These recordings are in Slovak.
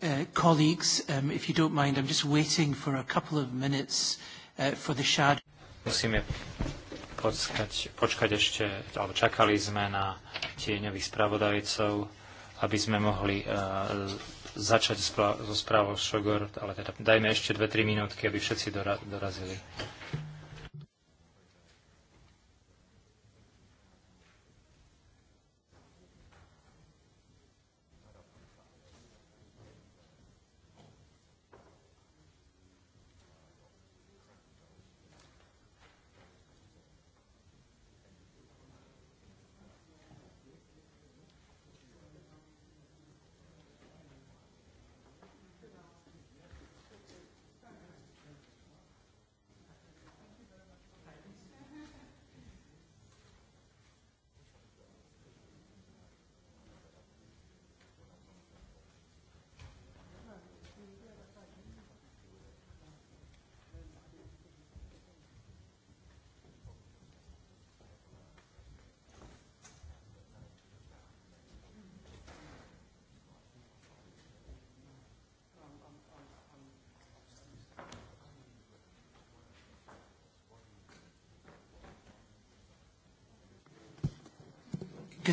Uh, colleagues, um, if you don't mind, I'm just waiting for a couple of minutes uh, for the shadow. Musíme počkať, počkať ešte, alebo čakali sme na tieňových spravodajcov, aby sme mohli uh, začať so správou Šogor, ale teda dajme ešte 2-3 minútky, aby všetci dora- dorazili.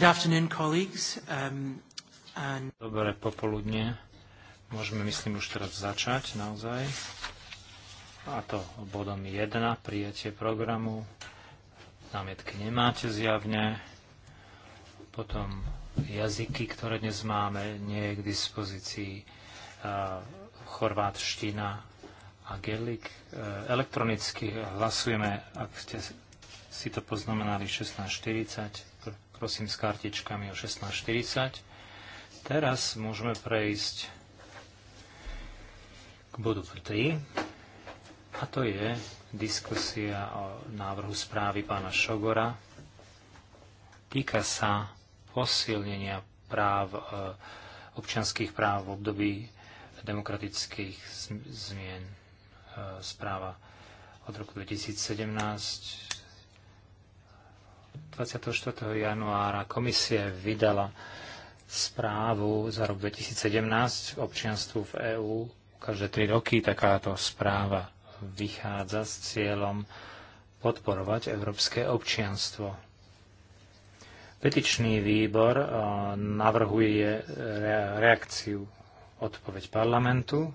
Um, and... Dobré popoludne. Môžeme, myslím, už teraz začať naozaj. A to bodom 1, prijatie programu. Námietky nemáte zjavne. Potom jazyky, ktoré dnes máme, nie je k dispozícii uh, chorvátština a gelik. Uh, e, elektronicky hlasujeme, ak ste si to poznamenali, 16.40 prosím s kartičkami o 16.40. Teraz môžeme prejsť k bodu 3 a to je diskusia o návrhu správy pána Šogora. Týka sa posilnenia práv, e, občanských práv v období demokratických zmien e, správa od roku 2017 24. januára komisia vydala správu za rok 2017 občianstvu v EÚ. Každé tri roky takáto správa vychádza s cieľom podporovať európske občianstvo. Petičný výbor eh, navrhuje reakciu odpoveď parlamentu.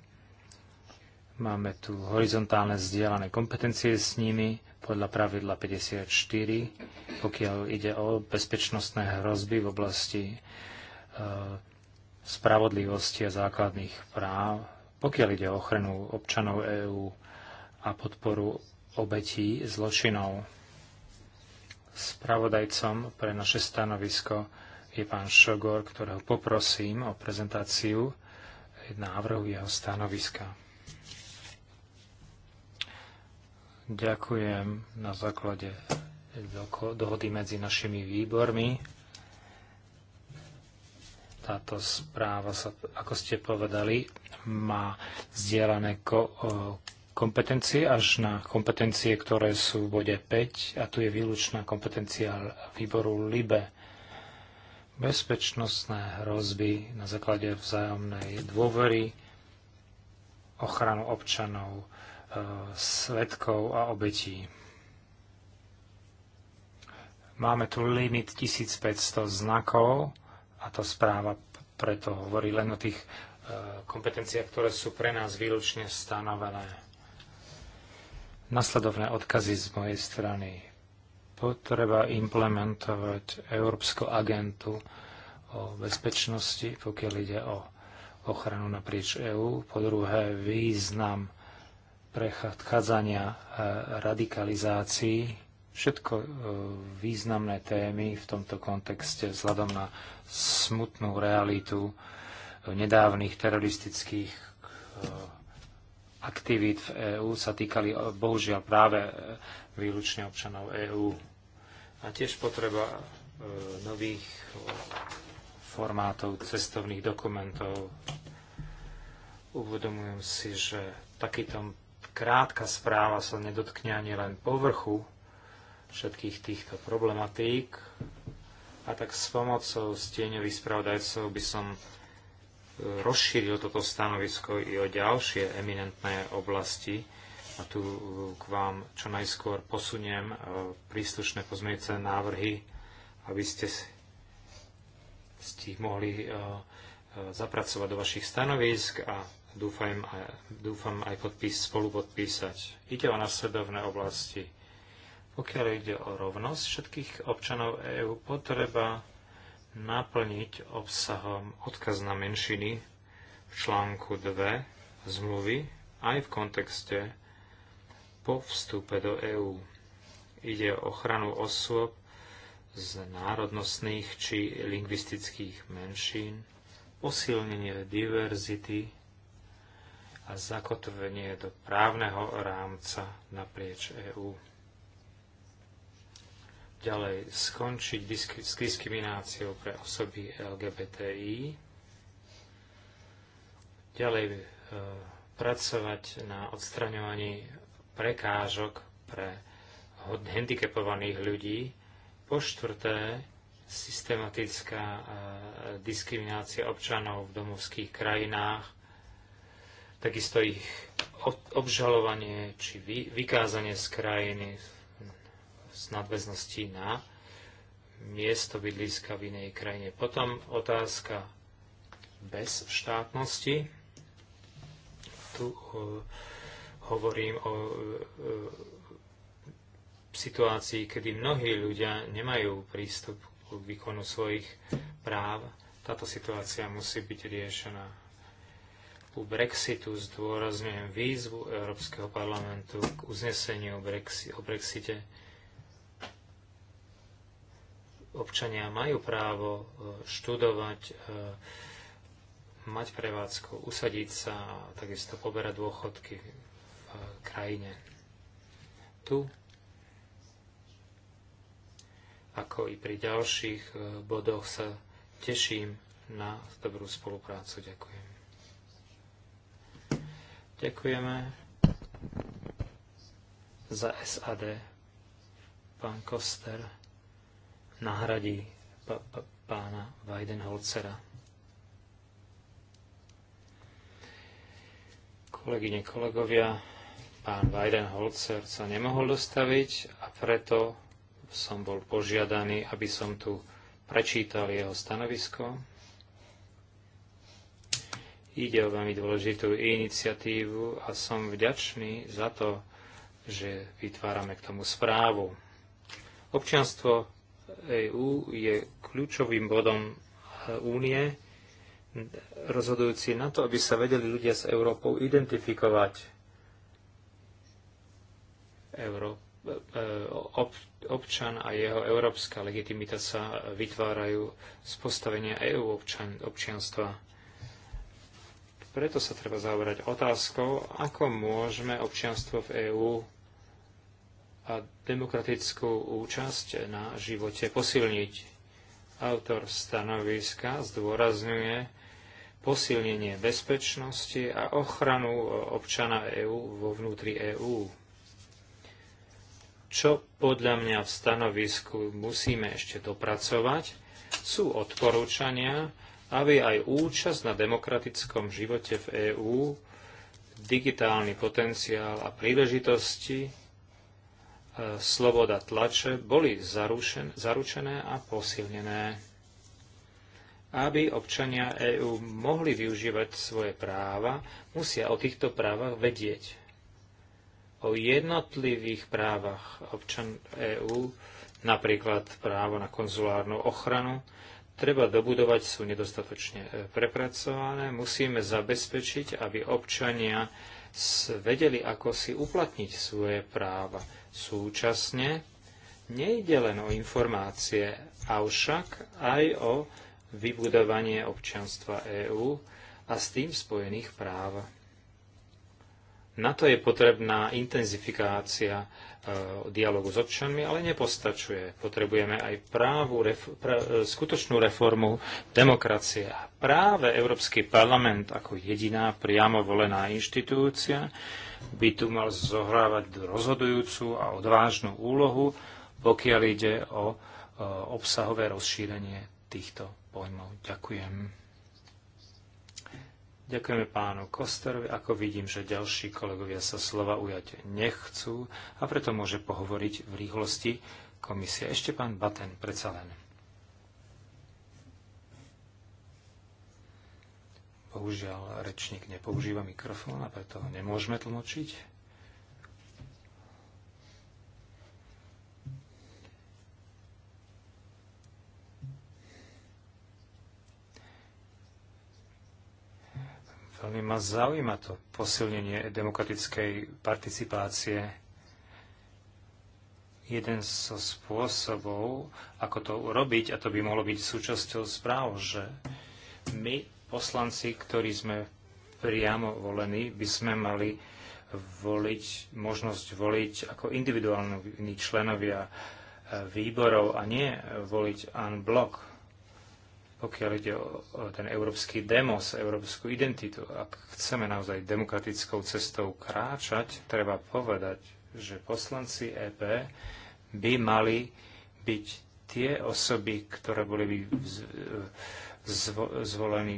Máme tu horizontálne vzdielané kompetencie s nimi, podľa pravidla 54, pokiaľ ide o bezpečnostné hrozby v oblasti e, spravodlivosti a základných práv, pokiaľ ide o ochranu občanov EÚ a podporu obetí zločinov. Spravodajcom pre naše stanovisko je pán Šogor, ktorého poprosím o prezentáciu návrhu jeho stanoviska. Ďakujem na základe dohody medzi našimi výbormi. Táto správa sa, ako ste povedali, má zdieľané ko, kompetencie až na kompetencie, ktoré sú v bode 5 a tu je výlučná kompetencia výboru LIBE. Bezpečnostné hrozby na základe vzájomnej dôvery, ochranu občanov, svetkov a obetí. Máme tu limit 1500 znakov a to správa preto hovorí len o tých e, kompetenciách, ktoré sú pre nás výlučne stanovené. Nasledovné odkazy z mojej strany. Potreba implementovať Európsku agentu o bezpečnosti, pokiaľ ide o ochranu naprieč EÚ. Po druhé, význam prechádzania e, radikalizácií. Všetko e, významné témy v tomto kontexte vzhľadom na smutnú realitu e, nedávnych teroristických aktivít v EÚ sa týkali bohužiaľ práve výlučne občanov EÚ. A tiež potreba nových formátov cestovných dokumentov. Uvedomujem si, že takýto krátka správa sa nedotkne ani len povrchu všetkých týchto problematík. A tak s pomocou stieňových spravodajcov by som e, rozšíril toto stanovisko i o ďalšie eminentné oblasti. A tu e, k vám čo najskôr posuniem e, príslušné pozmeňujúce návrhy, aby ste z ich mohli zapracovať do vašich stanovisk a dúfam, dúfam aj podpis, spolu podpísať. Ide o nasledovné oblasti. Pokiaľ ide o rovnosť všetkých občanov EÚ, potreba naplniť obsahom odkaz na menšiny v článku 2 zmluvy aj v kontexte po vstupe do EÚ. Ide o ochranu osôb z národnostných či lingvistických menšín, posilnenie diverzity a zakotvenie do právneho rámca naprieč EÚ. Ďalej, skončiť disk- s diskrimináciou pre osoby LGBTI. Ďalej, e, pracovať na odstraňovaní prekážok pre handicapovaných ľudí. Po štvrté, systematická e, diskriminácia občanov v domovských krajinách takisto ich obžalovanie či vykázanie z krajiny z nadväznosti na miesto bydliska v inej krajine. Potom otázka bez štátnosti. Tu eh, hovorím o eh, situácii, kedy mnohí ľudia nemajú prístup k výkonu svojich práv. Táto situácia musí byť riešená u Brexitu zdôrazňujem výzvu Európskeho parlamentu k uzneseniu Brexi- o Brexite. Občania majú právo e, študovať, e, mať prevádzku, usadiť sa a takisto poberať dôchodky v e, krajine. Tu, ako i pri ďalších bodoch, sa teším na dobrú spoluprácu. Ďakujem. Ďakujeme za SAD. Pán Koster nahradí pána Weidenholzera. Kolegyne, kolegovia, pán Weidenholzer sa nemohol dostaviť a preto som bol požiadaný, aby som tu prečítal jeho stanovisko. Ide o veľmi dôležitú iniciatívu a som vďačný za to, že vytvárame k tomu správu. Občianstvo EÚ je kľúčovým bodom únie, rozhodujúci na to, aby sa vedeli ľudia s Európou identifikovať. Euró- e, ob- občan a jeho európska legitimita sa vytvárajú z postavenia EÚ občan- občianstva. Preto sa treba zaoberať otázkou, ako môžeme občianstvo v EÚ a demokratickú účasť na živote posilniť. Autor stanoviska zdôrazňuje posilnenie bezpečnosti a ochranu občana EÚ vo vnútri EÚ čo podľa mňa v stanovisku musíme ešte dopracovať, sú odporúčania, aby aj účasť na demokratickom živote v EÚ, digitálny potenciál a príležitosti, e, sloboda tlače boli zarušen, zaručené a posilnené. Aby občania EÚ mohli využívať svoje práva, musia o týchto právach vedieť. O jednotlivých právach občan EÚ, napríklad právo na konzulárnu ochranu, treba dobudovať, sú nedostatočne e, prepracované. Musíme zabezpečiť, aby občania vedeli, ako si uplatniť svoje práva. Súčasne nejde len o informácie, avšak aj o vybudovanie občanstva EÚ a s tým spojených práv. Na to je potrebná intenzifikácia Eh, dialogu s občanmi, ale nepostačuje. Potrebujeme aj právu, ref, pra, eh, skutočnú reformu demokracie. A práve Európsky parlament ako jediná priamo volená inštitúcia by tu mal zohrávať rozhodujúcu a odvážnu úlohu, pokiaľ ide o eh, obsahové rozšírenie týchto pojmov. Ďakujem. Ďakujeme pánu Kosterovi. Ako vidím, že ďalší kolegovia sa slova ujať nechcú a preto môže pohovoriť v rýchlosti komisie. Ešte pán Baten, predsa len. Bohužiaľ, rečník nepoužíva mikrofón a preto ho nemôžeme tlmočiť. Veľmi ma zaujíma to posilnenie demokratickej participácie. Jeden zo so spôsobov, ako to urobiť, a to by mohlo byť súčasťou správ, že my, poslanci, ktorí sme priamo volení, by sme mali voliť, možnosť voliť ako individuálni členovia eh, výborov a nie voliť en bloc pokiaľ ide o, ten európsky demos, európsku identitu, ak chceme naozaj demokratickou cestou kráčať, treba povedať, že poslanci EP by mali byť tie osoby, ktoré boli by e, zvolení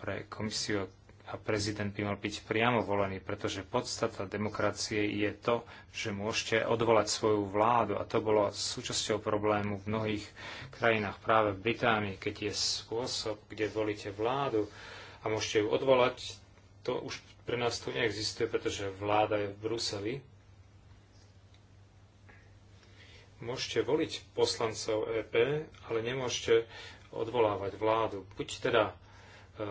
pre komisiu a prezident by mal byť priamo volený, pretože podstata demokracie je to, že môžete odvolať svoju vládu a to bolo súčasťou problému v mnohých krajinách, práve v Británii, keď je spôsob, kde volíte vládu a môžete ju odvolať, to už pre nás tu neexistuje, pretože vláda je v Bruseli. Môžete voliť poslancov EP, ale nemôžete odvolávať vládu. Buď teda E,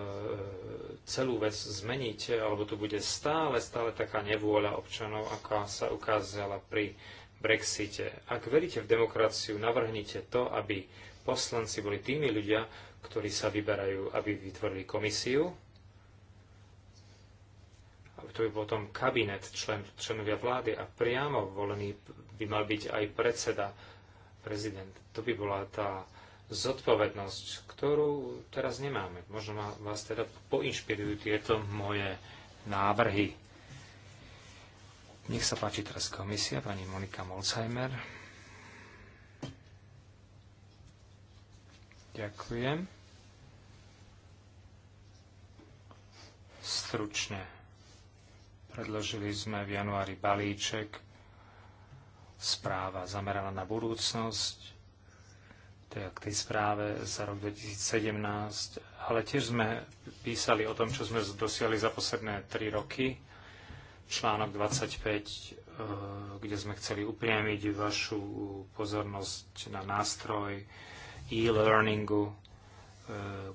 celú vec zmeniť, alebo tu bude stále, stále taká nevôľa občanov, aká sa ukázala pri Brexite. Ak veríte v demokraciu, navrhnite to, aby poslanci boli tými ľudia, ktorí sa vyberajú, aby vytvorili komisiu, aby to by potom kabinet člen, členovia vlády a priamo volený by mal byť aj predseda, prezident. To by bola tá zodpovednosť, ktorú teraz nemáme. Možno vás teda poinšpirujú tieto moje návrhy. Nech sa páči teraz komisia, pani Monika Molzheimer. Ďakujem. Stručne. Predložili sme v januári balíček správa zameraná na budúcnosť teda k tej správe za rok 2017, ale tiež sme písali o tom, čo sme dosiahli za posledné 3 roky, článok 25, eh, kde sme chceli upriamiť vašu pozornosť na nástroj e-learningu, eh,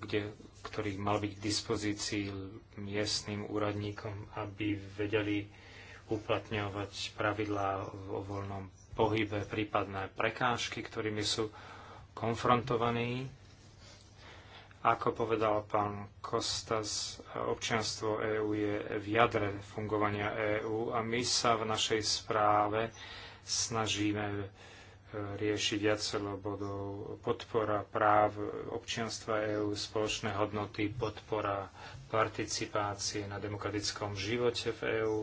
kde, ktorý mal byť k dispozícii miestnym úradníkom, aby vedeli uplatňovať pravidlá o voľnom pohybe, prípadné prekážky, ktorými sú konfrontovaní. Ako povedal pán Kostas, občianstvo EÚ je v jadre fungovania EÚ a my sa v našej správe snažíme e, riešiť viacero bodov. Podpora práv občianstva EÚ, spoločné hodnoty, podpora participácie na demokratickom živote v EÚ,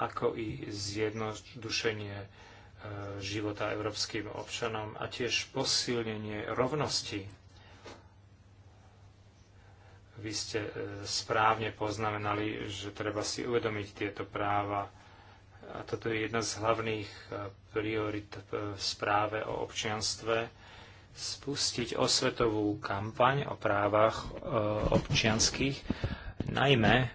ako i zjednodušenie E, života európskym občanom a tiež posilnenie rovnosti. Vy ste e, správne poznamenali, že treba si uvedomiť tieto práva. A toto je jedna z hlavných e, priorit v správe o občianstve. Spustiť osvetovú kampaň o právach občianských, najmä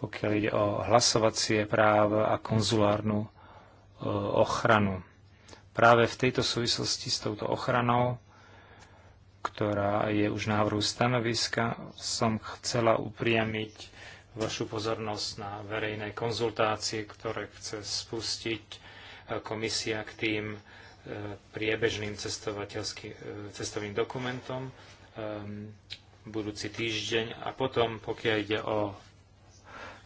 pokiaľ ide o hlasovacie práva a konzulárnu Eh, ochranu. Práve v tejto súvislosti s touto ochranou, ktorá je už návrhu stanoviska, som chcela upriamiť vašu pozornosť na verejné konzultácie, ktoré chce spustiť eh, komisia k tým eh, priebežným cestovným dokumentom ehm, budúci týždeň a potom, pokiaľ ide o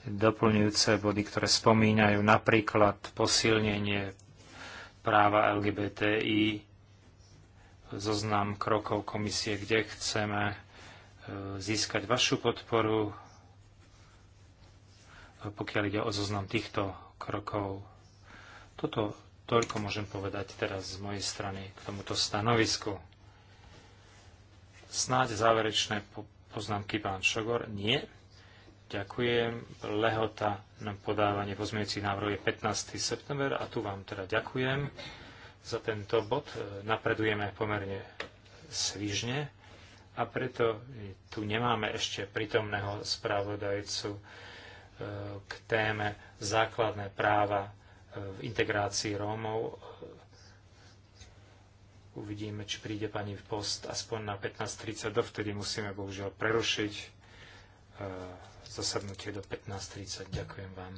doplňujúce body, ktoré spomínajú napríklad posilnenie práva LGBTI, zoznam krokov komisie, kde chceme e, získať vašu podporu, pokiaľ ide o zoznam týchto krokov. Toto toľko môžem povedať teraz z mojej strany k tomuto stanovisku. Snáď záverečné poznámky pán Šogor? Nie. Ďakujem. Lehota na podávanie pozmeňujúcich návrhov je 15. september a tu vám teda ďakujem za tento bod. E, napredujeme pomerne svižne a preto tu nemáme ešte prítomného správodajcu e, k téme základné práva e, v integrácii Rómov. Uvidíme, či príde pani v post aspoň na 15.30. Dovtedy musíme bohužiaľ prerušiť zasadnutie do 15.30. Ďakujem vám.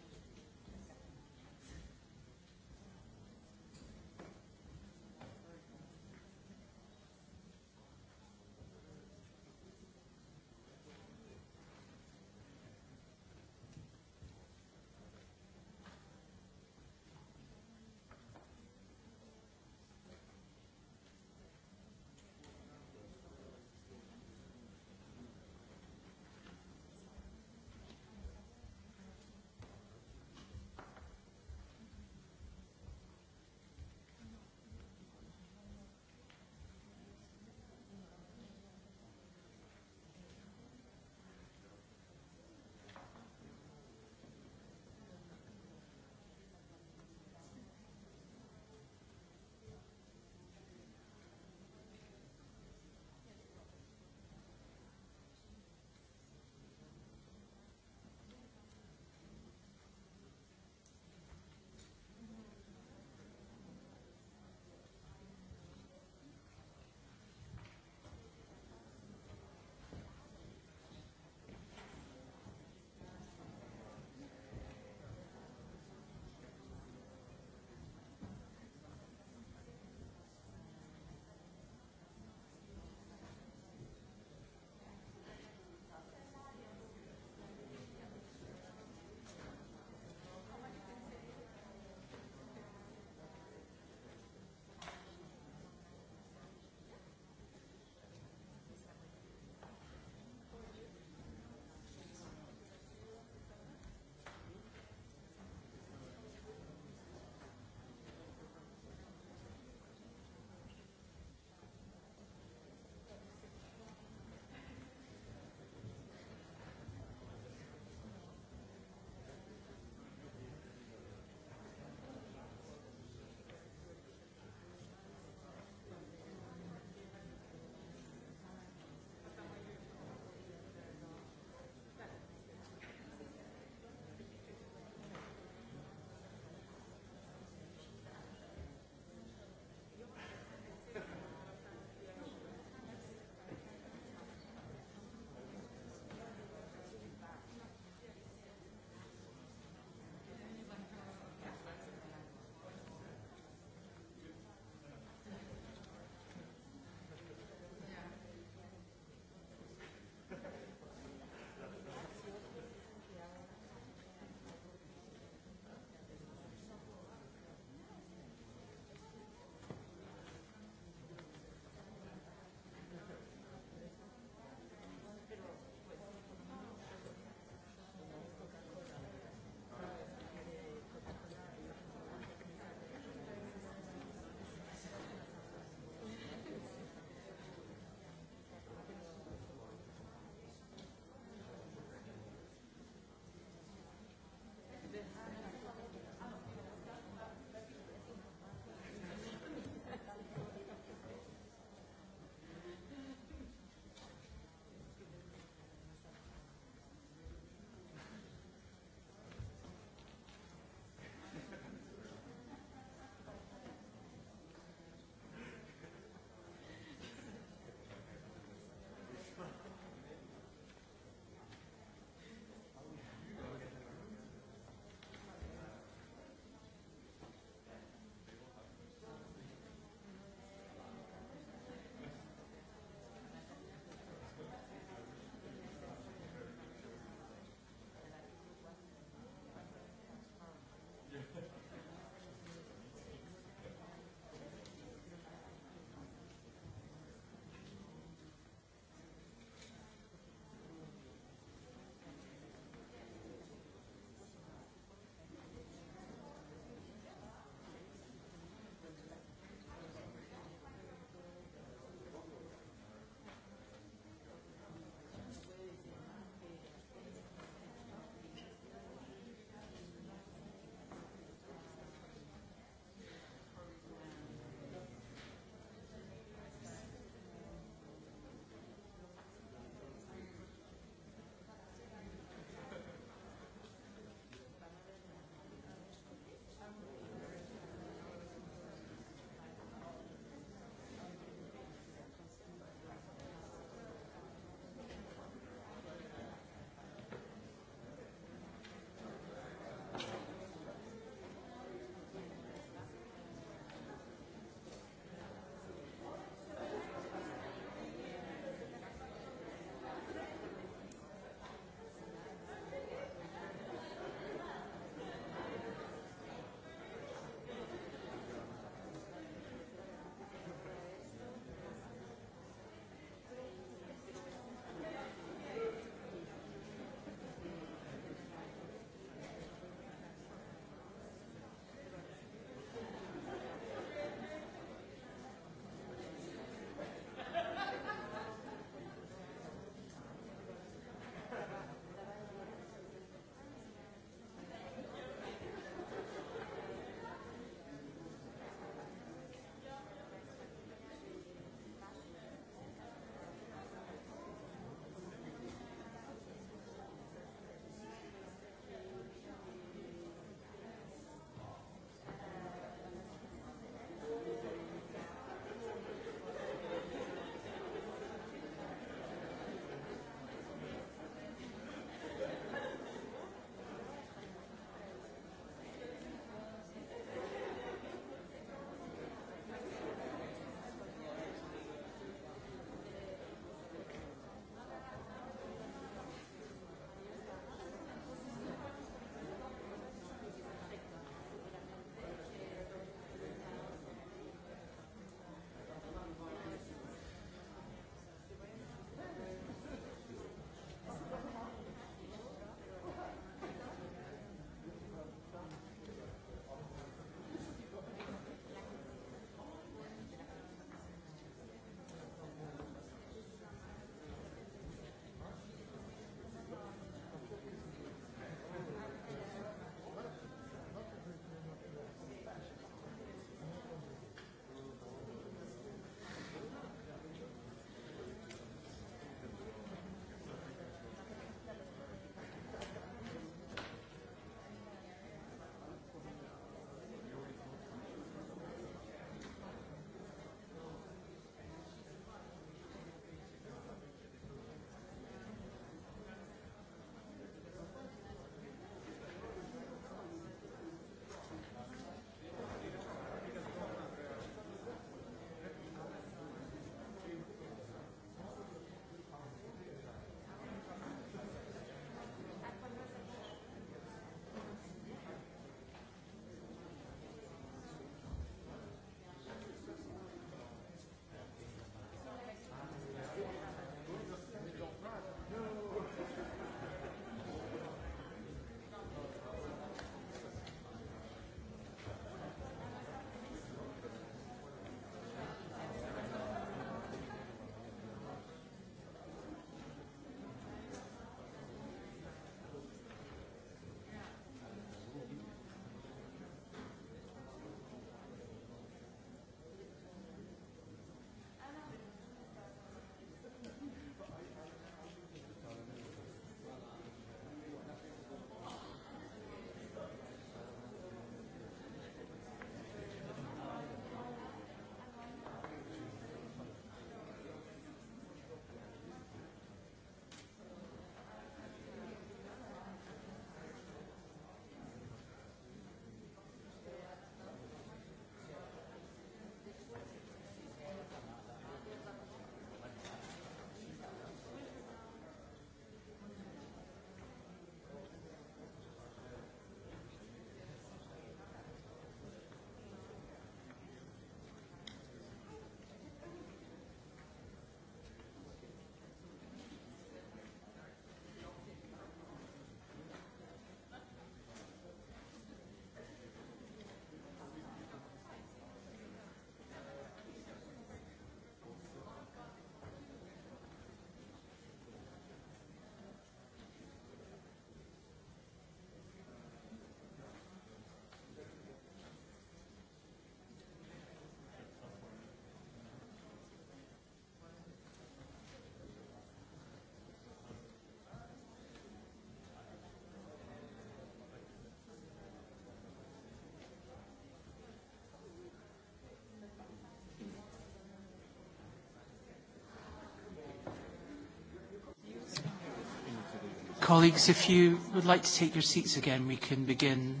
Colleagues, if you would like to take your seats again, we can begin.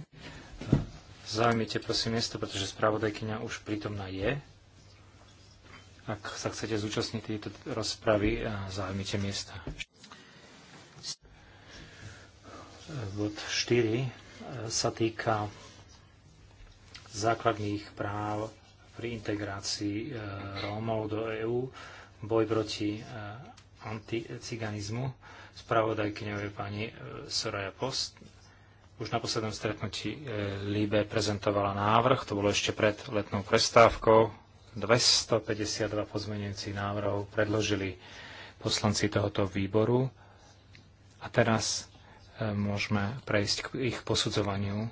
Zaujmite prosím miesto, pretože spravodajkyňa už prítomná je. Ak sa chcete zúčastniť tejto rozpravy, eh, zaujmite miesta. Bod 4 eh, sa týka základných práv pri integrácii eh, Rómov do EÚ, boj proti anticiganizmu spravodajkyňovi je pani e, Soraya Post. Už na poslednom stretnutí e, Líbe prezentovala návrh, to bolo ešte pred letnou prestávkou. 252 pozmenujúcich návrhov predložili poslanci tohoto výboru. A teraz e, môžeme prejsť k ich posudzovaniu.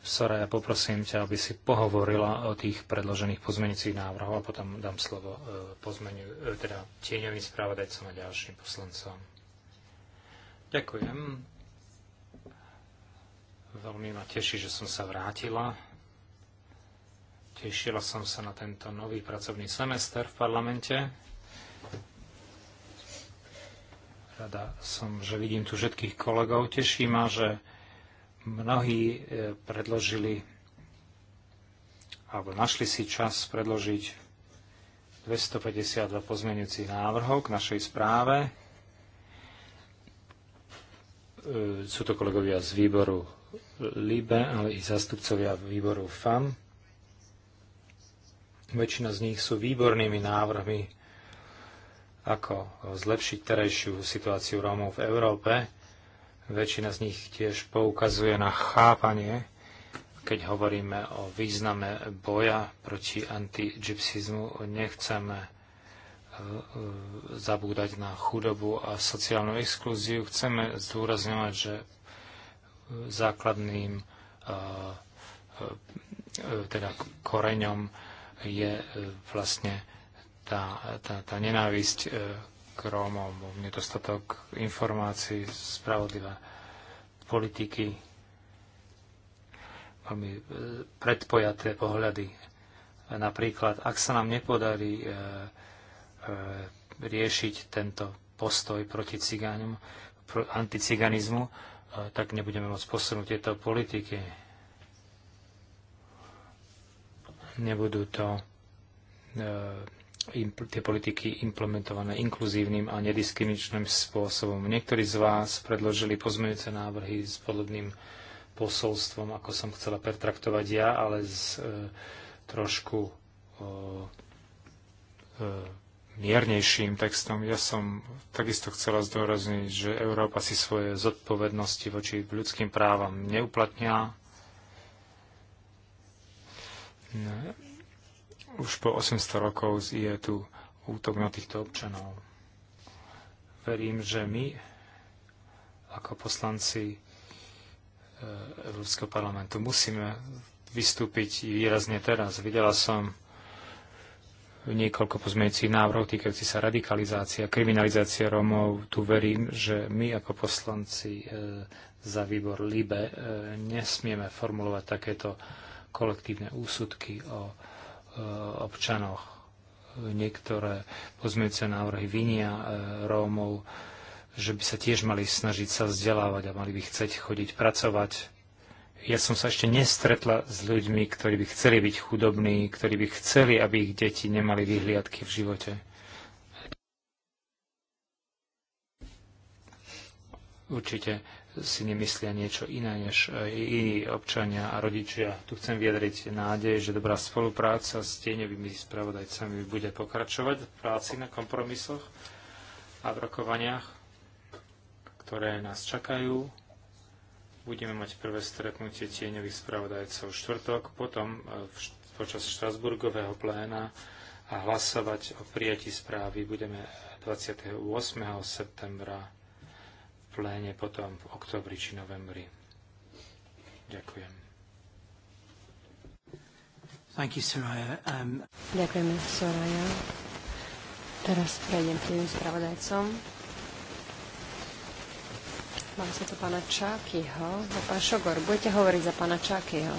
Soraya, poprosím ťa, aby si pohovorila o tých predložených pozmeňujúcich návrhov a potom dám slovo pozmeniu, teda tieňovým spravodajcom a ďalším poslancom. Ďakujem. Veľmi ma teší, že som sa vrátila. Tešila som sa na tento nový pracovný semester v parlamente. Rada som, že vidím tu všetkých kolegov. Teší ma, že mnohí e, predložili alebo našli si čas predložiť 252 pozmeňujúcich návrhov k našej správe. E, sú to kolegovia z výboru LIBE, ale i zastupcovia výboru FAM. Väčšina z nich sú výbornými návrhmi, ako zlepšiť terajšiu situáciu Rómov v Európe. Väčšina z nich tiež poukazuje na chápanie, keď hovoríme o význame boja proti antigypsizmu. Nechceme E, zabúdať na chudobu a sociálnu exklúziu. Chceme zdôrazňovať, že základným e, e, teda koreňom je vlastne tá, tá, tá nenávisť k Rómom, nedostatok informácií, spravodlivá politiky, veľmi predpojaté pohľady. Napríklad, ak sa nám nepodarí E, riešiť tento postoj proti cigáňom, pro anticiganizmu, e, tak nebudeme môcť posunúť tieto politiky. Nebudú to e, tie politiky implementované inkluzívnym a nediskriminačným spôsobom. Niektorí z vás predložili pozmeňujúce návrhy s podobným posolstvom, ako som chcela pertraktovať ja, ale s e, trošku e, e, miernejším textom. Ja som takisto chcela zdôrazniť, že Európa si svoje zodpovednosti voči ľudským právam neuplatňa. Už po 800 rokov je tu útok na týchto občanov. Verím, že my ako poslanci e, Európskeho parlamentu musíme vystúpiť výrazne teraz. Videla som niekoľko pozmeňujúcich návrhov týkajúci sa radikalizácie a kriminalizácie Tu verím, že my ako poslanci e, za výbor LIBE e, nesmieme formulovať takéto kolektívne úsudky o e, občanoch. Niektoré pozmeňujúce návrhy vinia Rómov, že by sa tiež mali snažiť sa vzdelávať a mali by chceť chodiť pracovať ja som sa ešte nestretla s ľuďmi, ktorí by chceli byť chudobní, ktorí by chceli, aby ich deti nemali vyhliadky v živote. Určite si nemyslia niečo iné než e, iní občania a rodičia. Tu chcem vyjadriť nádej, že dobrá spolupráca s tieňovými spravodajcami bude pokračovať v práci na kompromisoch a v rokovaniach, ktoré nás čakajú Budeme mať prvé stretnutie tieňových spravodajcov štvrtok, potom e, počas Štrasburgového pléna a hlasovať o prijatí správy budeme 28. septembra v pléne, potom v oktobri či novembri. Ďakujem. Thank you, Soraya. Um... Ďakujeme, Soraya. Teraz prejdem k tým spravodajcom. Mám sa to pána Čákyho. A pán Šogor, budete hovoriť za pána Čákyho.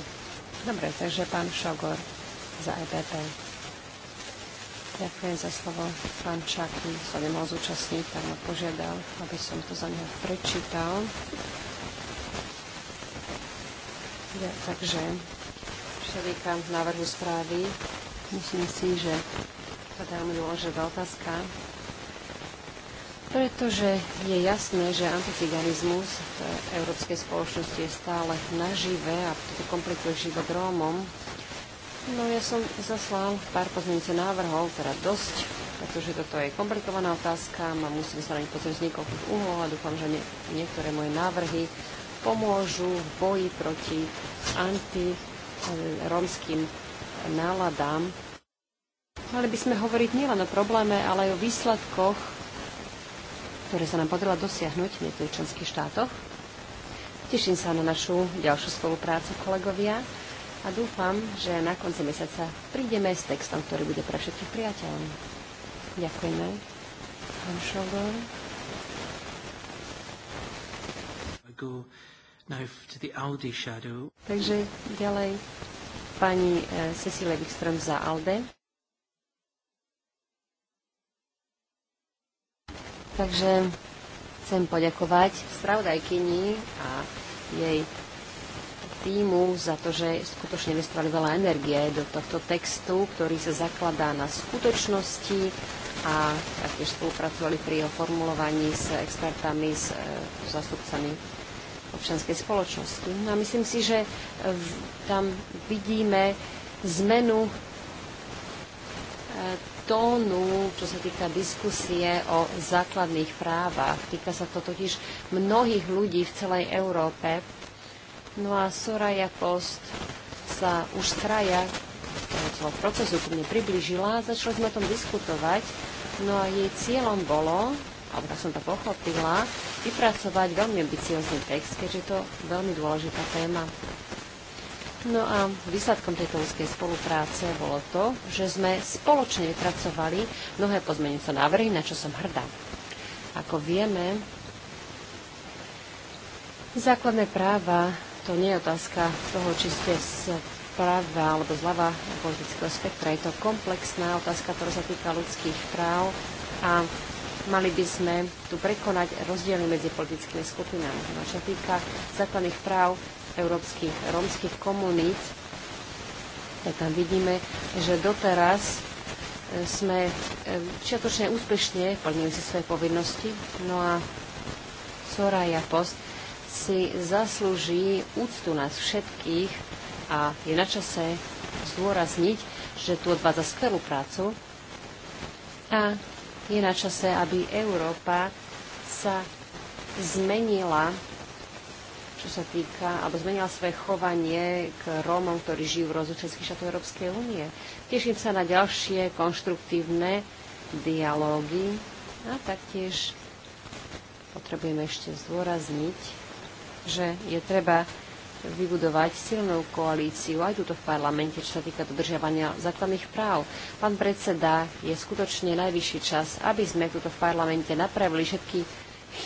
Dobre, takže pán Šogor za EPP. Ďakujem za slovo. Pán Čáky sa nemohol zúčastniť, tak ma požiadal, aby som to za neho prečítal. Ja, takže, čo návrhu správy, myslím si, že to je veľmi dôležitá otázka, pretože je jasné, že anticiganizmus v európskej spoločnosti je stále nažive a to komplikuje život Rómom. No ja som zaslal pár pozmeňujúcich návrhov, teda dosť, pretože toto je komplikovaná otázka a musím sa na nich pozrieť z niekoľkých uhlov a dúfam, že nie, niektoré moje návrhy pomôžu v boji proti antirómským náladám. Mali by sme hovoriť nielen o probléme, ale aj o výsledkoch ktoré sa nám podarilo dosiahnuť v niektorých členských štátoch. Teším sa na našu ďalšiu spoluprácu, kolegovia, a dúfam, že na konci mesiaca prídeme s textom, ktorý bude pre všetkých priateľný. Ďakujeme, pán Šogor. Takže ďalej pani eh, Cecilia Wikström za ALDE. Takže chcem poďakovať spravodajkyni a jej týmu za to, že skutočne investovali veľa energie do tohto textu, ktorý sa zakladá na skutočnosti a taktiež spolupracovali pri jeho formulovaní s expertami, s e, zastupcami občianskej spoločnosti. No a myslím si, že e, tam vidíme zmenu e, tónu, čo sa týka diskusie o základných právach. Týka sa to totiž mnohých ľudí v celej Európe. No a Soraya Post sa už z kraja toho procesu ku mne približila, a začali sme o tom diskutovať. No a jej cieľom bolo, alebo tak som to pochopila, vypracovať veľmi ambiciózny text, keďže je to veľmi dôležitá téma. No a výsledkom tejto úzkej spolupráce bolo to, že sme spoločne vypracovali mnohé pozmenujúce návrhy, na čo som hrdá. Ako vieme, základné práva to nie je otázka toho, či ste z práva alebo zľava politického spektra. Je to komplexná otázka, ktorá sa týka ľudských práv a mali by sme tu prekonať rozdiely medzi politickými skupinami. No, čo týka základných práv, európskych rómskych komunít, tak tam vidíme, že doteraz e, sme e, čiatočne úspešne plnili si svoje povinnosti. No a Soraya Post si zaslúži úctu nás všetkých a je na čase zdôrazniť, že tu odvádza skvelú prácu a je na čase, aby Európa sa zmenila čo sa týka, alebo zmenila svoje chovanie k Rómom, ktorí žijú v rozličných štátoch Európskej únie. Teším sa na ďalšie konštruktívne dialógy a taktiež potrebujeme ešte zdôrazniť, že je treba vybudovať silnú koalíciu aj túto v parlamente, čo sa týka dodržiavania základných práv. Pán predseda, je skutočne najvyšší čas, aby sme túto v parlamente napravili všetky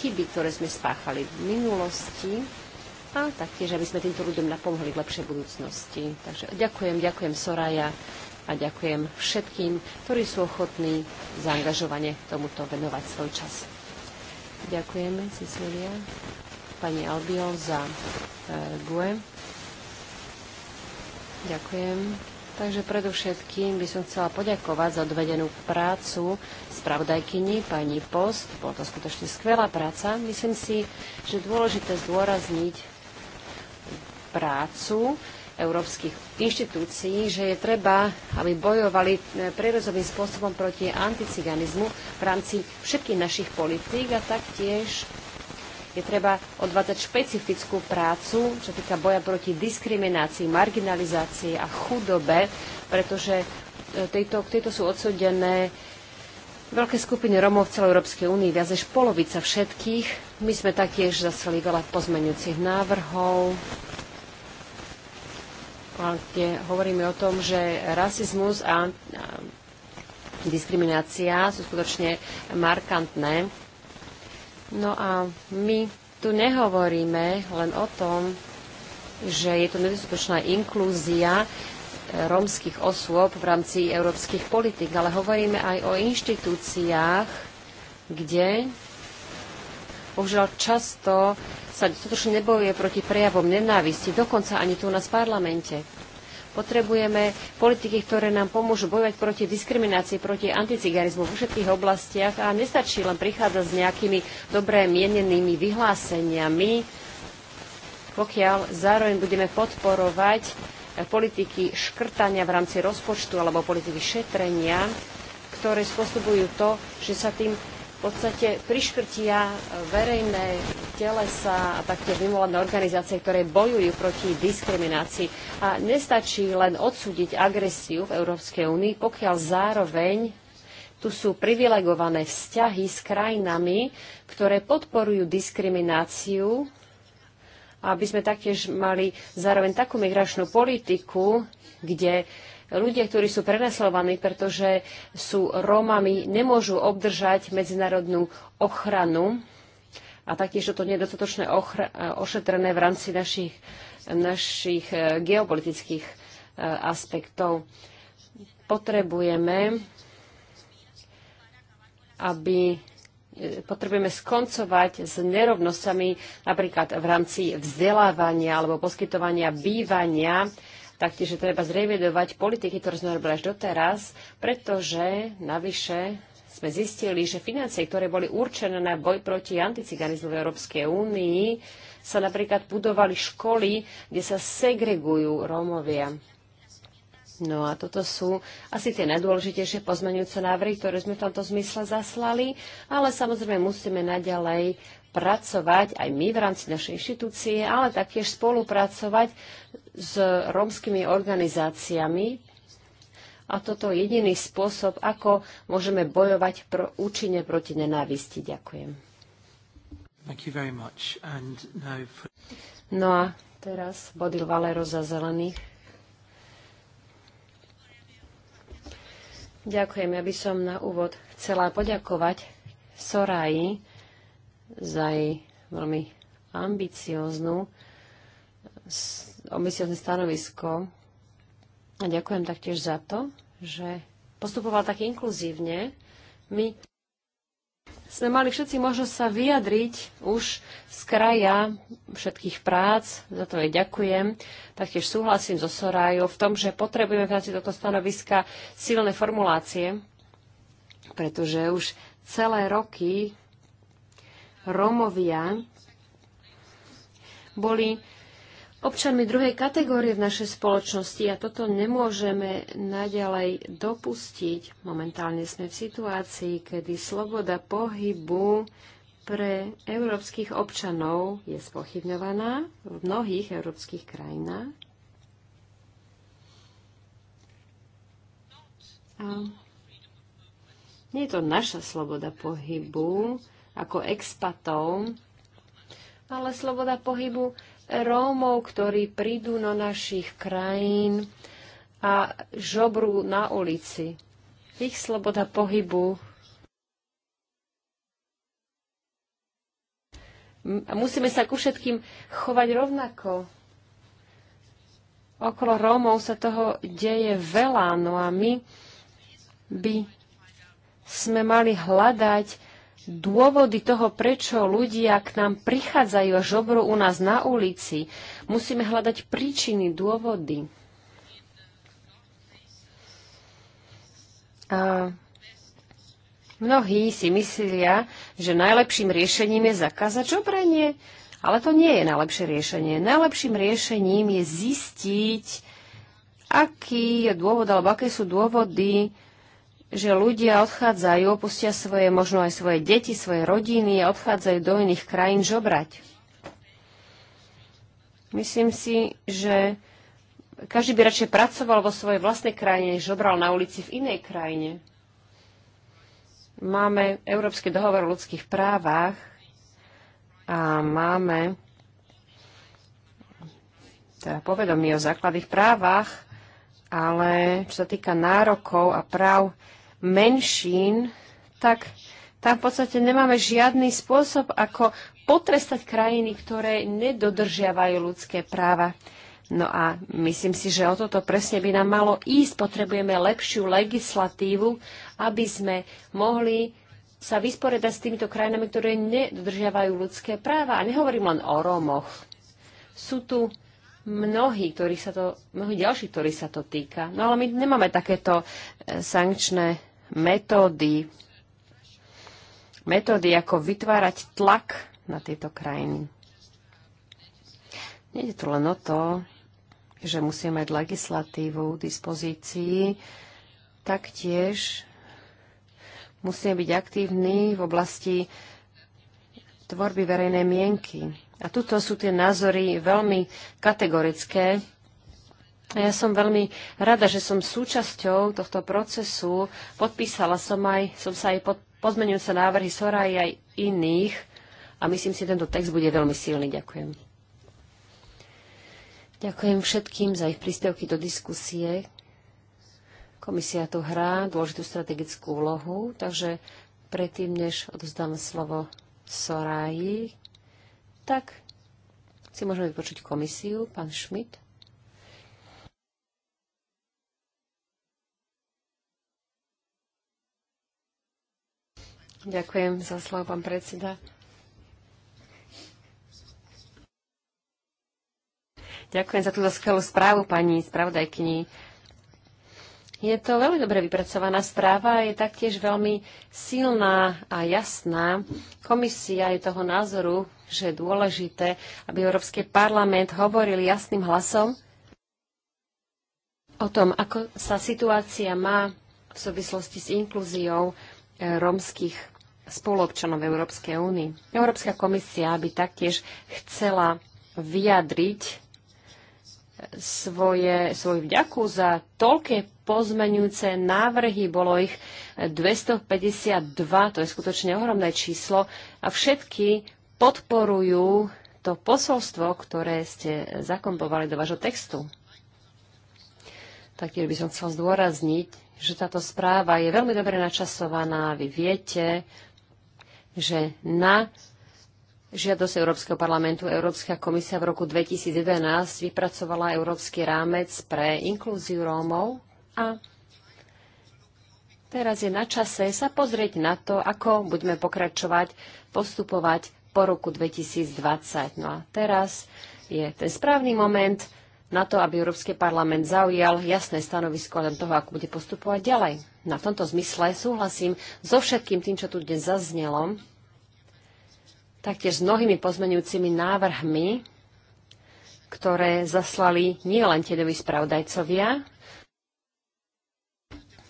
chyby, ktoré sme spáchali v minulosti a taktiež, aby sme týmto ľuďom napomohli k lepšej budúcnosti. Takže ďakujem, ďakujem Soraya a ďakujem všetkým, ktorí sú ochotní zaangažovane tomuto venovať svoj čas. Ďakujeme, Cecilia, pani Albio za e, GUE. Ďakujem. Takže predovšetkým by som chcela poďakovať za odvedenú prácu spravodajkyni pani Post. Bola to skutočne skvelá práca. Myslím si, že dôležité zdôrazniť prácu európskych inštitúcií, že je treba, aby bojovali eh, prerozovým spôsobom proti anticiganizmu v rámci všetkých našich politík a taktiež je treba odvádzať špecifickú prácu, čo týka boja proti diskriminácii, marginalizácii a chudobe, pretože eh, tejto, tejto sú odsudené veľké skupiny Romov v celej Európskej únii, viac než polovica všetkých. My sme taktiež zaslali veľa pozmeňujúcich návrhov, kde hovoríme o tom, že rasizmus a diskriminácia sú skutočne markantné. No a my tu nehovoríme len o tom, že je tu nedostatočná inklúzia e, rómskych osôb v rámci európskych politik, ale hovoríme aj o inštitúciách, kde Bohužiaľ často sa dostatočne nebojuje proti prejavom nenávisti, dokonca ani tu na v parlamente. Potrebujeme politiky, ktoré nám pomôžu bojovať proti diskriminácii, proti anticigarizmu vo všetkých oblastiach a nestačí len prichádzať s nejakými dobré mienenými vyhláseniami, pokiaľ zároveň budeme podporovať politiky škrtania v rámci rozpočtu alebo politiky šetrenia, ktoré spôsobujú to, že sa tým podstate priškrtia e, verejné telesa a taktiež mimovládne organizácie, ktoré bojujú proti diskriminácii. A nestačí len odsúdiť agresiu v Európskej únii, pokiaľ zároveň tu sú privilegované vzťahy s krajinami, ktoré podporujú diskrimináciu, aby sme taktiež mali zároveň takú migračnú politiku, kde ľudia, ktorí sú prenasledovaní, pretože sú Rómami, nemôžu obdržať medzinárodnú ochranu a taktiež toto nedostatočné je ošetrené v rámci našich, našich e, geopolitických e, aspektov. Potrebujeme, aby e, potrebujeme skoncovať s nerovnosťami napríklad v rámci vzdelávania alebo poskytovania bývania Taktiež je treba zrevidovať politiky, ktoré sme robili až doteraz, pretože navyše sme zistili, že financie, ktoré boli určené na boj proti anticiganizmu v Európskej únii, sa napríklad budovali školy, kde sa segregujú Rómovia. No a toto sú asi tie najdôležitejšie pozmeňujúce návrhy, ktoré sme v tomto zmysle zaslali, ale samozrejme musíme naďalej pracovať aj my v rámci našej inštitúcie, ale taktiež spolupracovať s rómskymi organizáciami a toto je jediný spôsob, ako môžeme bojovať pro, účinne proti nenávisti. Ďakujem. For... No a teraz Bodil Valero za zelených. Ďakujem. Ja by som na úvod chcela poďakovať Soraji za jej veľmi ambicioznú ambiciozne stanovisko. A ďakujem taktiež za to, že postupoval tak inkluzívne. My sme mali všetci možnosť sa vyjadriť už z kraja všetkých prác, za to jej ďakujem. Taktiež súhlasím so Sorajou v tom, že potrebujeme v rámci tohto stanoviska silné formulácie, pretože už celé roky Rómovia boli občanmi druhej kategórie v našej spoločnosti a toto nemôžeme naďalej dopustiť. Momentálne sme v situácii, kedy sloboda pohybu pre európskych občanov je spochybňovaná v mnohých európskych krajinách. A nie je to naša sloboda pohybu ako expatov, ale sloboda pohybu Rómov, ktorí prídu na našich krajín a žobrú na ulici. Ich sloboda pohybu A musíme sa ku všetkým chovať rovnako. Okolo Rómov sa toho deje veľa, no a my by sme mali hľadať dôvody toho, prečo ľudia k nám prichádzajú a žobru u nás na ulici. Musíme hľadať príčiny, dôvody. A mnohí si myslia, že najlepším riešením je zakázať žobrenie, ale to nie je najlepšie riešenie. Najlepším riešením je zistiť, aký je dôvod alebo aké sú dôvody že ľudia odchádzajú, opustia svoje, možno aj svoje deti, svoje rodiny a odchádzajú do iných krajín žobrať. Myslím si, že každý by radšej pracoval vo svojej vlastnej krajine, než žobral na ulici v inej krajine. Máme Európsky dohovor o ľudských právach a máme teda povedomie o základných právach, ale čo sa týka nárokov a práv menšín, tak tam v podstate nemáme žiadny spôsob, ako potrestať krajiny, ktoré nedodržiavajú ľudské práva. No a myslím si, že o toto presne by nám malo ísť. Potrebujeme lepšiu legislatívu, aby sme mohli sa vysporiadať s týmito krajinami, ktoré nedodržiavajú ľudské práva. A nehovorím len o Rómoch. Sú tu mnohí, ktorí sa to, mnohí ďalší, ktorí sa to týka. No ale my nemáme takéto e, sankčné metódy, metódy, ako vytvárať tlak na tieto krajiny. Nede tu len o to, že musíme mať legislatívu v dispozícii, taktiež musíme byť aktívni v oblasti tvorby verejnej mienky. A tuto sú tie názory veľmi kategorické. A Ja som veľmi rada, že som súčasťou tohto procesu. Podpísala som, aj, som sa aj pod pozmenujúce návrhy Soraj aj iných a myslím si, že tento text bude veľmi silný. Ďakujem. Ďakujem všetkým za ich príspevky do diskusie. Komisia tu hrá dôležitú strategickú úlohu, takže predtým, než odozdám slovo Soraji, tak si môžeme vypočuť komisiu, pán Schmidt. Ďakujem za slovo, pán predseda. Ďakujem za túto skvelú správu, pani spravodajkyni. Je to veľmi dobre vypracovaná správa, je taktiež veľmi silná a jasná. Komisia je toho názoru, že je dôležité, aby Európsky parlament hovoril jasným hlasom o tom, ako sa situácia má v súvislosti s inklúziou e, rómskych spoluobčanov Európskej únii. Európska komisia by taktiež chcela vyjadriť svoje, svoju vďaku za toľké pozmenujúce návrhy. Bolo ich 252, to je skutočne ohromné číslo. A všetky podporujú to posolstvo, ktoré ste zakompovali do vášho textu. Taktiež by som chcel zdôrazniť, že táto správa je veľmi dobre načasovaná. Vy viete, že na žiadosť Európskeho parlamentu Európska komisia v roku 2011 vypracovala Európsky rámec pre inklúziu Rómov a teraz je na čase sa pozrieť na to, ako budeme pokračovať, postupovať po roku 2020. No a teraz je ten správny moment na to, aby Európsky parlament zaujal jasné stanovisko len toho, ako bude postupovať ďalej. Na tomto zmysle súhlasím so všetkým tým, čo tu dnes zaznelo, taktiež s mnohými pozmenujúcimi návrhmi, ktoré zaslali nielen tieňoví spravodajcovia.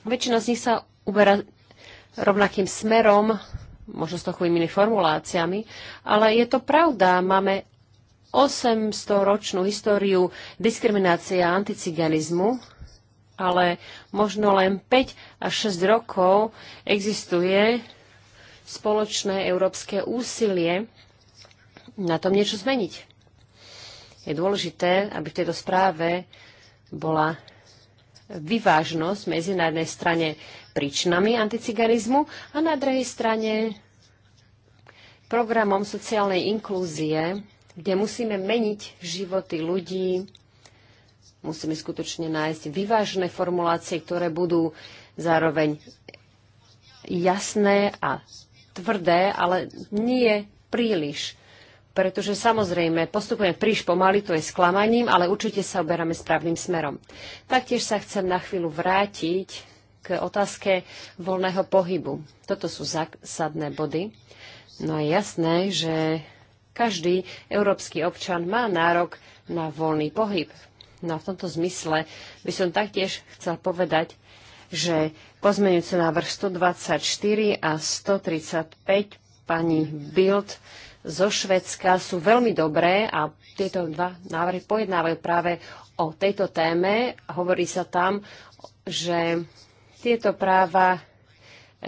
Väčšina z nich sa uberá rovnakým smerom, možno s trochu inými formuláciami, ale je to pravda, máme 800-ročnú históriu diskriminácie a anticiganizmu, ale možno len 5 až 6 rokov existuje spoločné európske úsilie na tom niečo zmeniť. Je dôležité, aby v tejto správe bola vyvážnosť medzi na jednej strane príčinami anticiganizmu a na druhej strane programom sociálnej inklúzie, kde musíme meniť životy ľudí, musíme skutočne nájsť vyvážené formulácie, ktoré budú zároveň jasné a tvrdé, ale nie príliš. Pretože samozrejme postupujeme príliš pomaly, to je sklamaním, ale určite sa oberáme správnym smerom. Taktiež sa chcem na chvíľu vrátiť k otázke voľného pohybu. Toto sú zásadné body. No je jasné, že každý európsky občan má nárok na voľný pohyb. No a v tomto zmysle by som taktiež chcel povedať, že pozmeňujúce návrh 124 a 135 pani Bild zo Švedska sú veľmi dobré a tieto dva návrhy pojednávajú práve o tejto téme. Hovorí sa tam, že tieto práva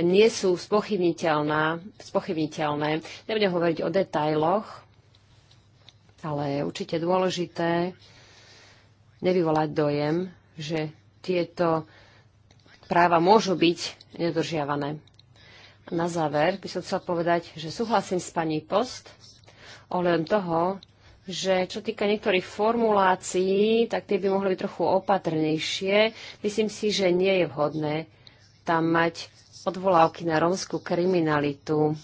nie sú spochybniteľné. Nebudem hovoriť o detailoch, ale je určite dôležité nevyvolať dojem, že tieto práva môžu byť nedržiavané. na záver by som chcel povedať, že súhlasím s pani Post ohľadom toho, že čo týka niektorých formulácií, tak tie by mohli byť trochu opatrnejšie. Myslím si, že nie je vhodné tam mať odvolávky na rómskú kriminalitu.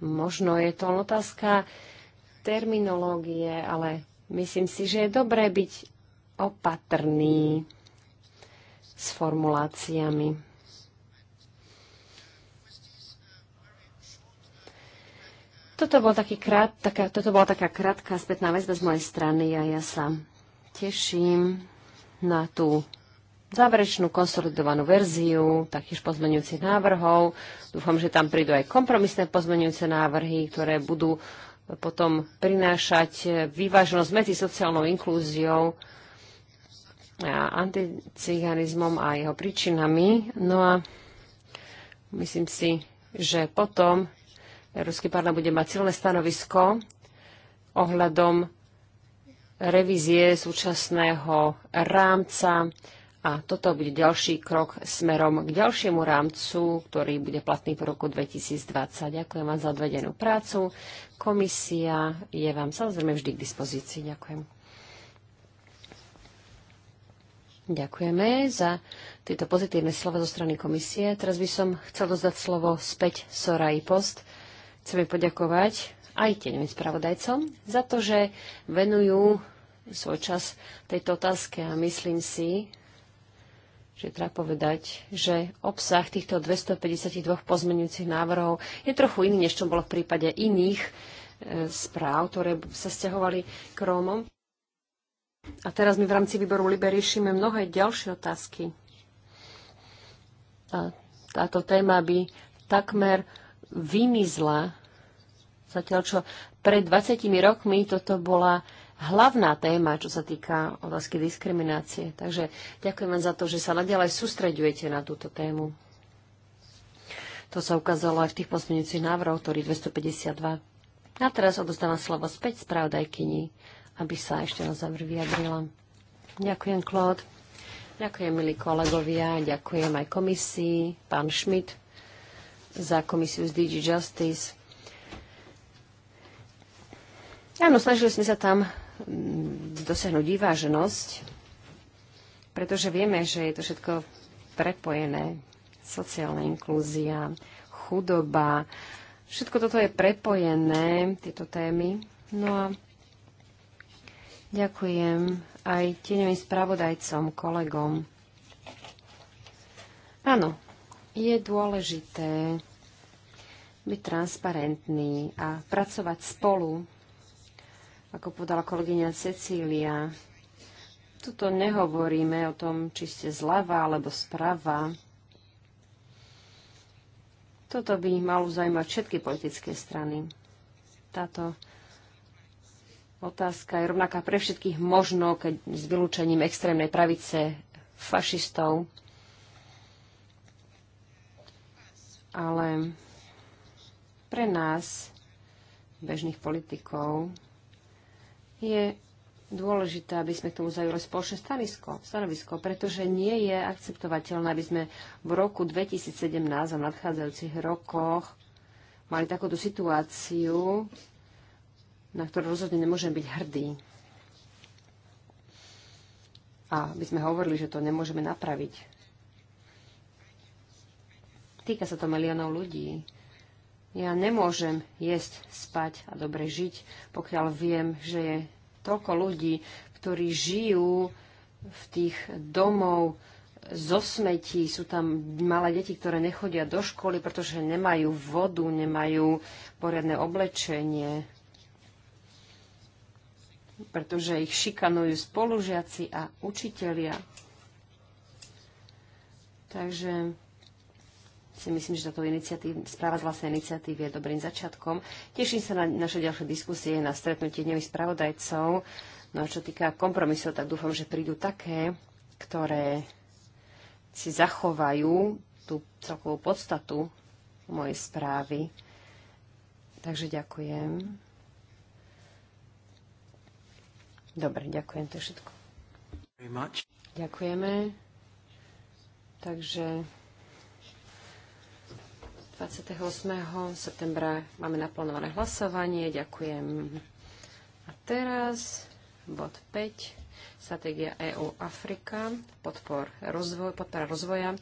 Možno je to otázka terminológie, ale myslím si, že je dobré byť opatrný s formuláciami. Toto, bol taký krát, taká, toto bola taká krátka spätná väzba z mojej strany a ja sa teším na tú záverečnú konsolidovanú verziu, takých pozmeňujúcich návrhov. Dúfam, že tam prídu aj kompromisné pozmeňujúce návrhy, ktoré budú potom prinášať vyváženosť medzi sociálnou inklúziou a anticiganizmom a jeho príčinami. No a myslím si, že potom Európsky parlament bude mať silné stanovisko ohľadom revízie súčasného rámca a toto bude ďalší krok smerom k ďalšiemu rámcu, ktorý bude platný po roku 2020. Ďakujem vám za odvedenú prácu. Komisia je vám samozrejme vždy k dispozícii. Ďakujem. Ďakujeme za tieto pozitívne slova zo strany komisie. Teraz by som chcel dozdať slovo späť Sorai Post. Chceme poďakovať aj tieňovým spravodajcom za to, že venujú svoj čas tejto otázke a myslím si, že treba povedať, že obsah týchto 252 pozmenujúcich návrhov je trochu iný, než čo bolo v prípade iných e, správ, ktoré sa stiahovali k Rómom. A teraz my v rámci výboru Libe riešime mnohé ďalšie otázky. A táto téma by takmer vymizla, zatiaľ čo pred 20 rokmi toto bola hlavná téma, čo sa týka otázky diskriminácie. Takže ďakujem vám za to, že sa naďalej sústreďujete na túto tému. To sa ukázalo aj v tých posledných návrhoch, ktorý 252. A teraz odostávam slovo späť spravodajkyni, aby sa ešte na záver vyjadrila. Ďakujem, Claude. Ďakujem, milí kolegovia. Ďakujem aj komisii, pán Schmidt, za komisiu z DG Justice. Áno, snažili sme sa tam dosiahnuť vyváženosť, pretože vieme, že je to všetko prepojené. Sociálna inklúzia, chudoba, všetko toto je prepojené, tieto témy. No a ďakujem aj tieňovým spravodajcom, kolegom. Áno, je dôležité byť transparentný a pracovať spolu ako podala kolegyňa Cecília, tuto nehovoríme o tom, či ste zľava alebo sprava. Toto by malo zaujímať všetky politické strany. Táto otázka je rovnaká pre všetkých možno, keď s vylúčením extrémnej pravice fašistov. Ale pre nás, bežných politikov, je dôležité, aby sme k tomu zaujali spoločné stanovisko, stanovisko, pretože nie je akceptovateľné, aby sme v roku 2017 a v nadchádzajúcich rokoch mali takúto situáciu, na ktorú rozhodne nemôžem byť hrdý. A by sme hovorili, že to nemôžeme napraviť. Týka sa to miliónov ľudí. Ja nemôžem jesť, spať a dobre žiť, pokiaľ viem, že je toľko ľudí, ktorí žijú v tých domov zo smetí, sú tam malé deti, ktoré nechodia do školy, pretože nemajú vodu, nemajú poriadne oblečenie, pretože ich šikanujú spolužiaci a učitelia. Takže si myslím, že táto iniciatív, správa z vlastnej iniciatívy je dobrým začiatkom. Teším sa na naše ďalšie diskusie, na stretnutie dňových spravodajcov. No a čo týka kompromisov, tak dúfam, že prídu také, ktoré si zachovajú tú celkovú podstatu mojej správy. Takže ďakujem. Dobre, ďakujem, to je všetko. Ďakujeme. Takže 28. septembra máme naplánované hlasovanie. Ďakujem. A teraz bod 5. Stratégia EU Afrika, podpor rozvoj, podpora rozvoja.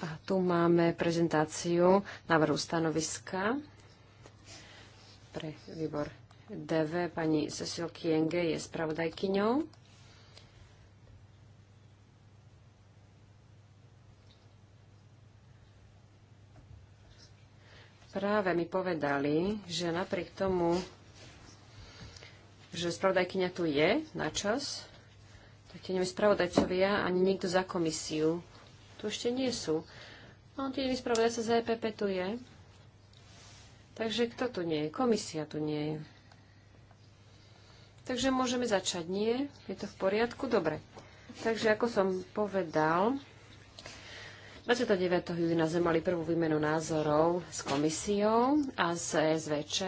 A tu máme prezentáciu návrhu stanoviska pre výbor DV. Pani Cecil Kienge je spravodajkyňou. práve mi povedali, že napriek tomu, že spravodajkyňa tu je na čas, tak tie spravodajcovia ani nikto za komisiu tu ešte nie sú. No, tie spravodajca za EPP tu je. Takže kto tu nie je? Komisia tu nie je. Takže môžeme začať, nie? Je to v poriadku? Dobre. Takže ako som povedal, 29. júna sme mali prvú výmenu názorov s komisiou a s SVČ.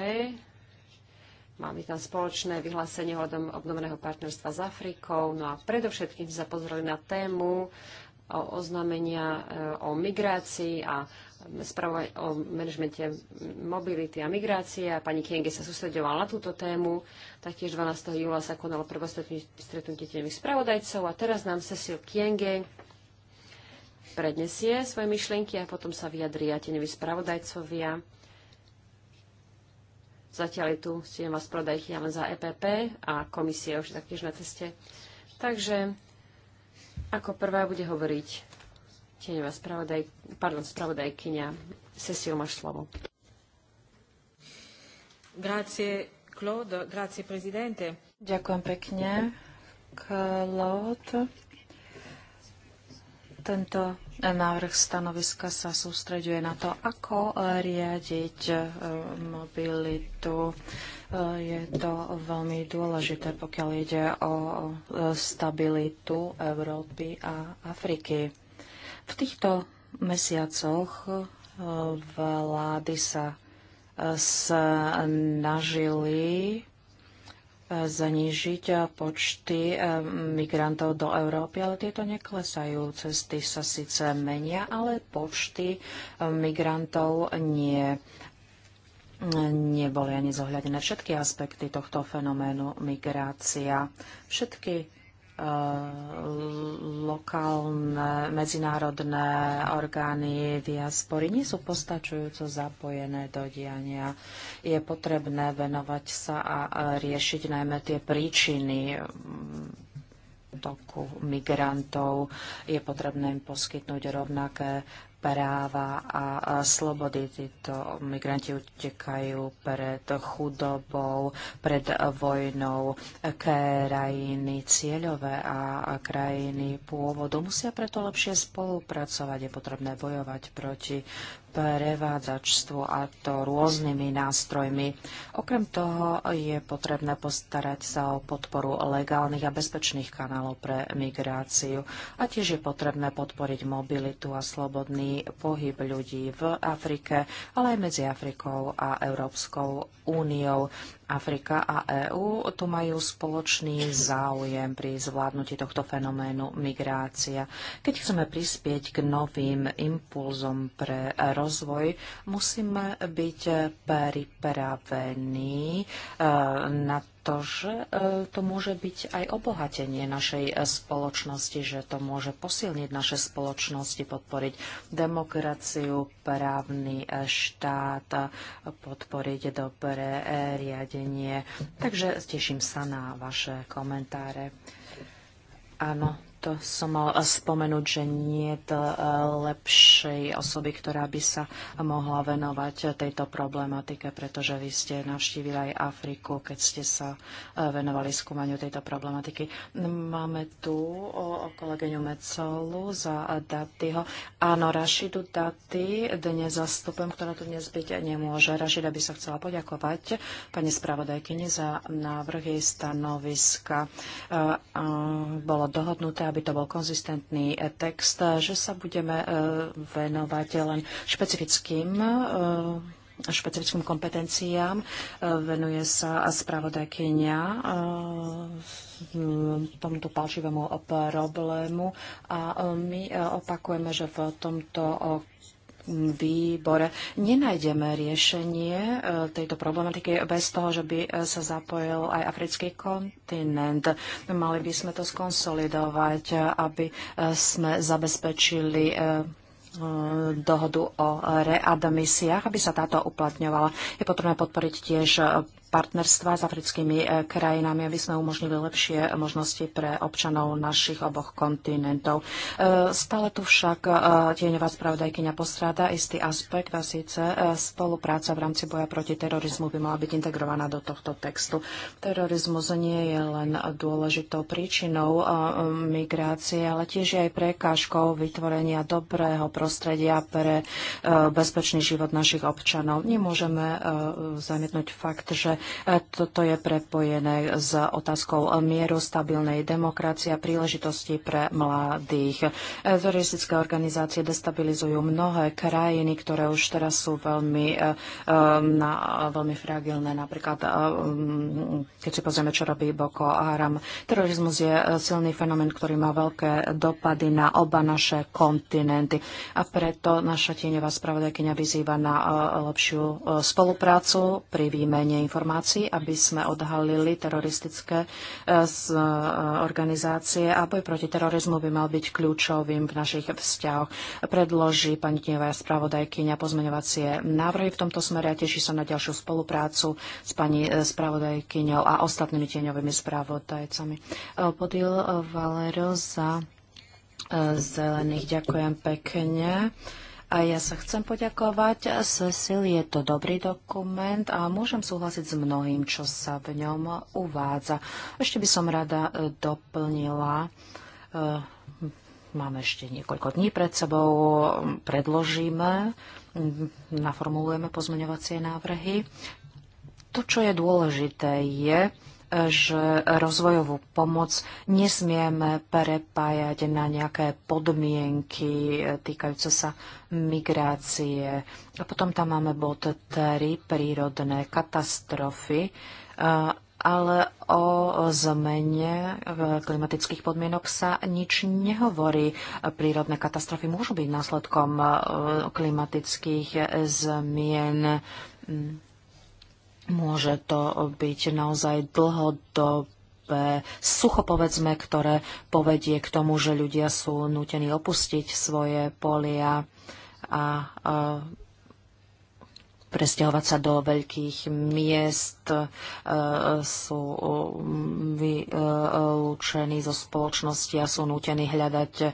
Máme tam spoločné vyhlásenie hľadom obnoveného partnerstva s Afrikou. No a predovšetkým sme sa pozreli na tému o oznámenia e, o migrácii a správa o manažmente mobility a migrácie. A pani Kienge sa sústredovala na túto tému. Taktiež 12. júla sa konalo prvostretnutie stretnutie spravodajcov. A teraz nám Cecil Kienge prednesie svoje myšlienky a potom sa vyjadria tieňoví spravodajcovia. Zatiaľ je tu vás spravodajky len za EPP a komisie už taktiež na ceste. Takže ako prvá bude hovoriť tieňová spravodaj, pardon, spravodajkynia. Cecil, máš slovo. Grazie, Claude. Grazie, prezidente. Ďakujem pekne, Claude. Tento návrh stanoviska sa sústreďuje na to, ako e, riadiť e, mobilitu. E, je to veľmi dôležité, pokiaľ ide o stabilitu Európy a Afriky. V týchto mesiacoch vlády sa snažili znížiť eh, počty eh, migrantov do Európy, ale tieto neklesajú. Cesty sa síce menia, ale počty eh, migrantov nie neboli ani zohľadené všetky aspekty tohto fenoménu migrácia. Všetky Eh, lokálne medzinárodné orgány diaspory nie sú postačujúco zapojené do diania. Je potrebné venovať sa a riešiť najmä tie príčiny mm, toku migrantov. Je potrebné im poskytnúť rovnaké práva a slobody. Títo migranti utekajú pred chudobou, pred vojnou. Krajiny cieľové a krajiny pôvodu musia preto lepšie spolupracovať. Je potrebné bojovať proti prevádzačstvu a to rôznymi nástrojmi. Okrem toho je potrebné postarať sa o podporu legálnych a bezpečných kanálov pre migráciu a tiež je potrebné podporiť mobilitu a slobodný pohyb ľudí v Afrike, ale aj medzi Afrikou a Európskou úniou. Afrika a EÚ tu majú spoločný záujem pri zvládnutí tohto fenoménu migrácia. Keď chceme prispieť k novým impulzom pre rozvoj, musíme byť pripravení eh, na pretože e, to môže byť aj obohatenie našej e, spoločnosti, že to môže posilniť naše spoločnosti, podporiť demokraciu, právny e, štát, podporiť dobré riadenie. Takže teším sa na vaše komentáre. Áno, to som mal spomenúť, že nie je e, lepšej osoby, ktorá by sa mohla venovať tejto problematike, pretože vy ste navštívili aj Afriku, keď ste sa e, venovali skúmaniu tejto problematiky. Máme tu o, o kolegyňu Mecolu za Datyho. Áno, Rašidu Daty dnes zastupujem, ktorá tu dnes byť nemôže. Rašida by sa chcela poďakovať pani spravodajkyni za návrhy stanoviska. E, bolo dohodnuté, aby to bol konzistentný eh, text, eh, že sa budeme eh, venovať len špecifickým špecifickým kompetenciám. Venuje sa spravodajkynia tomuto palčivému problému a my opakujeme, že v tomto výbore nenájdeme riešenie e, tejto problematiky bez toho, že by e, sa zapojil aj africký kontinent. Mali by sme to skonsolidovať, e, aby sme zabezpečili dohodu o readmisiách, aby sa táto uplatňovala. Je potrebné podporiť tiež partnerstva s africkými e, krajinami, aby sme umožnili lepšie možnosti pre občanov našich oboch kontinentov. E, stále tu však e, tieňová spravodajkyňa postráda istý aspekt a síce spolupráca v rámci boja proti terorizmu by mala byť integrovaná do tohto textu. Terorizmus nie je len dôležitou príčinou migrácie, ale tiež aj prekážkou vytvorenia dobrého prostredia pre bezpečný život našich občanov. Nemôžeme zamietnúť fakt, že toto je prepojené s otázkou mieru, stabilnej demokracie a príležitosti pre mladých. Teroristické organizácie destabilizujú mnohé krajiny, ktoré už teraz sú veľmi, eh, eh, na, veľmi fragilné. Napríklad, eh, mm, keď si pozrieme, čo robí Boko Haram. Terorizmus je silný fenomén, ktorý má veľké dopady na oba naše kontinenty. A preto naša tieňová spravodajkynia vyzýva na lepšiu spoluprácu pri výmene informácií informácií, aby sme odhalili teroristické e, e, organizácie a boj proti terorizmu by mal byť kľúčovým v našich vzťahoch. Predloží pani Tienová spravodajkyňa pozmeňovacie návrhy v tomto smere a teší sa na ďalšiu spoluprácu s pani e, spravodajkyňou a ostatnými tieňovými spravodajcami. Podil Valero za zelených. Ďakujem pekne. A ja sa chcem poďakovať. Cecil, je to dobrý dokument a môžem súhlasiť s mnohým, čo sa v ňom uvádza. Ešte by som rada e, doplnila e, máme ešte niekoľko dní pred sebou, predložíme, naformulujeme pozmeňovacie návrhy. To, čo je dôležité, je, že rozvojovú pomoc nesmieme prepájať na nejaké podmienky e, týkajúce sa migrácie. A potom tam máme bod 3, prírodné katastrofy e, ale o zmene e, klimatických podmienok sa nič nehovorí. Prírodné katastrofy môžu byť následkom klimatických zmien. Mm. Môže to byť naozaj dlhodobé sucho, povedzme, ktoré povedie k tomu, že ľudia sú nutení opustiť svoje polia a, a presťahovať sa do veľkých miest E, sú e, vylúčení zo spoločnosti a sú nútení hľadať e,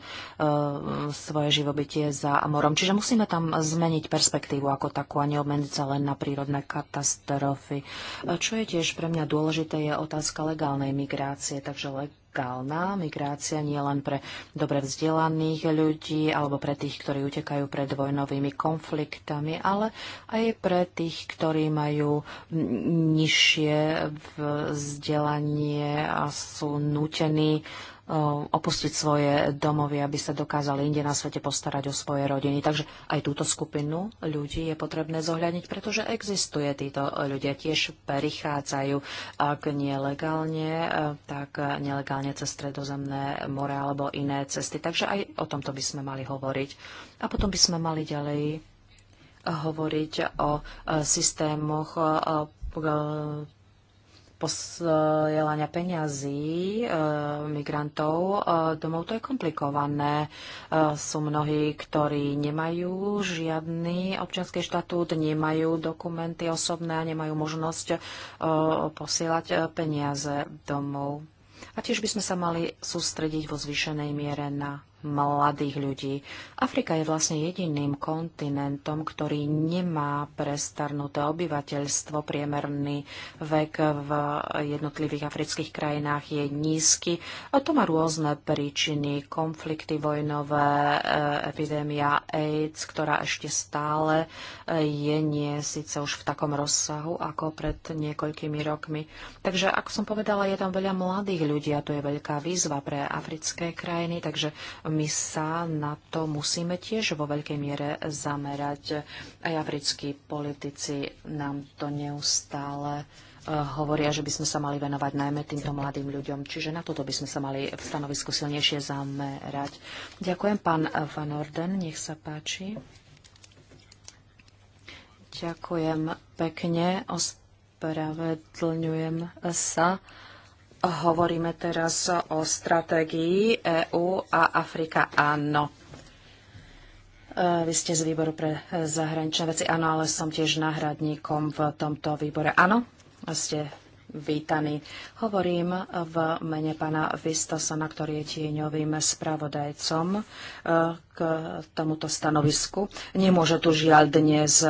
svoje živobytie za morom. Čiže musíme tam zmeniť perspektívu ako takú a neobmedziť sa len na prírodné katastrofy. Čo je tiež pre mňa dôležité, je otázka legálnej migrácie. Takže legálna migrácia nie len pre dobre vzdelaných ľudí alebo pre tých, ktorí utekajú pred vojnovými konfliktami, ale aj pre tých, ktorí majú nižšie vzdelanie a sú nutení eh, opustiť svoje domovy, aby sa dokázali inde na svete postarať o svoje rodiny. Takže aj túto skupinu ľudí je potrebné zohľadniť, pretože existuje títo ľudia, tiež prichádzajú, ak nelegálne, eh, tak nelegálne cez Stredozemné more alebo iné cesty. Takže aj o tomto by sme mali hovoriť. A potom by sme mali ďalej hovoriť o eh, systémoch Eh, posielania peňazí eh, migrantov eh, domov, to je komplikované. Sú mnohí, ktorí nemajú žiadny občianský štatút, nemajú dokumenty osobné a nemajú možnosť posielať peniaze domov. A tiež by sme sa mali sústrediť vo zvýšenej miere na mladých ľudí. Afrika je vlastne jediným kontinentom, ktorý nemá prestarnuté obyvateľstvo. Priemerný vek v jednotlivých afrických krajinách je nízky. A to má rôzne príčiny. Konflikty vojnové, e, epidémia AIDS, ktorá ešte stále e, je nie síce už v takom rozsahu ako pred niekoľkými rokmi. Takže, ako som povedala, je tam veľa mladých ľudí a to je veľká výzva pre africké krajiny. Takže my sa na to musíme tiež vo veľkej miere zamerať. Aj africkí politici nám to neustále eh, hovoria, že by sme sa mali venovať najmä týmto mladým ľuďom. Čiže na toto by sme sa mali v stanovisku silnejšie zamerať. Ďakujem, pán eh, Van Orden, nech sa páči. Ďakujem pekne, ospravedlňujem sa Hovoríme teraz o stratégii EÚ a Afrika áno. E, vy ste z výboru pre zahraničné veci, áno, ale som tiež náhradníkom v tomto výbore. Áno, ste vítaní. Hovorím v mene pána Vistosona, ktorý je tieňovým spravodajcom e, k tomuto stanovisku. Nemôže tu žiaľ dnes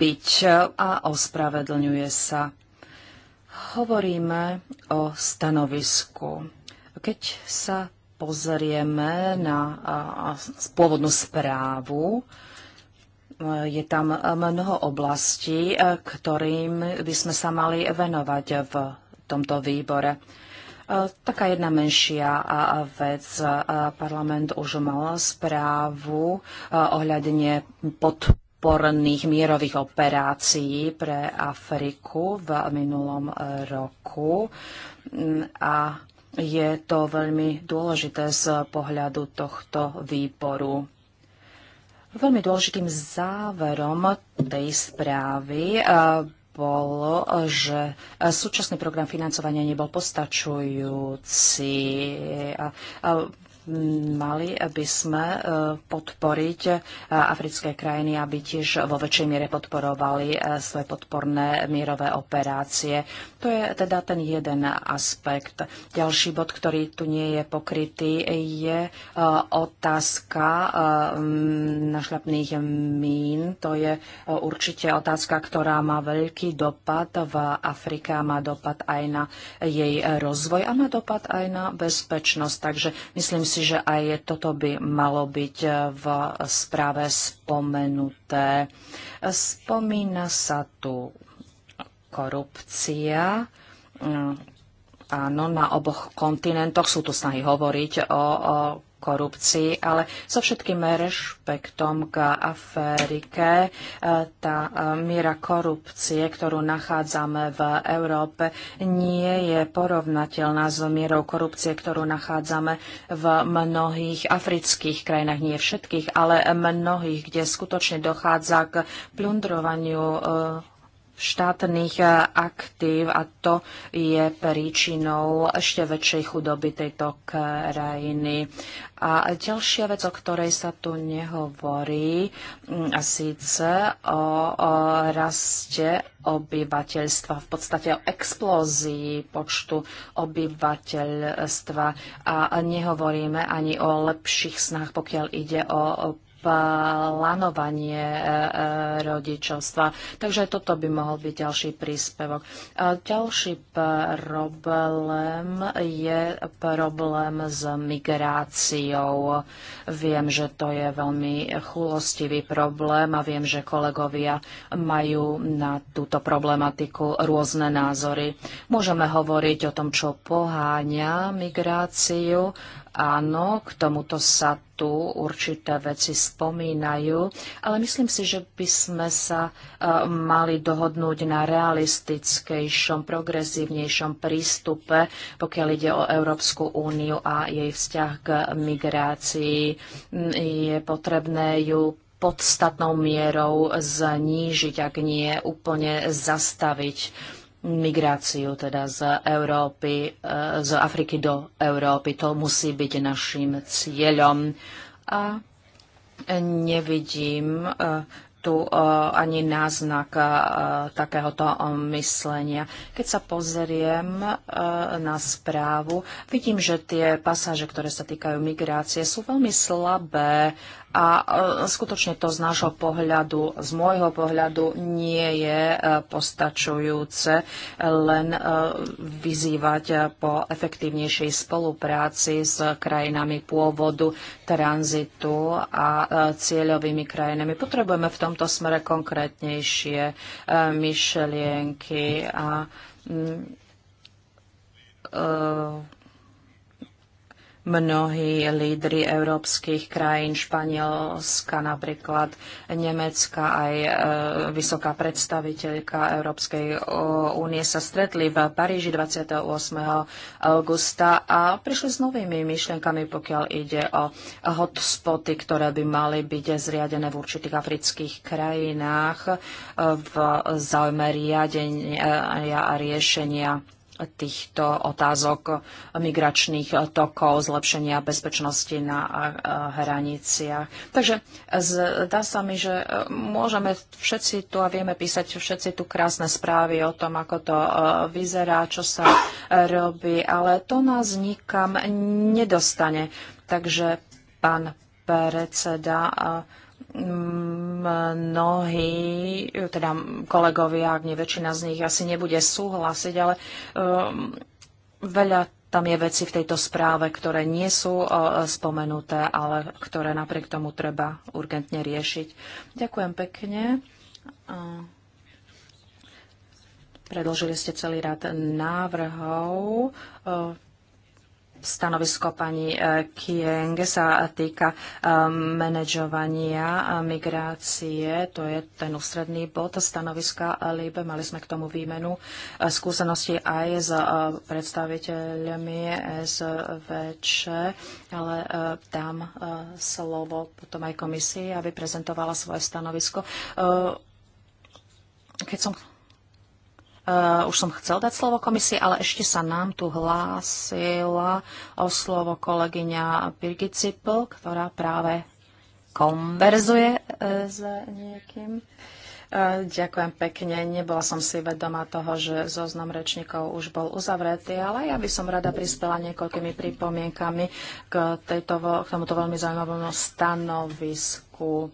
byť a ospravedlňuje sa hovoríme o stanovisku. Keď sa pozrieme na pôvodnú správu, je tam mnoho oblastí, e, ktorým by sme sa mali venovať v tomto výbore. E, taká jedna menšia vec. E, parlament už mal správu ohľadne podporu podporných mierových operácií pre Afriku v minulom roku a je to veľmi dôležité z pohľadu tohto výboru. Veľmi dôležitým záverom tej správy eh, bolo, že súčasný program financovania nebol postačujúci mali by sme e, podporiť e, africké krajiny, aby tiež vo väčšej miere podporovali e, svoje podporné mierové operácie. To je teda ten jeden aspekt. Ďalší bod, ktorý tu nie je pokrytý, je otázka našľapných mín. To je určite otázka, ktorá má veľký dopad v Afrike a má dopad aj na jej rozvoj a má dopad aj na bezpečnosť. Takže myslím si, že aj toto by malo byť e, v správe spomenuté. Spomína sa tu korupcia, mm, áno, na oboch kontinentoch sú tu snahy hovoriť o, o korupcii, ale so všetkým rešpektom k Afrike, e, tá e, miera korupcie, ktorú nachádzame v Európe, nie je porovnateľná s mierou korupcie, ktorú nachádzame v mnohých afrických krajinách, nie všetkých, ale mnohých, kde skutočne dochádza k plundrovaniu e, štátnych eh, aktív a to je príčinou ešte väčšej chudoby tejto krajiny. A ďalšia vec, o ktorej sa tu nehovorí, mm, a síce o, o raste obyvateľstva, v podstate o explózii počtu obyvateľstva. A nehovoríme ani o lepších snách, pokiaľ ide o plánovanie e, e, rodičovstva. Takže toto by mohol byť ďalší príspevok. Ďalší problém je problém s migráciou. Viem, že to je veľmi chulostivý problém a viem, že kolegovia majú na túto problematiku rôzne názory. Môžeme hovoriť o tom, čo poháňa migráciu, Áno, k tomuto sa tu určité veci spomínajú, ale myslím si, že by sme sa e, mali dohodnúť na realistickejšom, progresívnejšom prístupe, pokiaľ ide o Európsku úniu a jej vzťah k migrácii. Je potrebné ju podstatnou mierou znížiť, ak nie úplne zastaviť migráciu teda z Európy, e, z Afriky do Európy. To musí byť našim cieľom. A nevidím e, tu e, ani náznak e, takéhoto e, myslenia. Keď sa pozriem na správu, vidím, že tie pasáže, ktoré sa týkajú migrácie, sú veľmi slabé a skutočne to z nášho pohľadu, z môjho pohľadu nie je postačujúce len vyzývať po efektívnejšej spolupráci s krajinami pôvodu, tranzitu a cieľovými krajinami. Potrebujeme v tom tomto smere konkrétnejšie e, myšlienky a mm, e, mnohí lídry európskych krajín, Španielska napríklad, Nemecka, aj e, vysoká predstaviteľka Európskej únie sa stretli v Paríži 28. augusta a prišli s novými myšlienkami, pokiaľ ide o hotspoty, ktoré by mali byť zriadené v určitých afrických krajinách e, v záujme riadenia a riešenia týchto otázok migračných tokov, zlepšenia bezpečnosti na hraniciach. Takže zdá sa mi, že môžeme všetci tu a vieme písať všetci tu krásne správy o tom, ako to e, vyzerá, čo sa robí, ale to nás nikam nedostane. Takže pán predseda, e, mnohí, teda kolegovia, ak nie väčšina z nich asi nebude súhlasiť, ale um, veľa tam je veci v tejto správe, ktoré nie sú uh, spomenuté, ale ktoré napriek tomu treba urgentne riešiť. Ďakujem pekne. Predložili ste celý rad návrhov. Uh, Stanovisko pani e, Kieng sa týka e, manažovania migrácie, to je ten ústredný bod stanoviska LIB. Mali sme k tomu výmenu e, skúsenosti aj s predstaviteľmi SVČ, ale dám slovo potom aj komisii, aby prezentovala svoje stanovisko. Keď som Uh, už som chcel dať slovo komisii, ale ešte sa nám tu hlásila o slovo kolegyňa Birgit Cipl, ktorá práve konverzuje uh, s niekým. Uh, ďakujem pekne. Nebola som si vedomá toho, že zoznam rečníkov už bol uzavretý, ale ja by som rada prispela niekoľkými pripomienkami k, tejto, k tomuto veľmi zaujímavému stanovisku.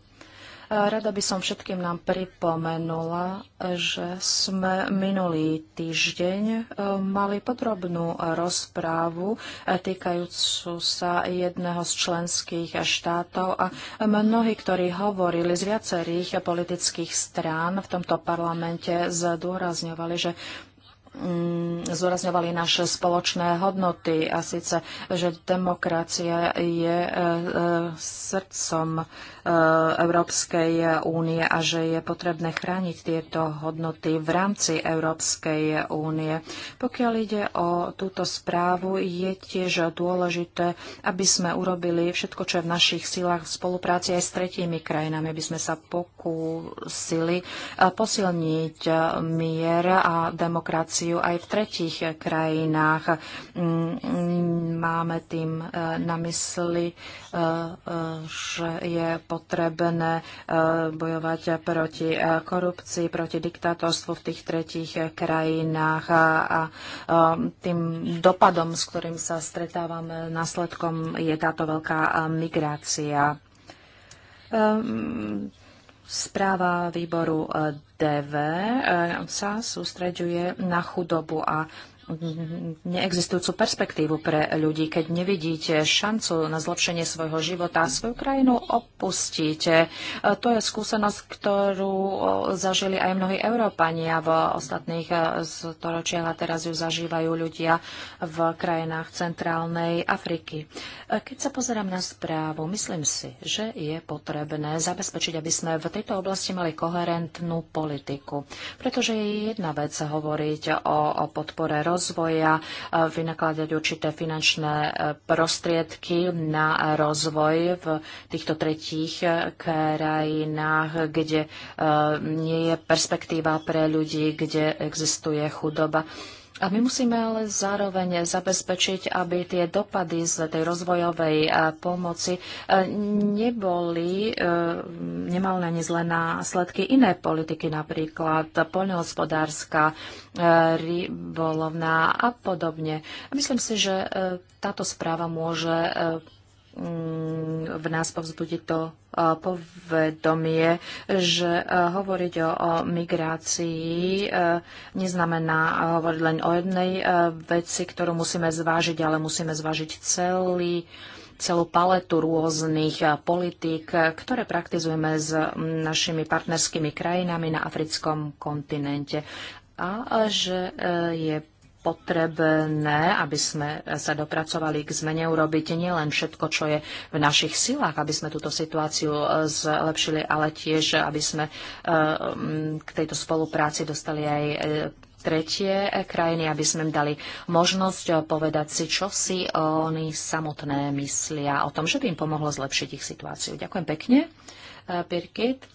Rada by som všetkým nám pripomenula, že sme minulý týždeň e, mali podrobnú rozprávu e, týkajúcu sa jedného z členských štátov a mnohí, ktorí hovorili z viacerých politických strán v tomto parlamente, zdôrazňovali, že Mm, zúrazňovali naše spoločné hodnoty a síce, že demokracia je e, e, srdcom e, Európskej únie a že je potrebné chrániť tieto hodnoty v rámci Európskej únie. Pokiaľ ide o túto správu, je tiež dôležité, aby sme urobili všetko, čo je v našich silách v spolupráci aj s tretími krajinami, aby sme sa pokúsili posilniť mier a demokracie revíziu aj v tretích krajinách. Mm, máme tým e, na mysli, e, e, že je potrebné bojovať proti korupcii, proti diktátorstvu v tých tretích krajinách a tým dopadom, s ktorým sa stretávame, následkom je táto veľká migrácia. Správa výboru eh, DV eh, sa sústreďuje na chudobu a neexistujúcu perspektívu pre ľudí, keď nevidíte šancu na zlepšenie svojho života a svoju krajinu opustíte. E, to je skúsenosť, ktorú e, zažili aj mnohí Európania v ostatných e, storočiach a teraz ju zažívajú ľudia v krajinách centrálnej Afriky. Keď sa pozerám na správu, myslím si, že je potrebné zabezpečiť, aby sme v tejto oblasti mali koherentnú politiku. Pretože je jedna vec hovoriť o, o podpore rozvoja, rozvoja e, vynakladať určité finančné e, prostriedky na rozvoj v týchto tretích e, krajinách, kde nie je perspektíva pre ľudí, kde existuje chudoba. A my musíme ale zároveň zabezpečiť, aby tie dopady z tej rozvojovej e, pomoci e, neboli, e, nemali ani zlé následky iné politiky, napríklad poľnohospodárska, rybolovná a podobne. Myslím si, že táto správa môže v nás povzbudí to e, povedomie, že e, hovoriť o, o migrácii e, neznamená hovoriť len o jednej veci, ktorú musíme zvážiť, ale musíme zvážiť celý celú paletu rôznych politík, ktoré praktizujeme s našimi partnerskými krajinami na africkom kontinente a že je potrebné, aby sme sa dopracovali k zmene, urobiť nielen všetko, čo je v našich silách, aby sme túto situáciu e, zlepšili, ale tiež, aby sme e, k tejto spolupráci dostali aj e, tretie krajiny, aby sme im dali možnosť povedať si, čo si oni samotné myslia o tom, že by im pomohlo zlepšiť ich situáciu. Ďakujem pekne, Birgit.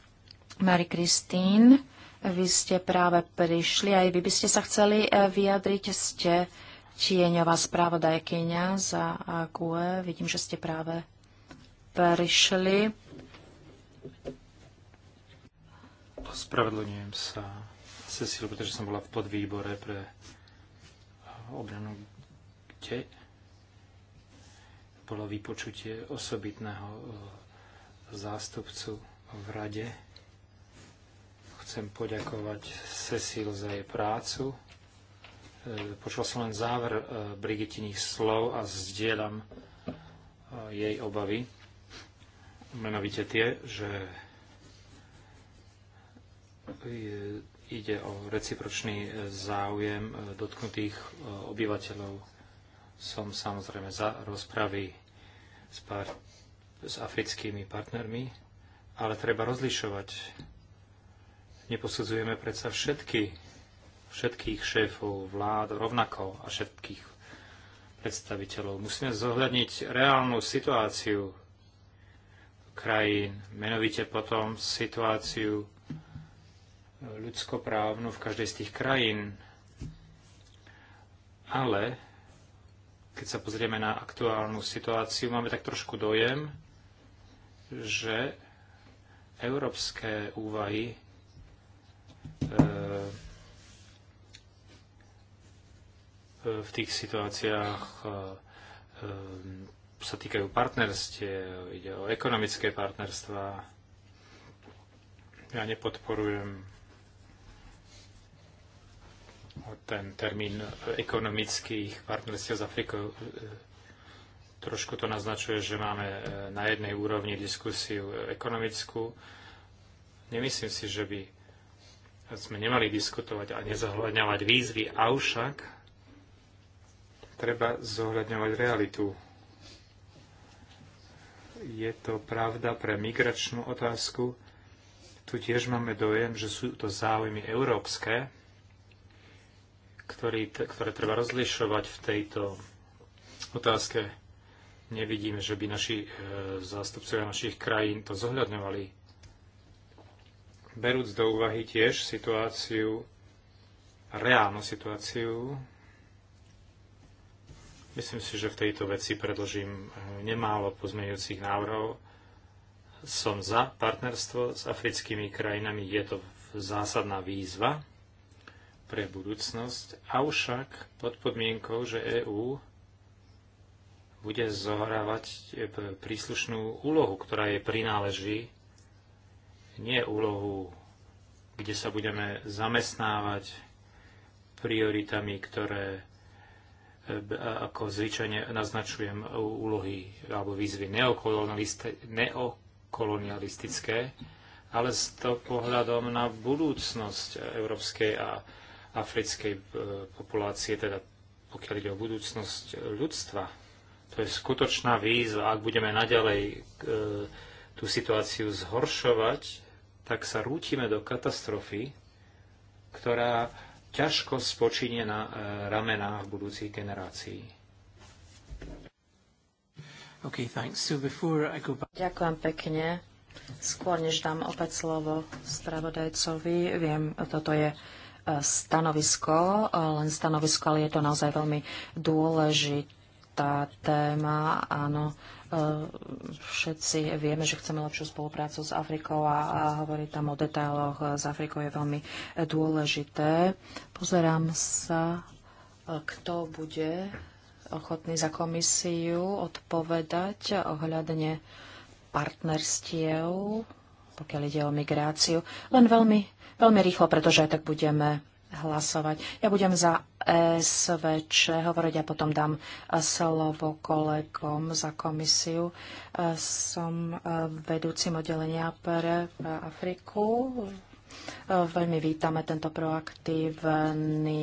marie Christine. Vy ste práve prišli, aj vy by ste sa chceli e, vyjadriť. Ste tieňová správodajkyňa za AQE. Vidím, že ste práve prišli. Ospravedlňujem sa, Cecil, pretože som bola v podvýbore pre obranu, kde bolo vypočutie osobitného e, zástupcu v rade Chcem poďakovať Cecil za jej prácu. E, počul som len záver e, Brigitiných slov a zdieľam e, jej obavy. Menovite tie, že ide o recipročný záujem dotknutých obyvateľov. Som samozrejme za rozpravy s, par- s africkými partnermi, ale treba rozlišovať neposudzujeme predsa všetky, všetkých šéfov vlád rovnako a všetkých predstaviteľov. Musíme zohľadniť reálnu situáciu krajín, menovite potom situáciu ľudskoprávnu v každej z tých krajín. Ale keď sa pozrieme na aktuálnu situáciu, máme tak trošku dojem, že európske úvahy E, e, v tých situáciách e, sa týkajú partnerstiev, ide o ekonomické partnerstva. Ja nepodporujem ten termín ekonomických partnerstiev s Afrikou. Trošku to naznačuje, že máme na jednej úrovni diskusiu ekonomickú. Nemyslím si, že by sme nemali diskutovať a nezohľadňovať výzvy, avšak treba zohľadňovať realitu. Je to pravda pre migračnú otázku. Tu tiež máme dojem, že sú to záujmy európske, ktorý, ktoré treba rozlišovať v tejto otázke. Nevidíme, že by naši e, zástupcovia našich krajín to zohľadňovali berúc do úvahy tiež situáciu, reálnu situáciu, myslím si, že v tejto veci predložím eh, nemálo pozmeňujúcich návrhov. Som za partnerstvo s africkými krajinami, je to zásadná výzva pre budúcnosť, avšak pod podmienkou, že EÚ bude zohrávať eh, príslušnú úlohu, ktorá jej prináleží nie úlohu, kde sa budeme zamestnávať prioritami, ktoré e, ako zvyčajne naznačujem úlohy alebo výzvy neokolonialistické, ale s to pohľadom na budúcnosť európskej a africkej e, populácie, teda pokiaľ ide o budúcnosť ľudstva. To je skutočná výzva. Ak budeme naďalej e, tú situáciu zhoršovať, tak sa rútime do katastrofy, ktorá ťažko spočíne na e, ramenách budúcich generácií. Okay, thanks. So before I go back... Ďakujem pekne. Skôr než dám opäť slovo spravodajcovi, viem, toto je e, stanovisko, e, len stanovisko, ale je to naozaj veľmi dôležitá téma, áno Všetci vieme, že chceme lepšiu spoluprácu s Afrikou a hovoriť tam o detailoch s Afrikou je veľmi dôležité. Pozerám sa, e, kto bude ochotný za komisiu odpovedať ohľadne partnerstiev, pokiaľ ide o migráciu. Len veľmi, veľmi rýchlo, pretože aj tak budeme hlasovať. Ja budem za SVČ hovoriť a potom dám slovo kolegom za komisiu. Som vedúcim oddelenia pre Afriku Veľmi vítame tento proaktívny,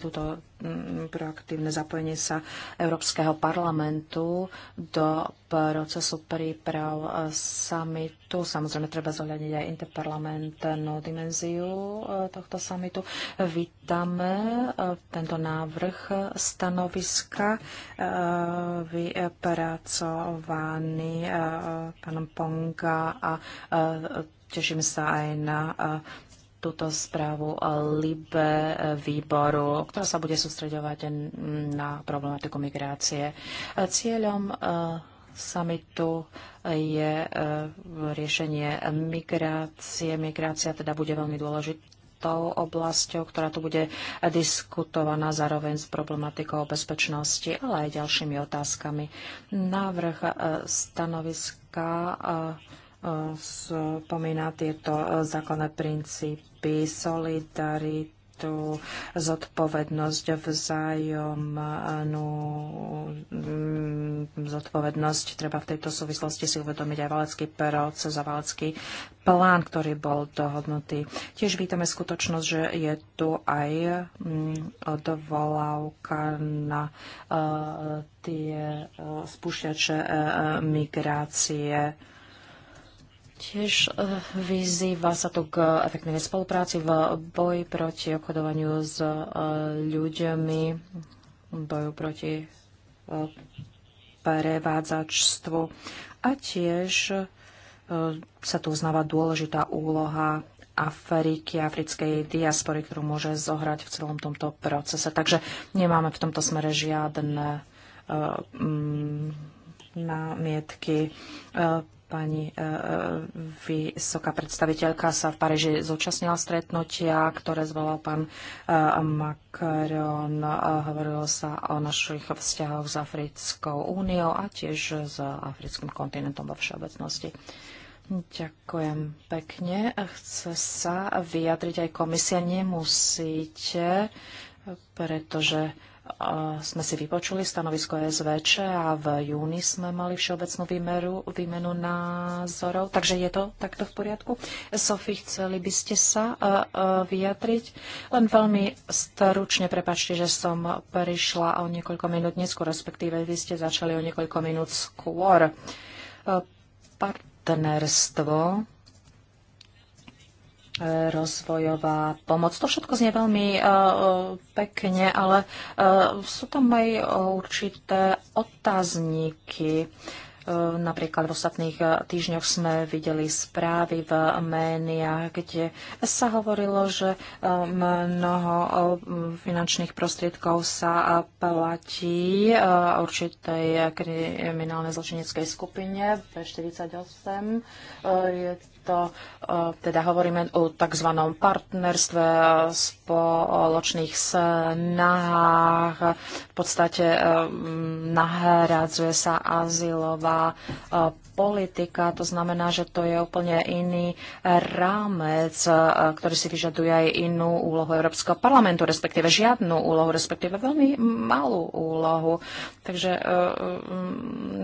túto mm, proaktívne zapojenie sa Európskeho parlamentu do procesu príprav e, samitu. Samozrejme, treba zohľadniť aj interparlamentnú dimenziu e, tohto samitu. Vítame e, tento návrh stanoviska vypracovaný pánom Ponga a Teším sa aj na túto správu LIBE e, výboru, ktorá sa bude sústredovať na problematiku migrácie. Cieľom e, samitu je e, riešenie migrácie. Migrácia teda bude veľmi dôležitá tou oblasťou, ktorá tu bude diskutovaná zároveň s problematikou bezpečnosti, ale aj ďalšími otázkami. Návrh stanoviska spomína tieto e, základné princípy solidarity, tú zodpovednosť, vzájomnú mm, zodpovednosť. Treba v tejto súvislosti si uvedomiť aj valecký proces a valecký plán, ktorý bol dohodnutý. Tiež vítame skutočnosť, že je tu aj mm, odvolávka na e, tie e, spúšťače migrácie. Tiež eh, vyzýva sa tu k efektívnej spolupráci v boji proti obchodovaniu s eh, ľuďmi, boju proti eh, prevádzačstvu a tiež sa tu uznáva dôležitá úloha Afriky, africkej diaspory, ktorú môže zohrať v celom tomto procese. Takže nemáme v tomto smere žiadne uh, námietky. Uh, Pani e, e, vysoká predstaviteľka sa v Paríži zúčastnila stretnutia, ktoré zvolal pán e, Macron. Hovorilo sa o našich vzťahoch s Africkou úniou a tiež s africkým kontinentom vo všeobecnosti. Ďakujem pekne. Chce sa vyjadriť aj komisia. Nemusíte, pretože sme si vypočuli stanovisko SVČ a v júni sme mali všeobecnú výmeru, výmenu názorov, takže je to takto v poriadku. Sofie, chceli by ste sa e, e, vyjadriť? Len veľmi staručne, prepačte, že som prišla o niekoľko minút neskôr, respektíve vy ste začali o niekoľko minút skôr. E, partnerstvo rozvojová pomoc. To všetko znie veľmi e, e, pekne, ale e, sú tam aj určité otázníky. Napríklad v ostatných týždňoch sme videli správy v médiách, kde sa hovorilo, že mnoho finančných prostriedkov sa platí určitej kriminálnej zločineckej skupine B48. Je to e, teda hovoríme o tzv. partnerstve, e, spoločných snahách. V podstate e, nahradzuje sa azylová politika, to znamená, že to je úplne iný rámec, e, ktorý si vyžaduje aj inú úlohu Európskeho parlamentu, respektíve žiadnu úlohu, respektíve veľmi malú úlohu. Takže e,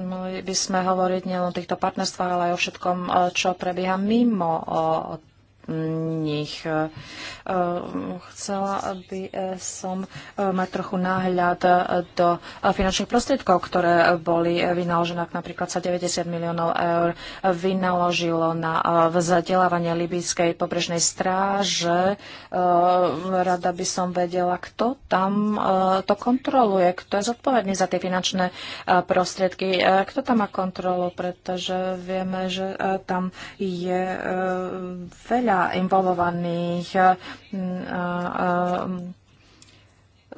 mali by sme hovoriť nielen o týchto partnerstvách, ale aj o všetkom, e, čo prebieha mimo nich. Eh, chcela by eh, som eh, mať trochu náhľad do finančných prostriedkov, ktoré boli vynaložené, ak napríklad sa 90 miliónov eur vynaložilo na vzdelávanie Libijskej pobrežnej stráže. Rada by som vedela, kto tam to kontroluje, kto je zodpovedný za tie finančné prostriedky, kto tam má kontrolu, pretože vieme, že tam je veľa involovaných. Eh, eh,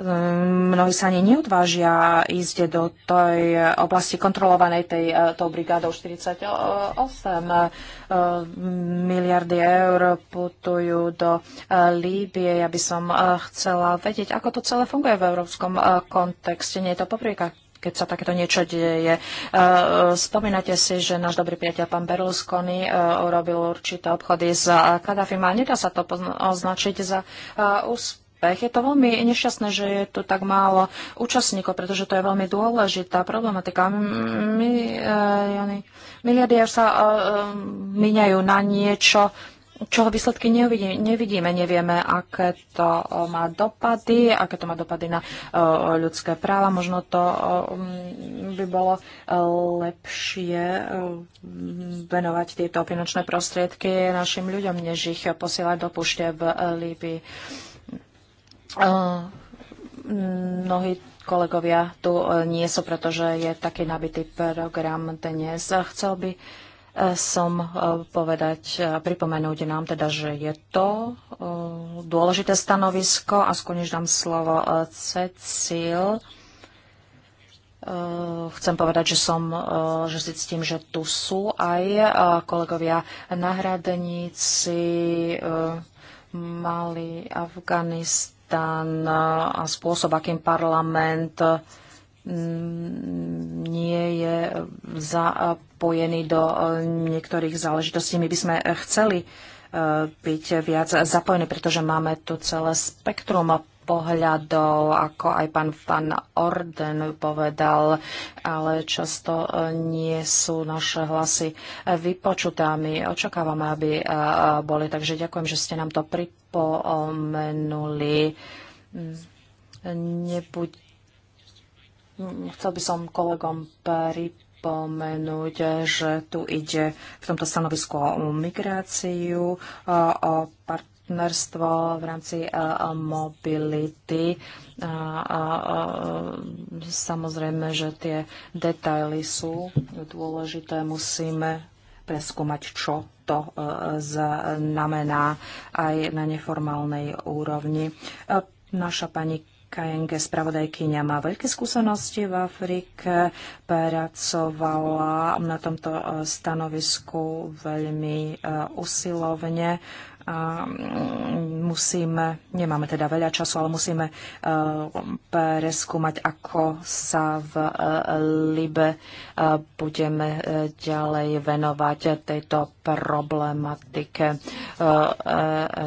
eh, mnohí sa ani neodvážia ísť do tej oblasti kontrolovanej tej, tou brigádou 48. Miliardy eur putujú do Líbie. Ja by som chcela vedieť, ako to celé funguje v európskom kontexte. Nie je to poprvýkrát keď sa takéto niečo deje. E, spomínate si, že náš dobrý priateľ pán Berlusconi e, urobil určité obchody s e, Kadafim a nedá sa to označiť za úspech Je to veľmi nešťastné, že je tu tak málo účastníkov, pretože to je veľmi dôležitá problematika. miliardy sa uh, míňajú na niečo, čoho výsledky nevidíme, nevidíme. Nevieme, aké to má dopady, aké to má dopady na ľudské práva. Možno to by bolo e, lepšie e, venovať tieto finančné prostriedky našim ľuďom, než ich posielať do pušte v e, Líbii. Mnohí kolegovia tu nie sú, pretože je taký nabitý program dnes. Chcel by som e, povedať a pripomenúť nám teda, že je to e, dôležité stanovisko a skôr než dám slovo e, Cecil, chcem povedať, že som, že si ctím, že tu sú aj kolegovia náhradníci Mali, Afganistan a spôsob, akým parlament nie je za zapojení do e, niektorých záležitostí. My by sme e, chceli e, byť viac zapojení, pretože máme tu celé spektrum pohľadov, ako aj pán Van Orden povedal, ale často nie sú naše hlasy vypočuté a my očakávame, aby boli. Takže ďakujem, že ste nám to pripomenuli. Nebuď... Chcel by som kolegom pripomenúť, pripomenúť, že tu ide v tomto stanovisku o migráciu, o partnerstvo v rámci e, mobility. Samozrejme, že tie detaily sú dôležité. Musíme preskúmať, čo to e, znamená aj na neformálnej úrovni. E, naša pani KNG spravodajkyňa, má veľké skúsenosti v Afrike, pracovala na tomto eh, stanovisku veľmi eh, usilovne a mm, musíme, nemáme teda veľa času, ale musíme e, preskúmať, ako sa v e, Libe e, budeme ďalej venovať tejto problematike.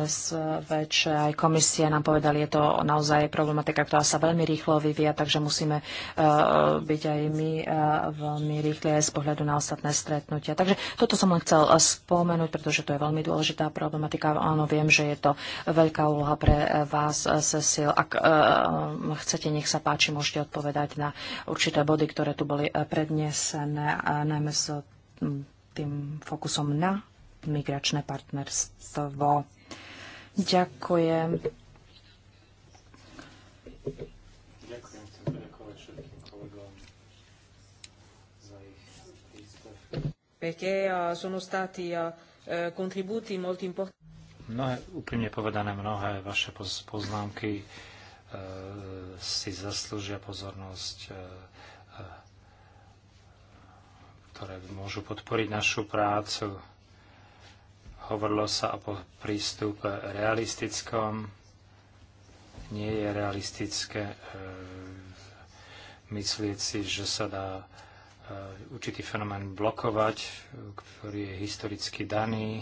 SVČ aj komisia nám povedali, je to naozaj problematika, ktorá sa veľmi rýchlo vyvíja, takže musíme byť aj my veľmi rýchli aj z pohľadu na ostatné stretnutia. Takže toto som len chcel spomenúť, pretože to je veľmi dôležitá problematika práv. Áno, viem, že je to veľká úloha pre vás, eh, Cecil. Ak eh, chcete, nech sa páči, môžete odpovedať na určité body, ktoré tu boli eh, prednesené, najmä s hm, tým fokusom na migračné partnerstvo. Ďakujem. Ďakujem, Perché sono stati contributi molto importanti. Mnohé, úprimne povedané, mnohé vaše poznámky e, si zaslúžia pozornosť, e, e, ktoré môžu podporiť našu prácu. Hovorilo sa o prístupe realistickom. Nie je realistické myslieť si, že sa dá určitý fenomén blokovať, ktorý je historicky daný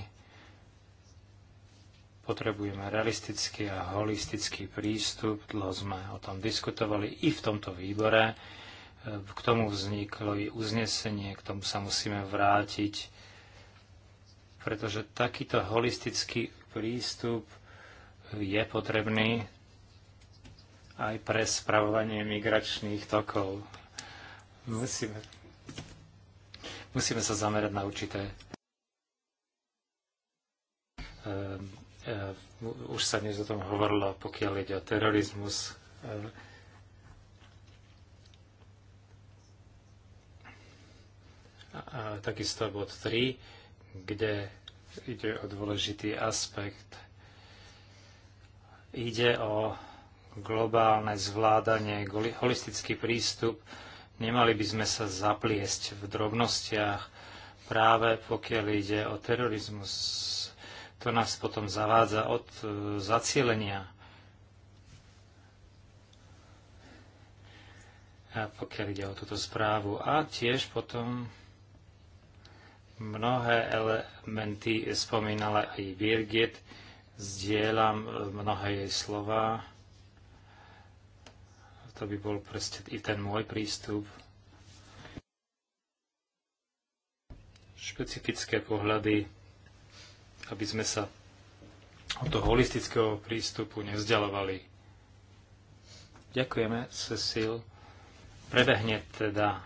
Potrebujeme realistický a holistický prístup. Dlho sme o tom diskutovali i v tomto výbore. E, k tomu vzniklo i uznesenie, k tomu sa musíme vrátiť, pretože takýto holistický prístup je potrebný aj pre spravovanie migračných tokov. Musíme, musíme sa zamerať na určité Eh, už sa dnes o tom hovorilo, pokiaľ ide o terorizmus. Eh, a takisto bod 3, kde ide o dôležitý aspekt. Ide o globálne zvládanie, holistický prístup. Nemali by sme sa zapliesť v drobnostiach, práve pokiaľ ide o terorizmus to nás potom zavádza od e, zacielenia. A pokiaľ ide o túto správu. A tiež potom mnohé elementy spomínala aj Birgit. Zdieľam e, mnohé jej slova. To by bol proste i ten môj prístup. Špecifické pohľady aby sme sa od toho holistického prístupu nevzdialovali. Ďakujeme, Cecil. Prebehne teda e,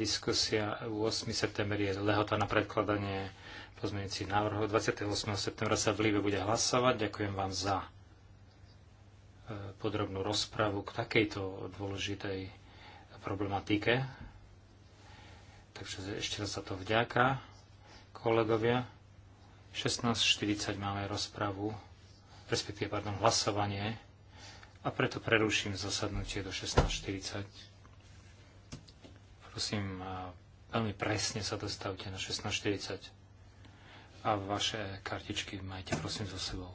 diskusia 8. september je lehota na predkladanie pozmeňujúci návrhov. 28. septembra sa v Líbe bude hlasovať. Ďakujem vám za e, podrobnú rozpravu k takejto dôležitej problematike. Takže ešte raz za to vďaka kolegovia. 16.40 máme rozpravu, respektíve, pardon, hlasovanie a preto preruším zasadnutie do 16.40. Prosím, veľmi presne sa dostavte na 16.40 a vaše kartičky majte prosím so sebou.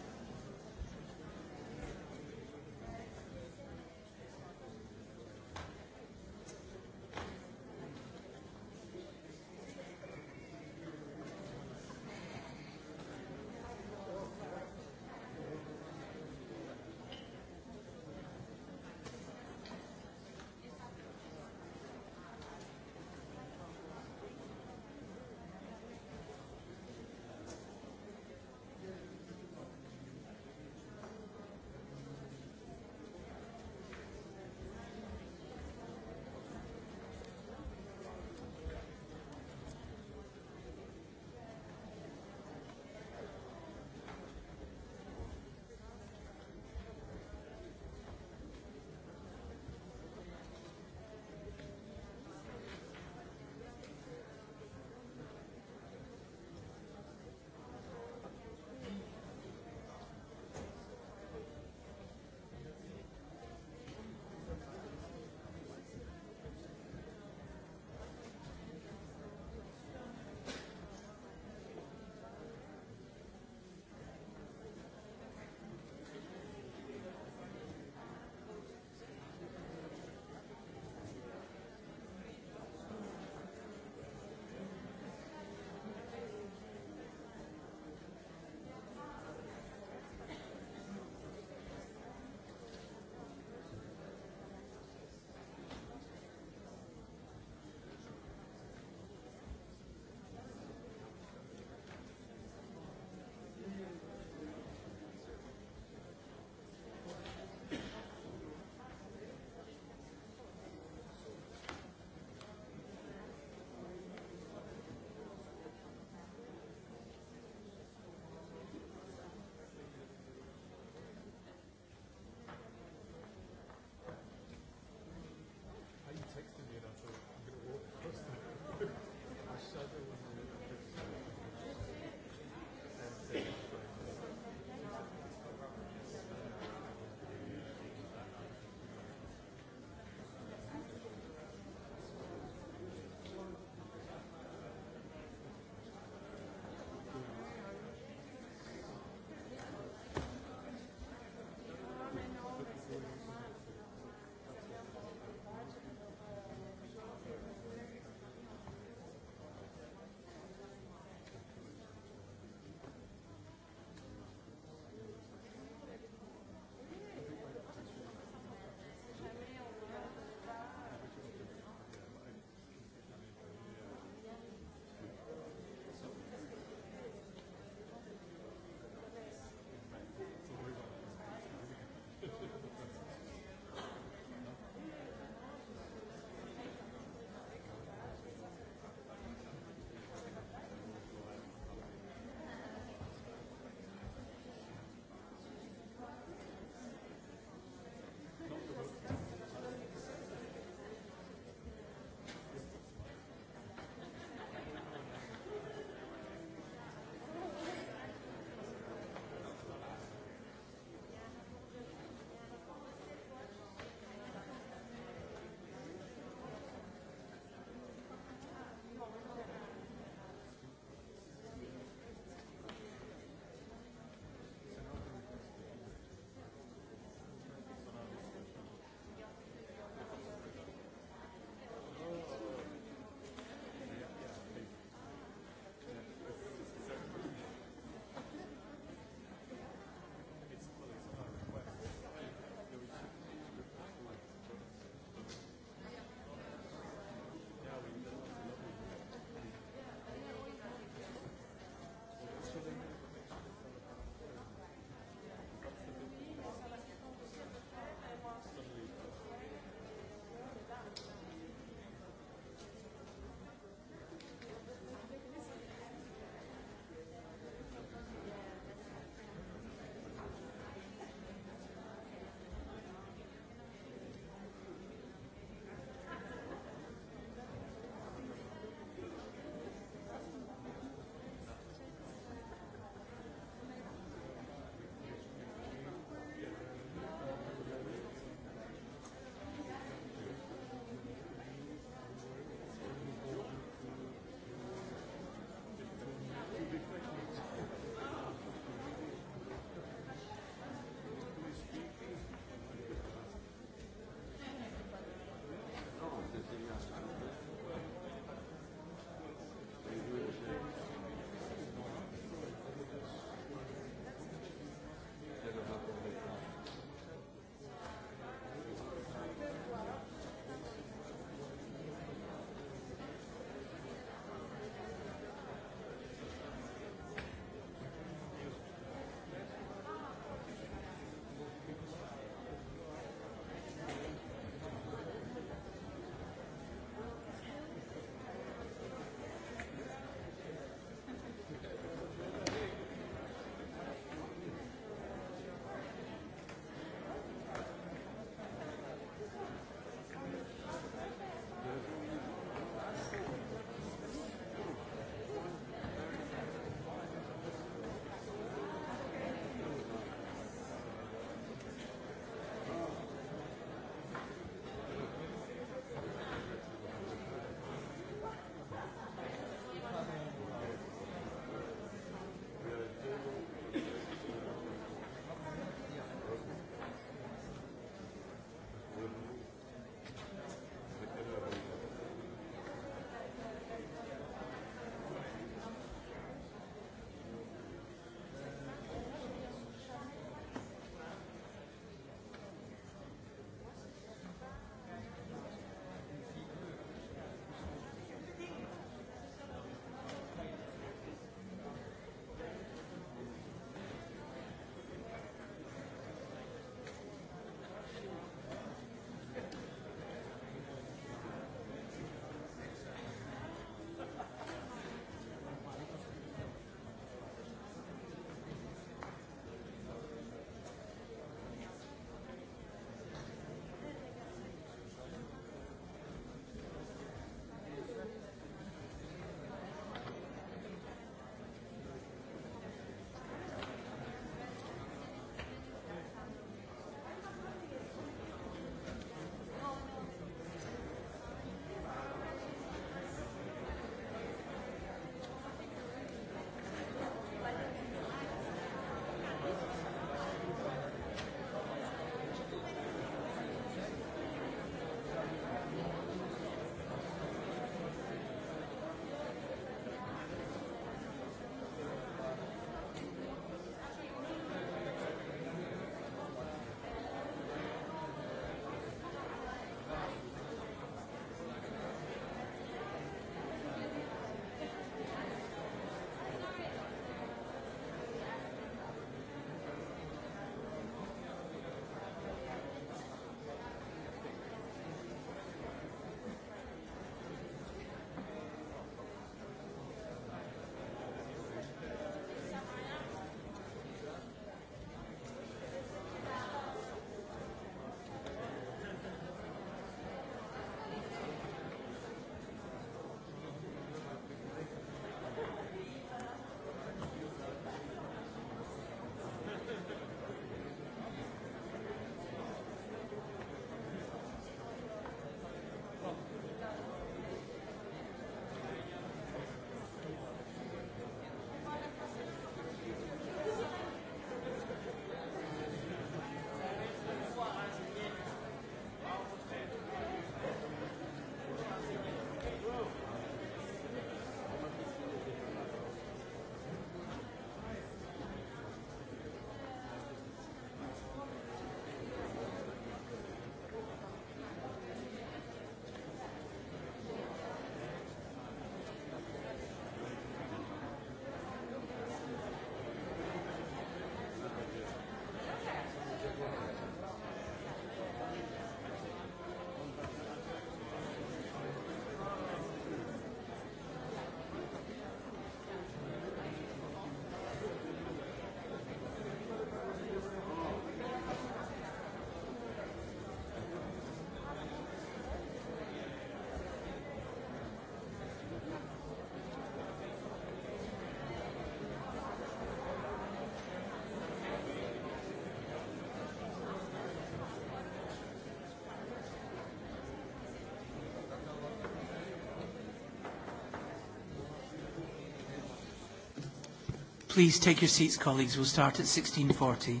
Please take your seats, colleagues. We'll start at 1640.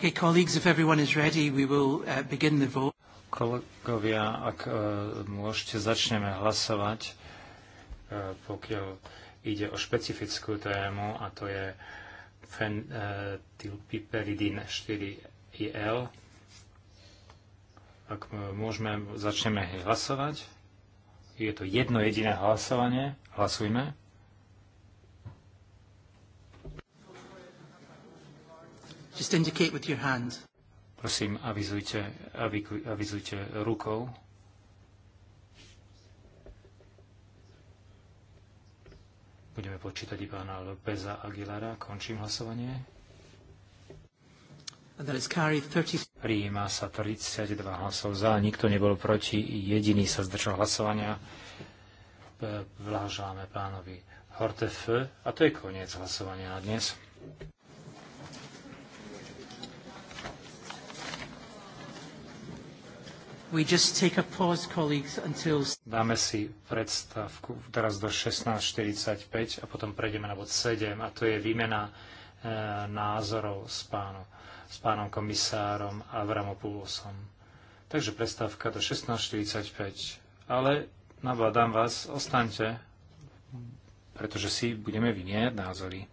Okay, colleagues, if everyone is ready, we will uh, begin the vote. Kolegovia, ak uh, môžete, začneme hlasovať, uh, pokiaľ ide o špecifickú tému, a to je fentilpiperidin 4IL. Ak uh, môžeme, začneme hlasovať. Je to jedno jediné hlasovanie. Hlasujme. Just indicate with your hand. Prosím, avizujte, avizujte rukou. Budeme počítať iba na Lopeza Aguilara. Končím hlasovanie. Prijíma sa 32 hlasov za, nikto nebol proti, jediný sa zdržal hlasovania. Vlážame pánovi Hortefe a to je koniec hlasovania na dnes. Dáme si predstavku teraz do 16.45 a potom prejdeme na bod 7 a to je výmena e, názorov s pánom, s pánom komisárom Avramopulosom. Takže predstavka do 16.45. Ale nabádam vás, ostaňte, pretože si budeme vynieť názory.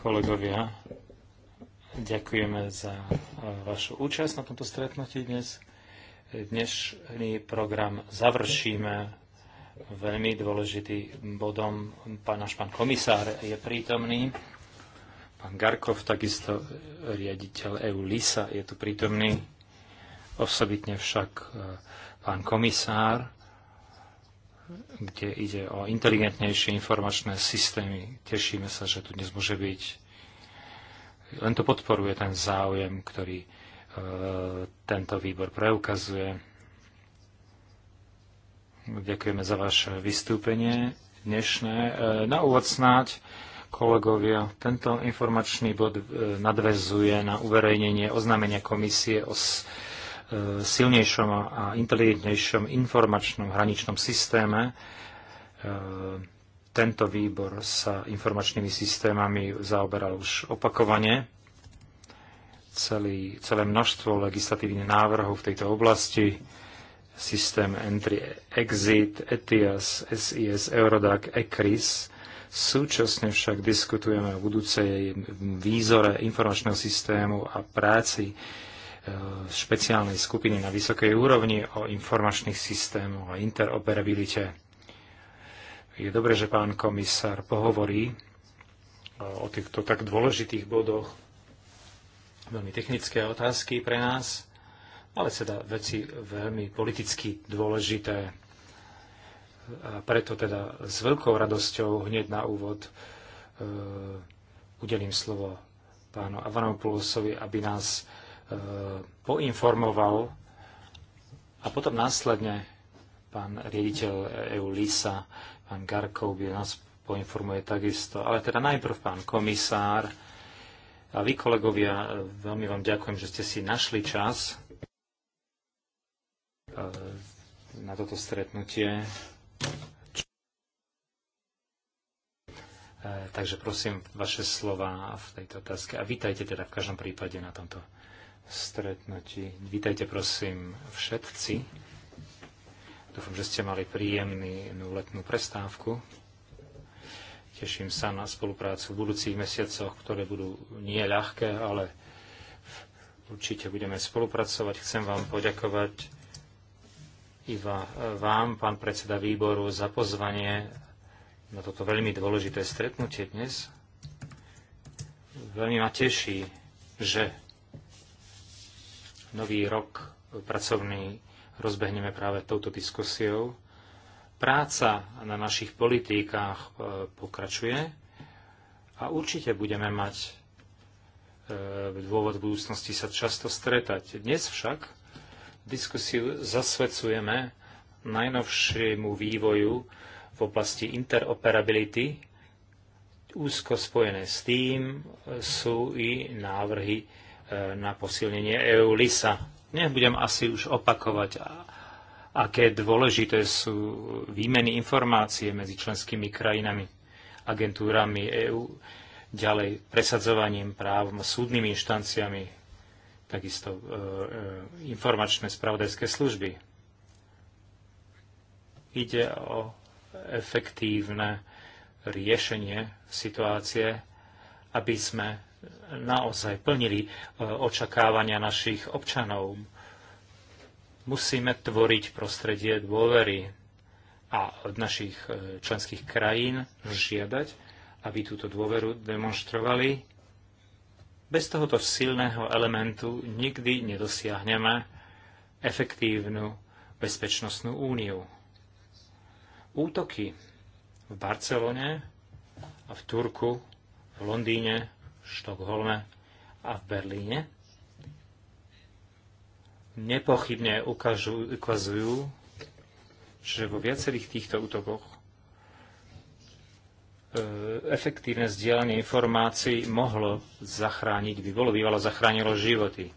Kolegovia, ďakujeme za e, vašu účasť na tomto stretnutí dnes. Dnešný program završíme veľmi dôležitý bodom. Pán, náš pán komisár je prítomný. Pán Garkov, takisto riaditeľ EU LISA, je tu prítomný. Osobitne však e, pán komisár kde ide o inteligentnejšie informačné systémy. Tešíme sa, že tu dnes môže byť. Len to podporuje ten záujem, ktorý e, tento výbor preukazuje. Ďakujeme za vaše vystúpenie dnešné. E, na úvod snáď, kolegovia, tento informačný bod e, nadvezuje na uverejnenie oznámenia komisie o s- E, silnejšom a inteligentnejšom informačnom hraničnom systéme. E, tento výbor sa informačnými systémami zaoberal už opakovane. Celý, celé množstvo legislatívnych návrhov v tejto oblasti systém Entry Exit, ETIAS, SIS, Eurodac, ECRIS. Súčasne však diskutujeme o budúcej výzore informačného systému a práci E, špeciálnej skupiny na vysokej úrovni o informačných systémoch a interoperabilite. Je dobré, že pán komisár pohovorí e, o týchto tak dôležitých bodoch. Veľmi technické otázky pre nás, ale teda veci veľmi politicky dôležité. E, a preto teda s veľkou radosťou hneď na úvod e, udelím slovo pánu Avanopoulosovi, aby nás poinformoval a potom následne pán riaditeľ EU Lisa, pán Garkov by nás poinformuje takisto. Ale teda najprv pán komisár a vy kolegovia, veľmi vám ďakujem, že ste si našli čas e, na toto stretnutie. E, takže prosím vaše slova v tejto otázke a vítajte teda v každom prípade na tomto stretnutí. Vítajte prosím všetci. Dúfam, že ste mali príjemnú letnú prestávku. Teším sa na spoluprácu v budúcich mesiacoch, ktoré budú nie ľahké, ale určite budeme spolupracovať. Chcem vám poďakovať iba vám, pán predseda výboru, za pozvanie na toto veľmi dôležité stretnutie dnes. Veľmi ma teší, že nový rok pracovný rozbehneme práve touto diskusiou. Práca na našich politikách e, pokračuje a určite budeme mať e, dôvod v budúcnosti sa často stretať. Dnes však diskusiu zasvedcujeme najnovšiemu vývoju v oblasti interoperability úzko spojené s tým sú i návrhy E, na posilnenie EU-LISA. Nebudem asi už opakovať, aké dôležité sú výmeny informácie medzi členskými krajinami, agentúrami EÚ, ďalej presadzovaním práv súdnymi inštanciami, takisto e, e, informačné spravodajské služby. Ide o efektívne riešenie situácie, aby sme naozaj plnili e, očakávania našich občanov. Musíme tvoriť prostredie dôvery a od našich e, členských krajín žiadať, aby túto dôveru demonstrovali. Bez tohoto silného elementu nikdy nedosiahneme efektívnu bezpečnostnú úniu. Útoky v Barcelone a v Turku, v Londýne, Štokholme a v Berlíne nepochybne ukážu, ukazujú, že vo viacerých týchto útokoch e, efektívne zdieľanie informácií mohlo zachrániť, by bolo bývalo zachránilo životy.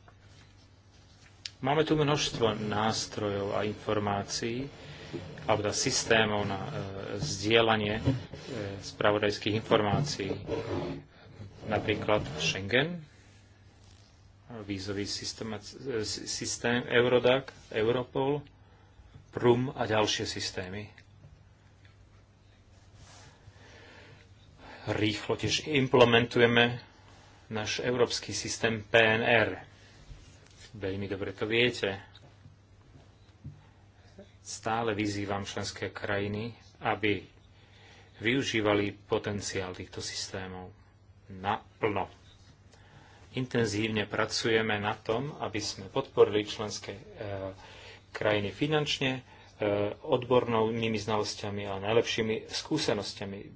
Máme tu množstvo nástrojov a informácií, alebo teda systémov na e, zdieľanie e, spravodajských informácií napríklad Schengen, vízový systém, systém Eurodac, Europol, PRUM a ďalšie systémy. Rýchlo tiež implementujeme náš európsky systém PNR. Veľmi dobre to viete. Stále vyzývam členské krajiny, aby využívali potenciál týchto systémov naplno. Intenzívne pracujeme na tom, aby sme podporili členské e, krajiny finančne, e, odbornými znalosťami a najlepšími skúsenostiami. E,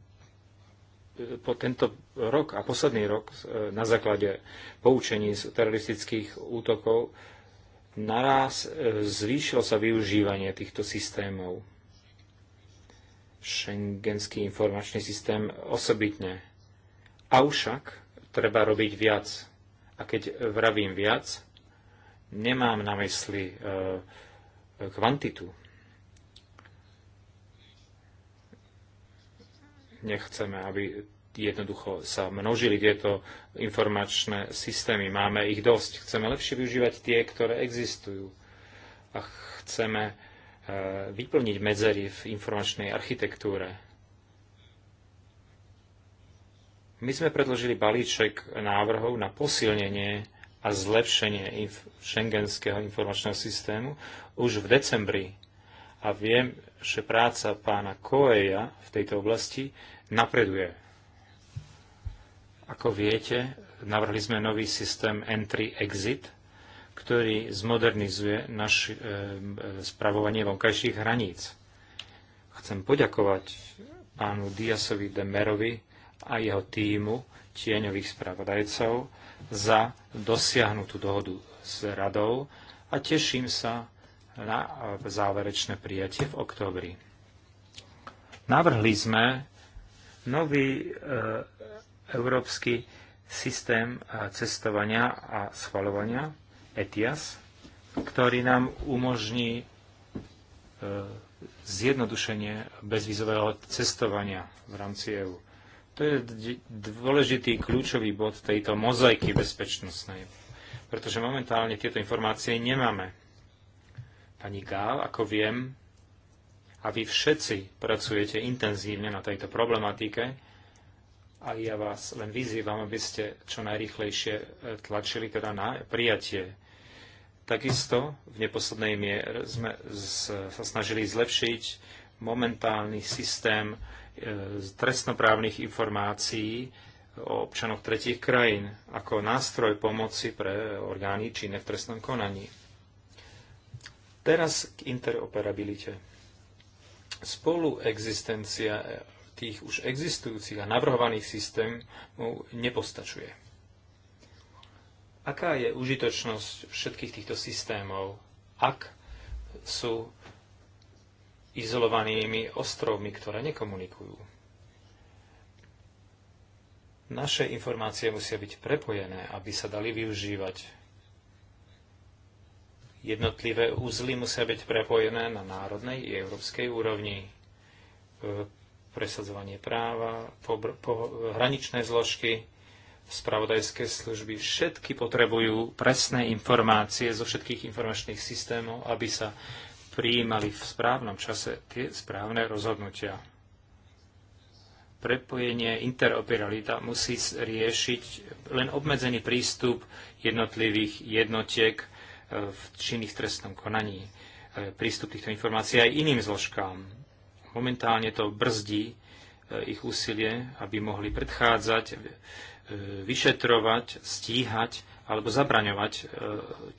po tento rok a posledný rok e, na základe poučení z teroristických útokov naraz e, zvýšilo sa využívanie týchto systémov. Schengenský informačný systém osobitne Avšak treba robiť viac. A keď vravím viac, nemám na mysli e, kvantitu. Nechceme, aby jednoducho sa množili tieto informačné systémy. Máme ich dosť. Chceme lepšie využívať tie, ktoré existujú. A chceme e, vyplniť medzery v informačnej architektúre My sme predložili balíček návrhov na posilnenie a zlepšenie šengenského informačného systému už v decembri. A viem, že práca pána Koeja v tejto oblasti napreduje. Ako viete, navrhli sme nový systém Entry-Exit, ktorý zmodernizuje naše e, spravovanie vonkajších hraníc. Chcem poďakovať pánu Diasovi de Merovi a jeho týmu tieňových spravodajcov za dosiahnutú dohodu s radou a teším sa na záverečné prijatie v oktobri. Navrhli sme nový e, európsky systém e, cestovania a schvalovania ETIAS, ktorý nám umožní e, zjednodušenie bezvizového cestovania v rámci EÚ. To je dôležitý kľúčový bod tejto mozaiky bezpečnostnej, pretože momentálne tieto informácie nemáme. Pani Gál, ako viem, a vy všetci pracujete intenzívne na tejto problematike, a ja vás len vyzývam, aby ste čo najrychlejšie e, tlačili teda na prijatie. Takisto v neposlednej miere sme sa snažili zlepšiť momentálny systém trestnoprávnych informácií o občanoch tretich krajín ako nástroj pomoci pre orgány činné v trestnom konaní. Teraz k interoperabilite. Spoluexistencia tých už existujúcich a navrhovaných systémov nepostačuje. Aká je užitočnosť všetkých týchto systémov, ak sú izolovanými ostrovmi, ktoré nekomunikujú. Naše informácie musia byť prepojené, aby sa dali využívať. Jednotlivé úzly musia byť prepojené na národnej i európskej úrovni. E, presadzovanie práva, po, hraničné zložky, spravodajské služby, všetky potrebujú presné informácie zo všetkých informačných systémov, aby sa prijímali v správnom čase tie správne rozhodnutia. Prepojenie interoperabilita musí riešiť len obmedzený prístup jednotlivých jednotiek e, v činných trestnom konaní. E, prístup týchto informácií aj iným zložkám. Momentálne to brzdí e, ich úsilie, aby mohli predchádzať, vyšetrovať, stíhať alebo zabraňovať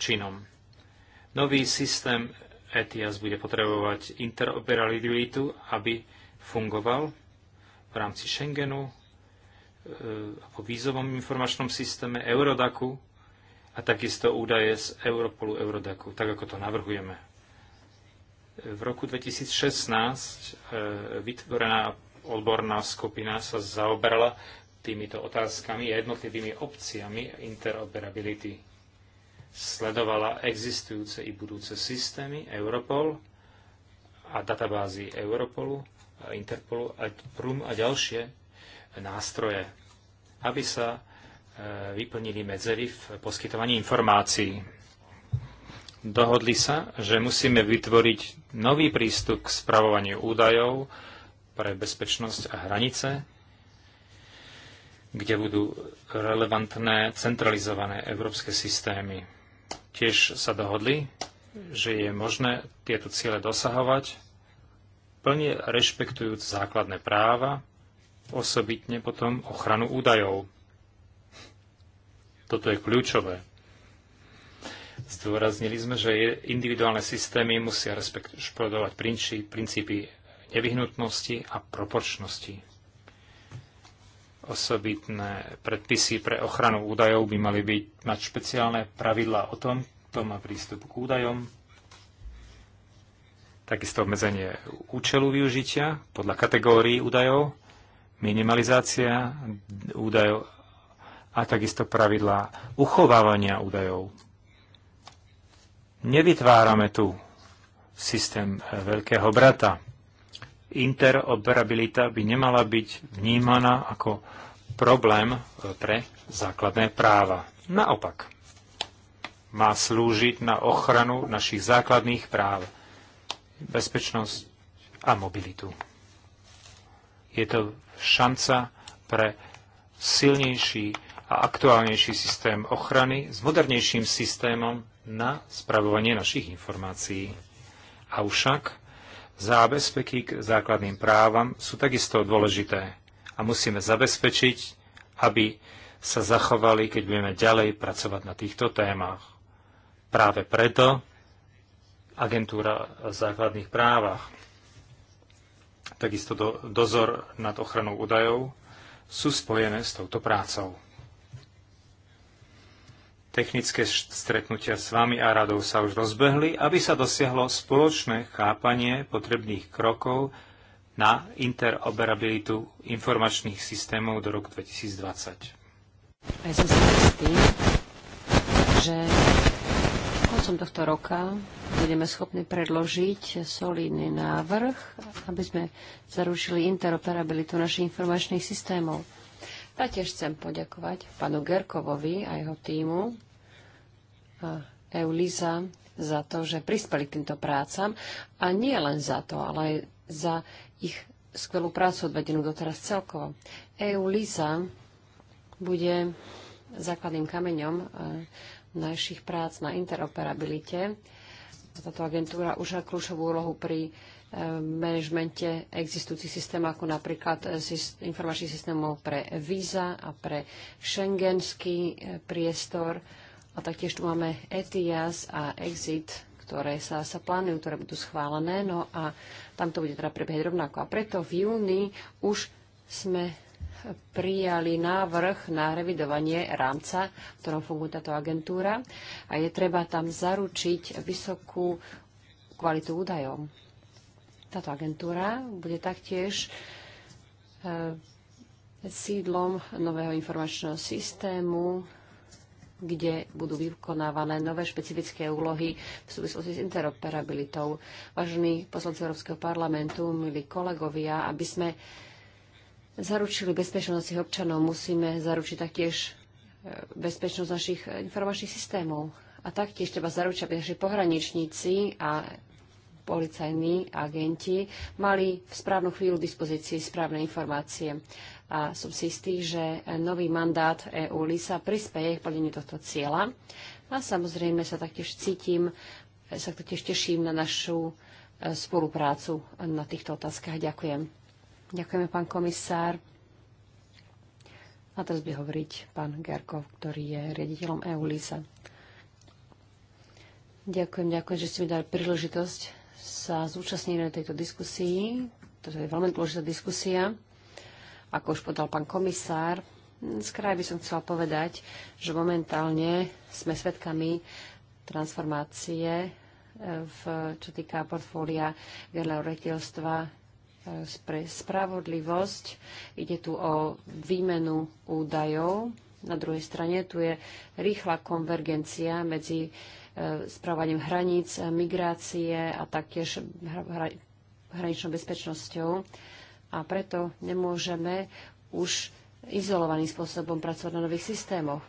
činom. Nový systém ETIAS bude potrebovať interoperabilitu, aby fungoval v rámci Schengenu, e, po vízovom informačnom systéme Eurodaku a takisto údaje z Europolu Eurodaku, tak ako to navrhujeme. V roku 2016 e, vytvorená odborná skupina sa zaoberala týmito otázkami a jednotlivými opciami interoperability sledovala existujúce i budúce systémy Europol a databázy Europolu, Interpolu, PRUM a ďalšie nástroje, aby sa e, vyplnili medzery v poskytovaní informácií. Dohodli sa, že musíme vytvoriť nový prístup k spravovaniu údajov pre bezpečnosť a hranice, kde budú relevantné centralizované európske systémy Tiež sa dohodli, že je možné tieto ciele dosahovať, plne rešpektujúc základné práva, osobitne potom ochranu údajov. Toto je kľúčové. Zdôraznili sme, že individuálne systémy musia rešpektovať princípy nevyhnutnosti a proporčnosti osobitné predpisy pre ochranu údajov by mali byť, mať špeciálne pravidlá o tom, kto má prístup k údajom, takisto obmedzenie účelu využitia podľa kategórií údajov, minimalizácia údajov a takisto pravidlá uchovávania údajov. Nevytvárame tu systém veľkého brata interoperabilita by nemala byť vnímaná ako problém e, pre základné práva. Naopak, má slúžiť na ochranu našich základných práv, bezpečnosť a mobilitu. Je to šanca pre silnejší a aktuálnejší systém ochrany s modernejším systémom na spravovanie našich informácií. Avšak Zábezpeky k základným právam sú takisto dôležité a musíme zabezpečiť, aby sa zachovali, keď budeme ďalej pracovať na týchto témach. Práve preto agentúra o základných právach, takisto do, dozor nad ochranou údajov sú spojené s touto prácou. Technické stretnutia s vami a radou sa už rozbehli, aby sa dosiahlo spoločné chápanie potrebných krokov na interoperabilitu informačných systémov do roku 2020. Aj som si tým, že koncom tohto roka budeme schopní predložiť solidný návrh, aby sme zarušili interoperabilitu našich informačných systémov. Ja tiež chcem poďakovať panu Gerkovovi a jeho týmu a eh, Eulisa za to, že prispeli k týmto prácam a nie len za to, ale aj za ich skvelú prácu odvedenú doteraz celkovo. Eulisa bude základným kameňom eh, našich prác na interoperabilite. Táto agentúra už aj kľúčovú úlohu pri manažmente existujúcich systémov, ako napríklad informačných systémov pre víza a pre šengenský e, priestor. A taktiež tu máme ETIAS a EXIT, ktoré sa, sa plánujú, ktoré budú schválené. No a tam to bude teda prebiehať rovnako. A preto v júni už sme prijali návrh na revidovanie rámca, v ktorom funguje táto agentúra a je treba tam zaručiť vysokú kvalitu údajov táto agentúra bude taktiež e, sídlom nového informačného systému, kde budú vykonávané nové špecifické úlohy v súvislosti s interoperabilitou. Vážení poslanci Európskeho parlamentu, milí kolegovia, aby sme zaručili bezpečnosť občanov, musíme zaručiť taktiež e, bezpečnosť našich informačných systémov. A taktiež treba zaručiť, aby naši pohraničníci a policajní agenti mali v správnu chvíľu dispozícii správne informácie. A som si istý, že nový mandát EU LISA prispieje k plneniu tohto cieľa. A samozrejme sa taktiež cítim, sa taktiež teším na našu e, spoluprácu na týchto otázkach. Ďakujem. Ďakujeme, pán komisár. A teraz by hovoriť pán Gerkov, ktorý je riaditeľom e LISA. Ďakujem, ďakujem, že ste mi dali príležitosť sa zúčastnili na tejto diskusii. To je veľmi dôležitá diskusia. Ako už podal pán komisár, z kraja by som chcela povedať, že momentálne sme svedkami transformácie, eh, v, čo týka portfólia generálneho rejiteľstva eh, pre spravodlivosť. Ide tu o výmenu údajov. Na druhej strane tu je rýchla konvergencia medzi správaním hraníc, migrácie a taktiež hraničnou bezpečnosťou. A preto nemôžeme už izolovaným spôsobom pracovať na nových systémoch.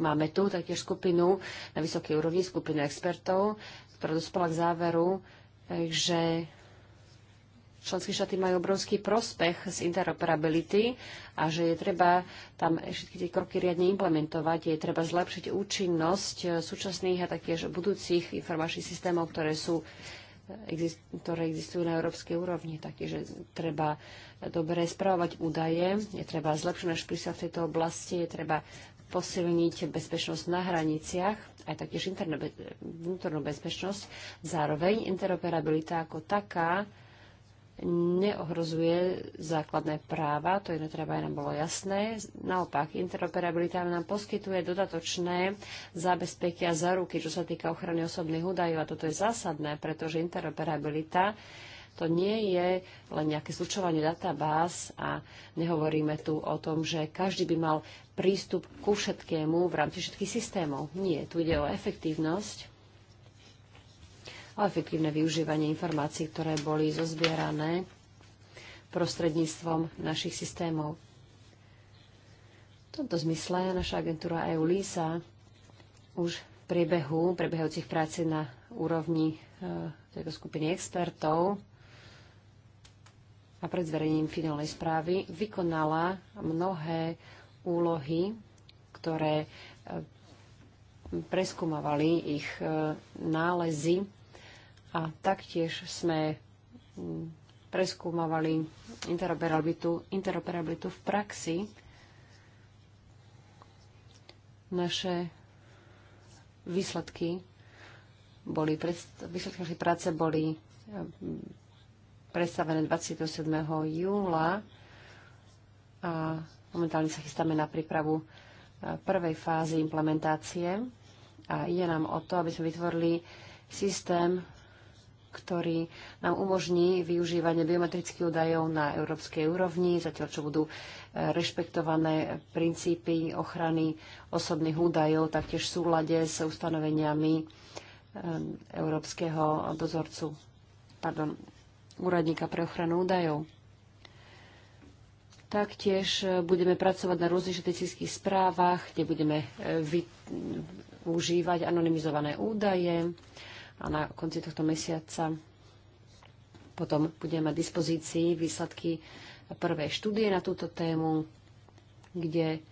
Máme tu taktiež skupinu na vysokej úrovni, skupinu expertov, ktorá dospela k záveru, že členské štáty majú obrovský prospech z interoperability a že je treba tam všetky tie kroky riadne implementovať, je treba zlepšiť účinnosť eh, súčasných a taktiež budúcich informačných systémov, ktoré sú eh, ktoré existujú na európskej úrovni. Takže treba dobre spravovať údaje, je treba zlepšiť náš prísah v tejto oblasti, je treba posilniť bezpečnosť na hraniciach, aj taktiež vnútornú bezpečnosť. Zároveň interoperabilita ako taká neohrozuje základné práva, to jedno treba aj nám bolo jasné. Naopak, interoperabilita nám poskytuje dodatočné zábezpeky a zaruky, čo sa týka ochrany osobných údajov. A toto je zásadné, pretože interoperabilita to nie je len nejaké slučovanie databáz a nehovoríme tu o tom, že každý by mal prístup ku všetkému v rámci všetkých systémov. Nie, tu ide o efektívnosť a efektívne využívanie informácií, ktoré boli zozbierané prostredníctvom našich systémov. V tomto zmysle naša agentúra EU LISA už v priebehu prebiehajúcich práci na úrovni e, tejto skupiny expertov a pred zverejním finálnej správy vykonala mnohé úlohy, ktoré e, preskúmavali ich e, nálezy a taktiež sme mm, preskúmovali interoperabilitu, interoperabilitu v praxi. Naše výsledky boli, výsledky našej práce boli eh, predstavené 27. júla a momentálne sa chystáme na prípravu eh, prvej fázy implementácie a ide nám o to, aby sme vytvorili systém ktorý nám umožní využívanie biometrických údajov na európskej úrovni, zatiaľ čo budú e, rešpektované princípy ochrany osobných údajov, taktiež v súlade s ustanoveniami e, európskeho dozorcu, pardon, úradníka pre ochranu údajov. Taktiež e, budeme pracovať na rôznych štatistických správach, kde budeme využívať anonymizované údaje a na konci tohto mesiaca potom budeme mať dispozícii výsledky prvej štúdie na túto tému, kde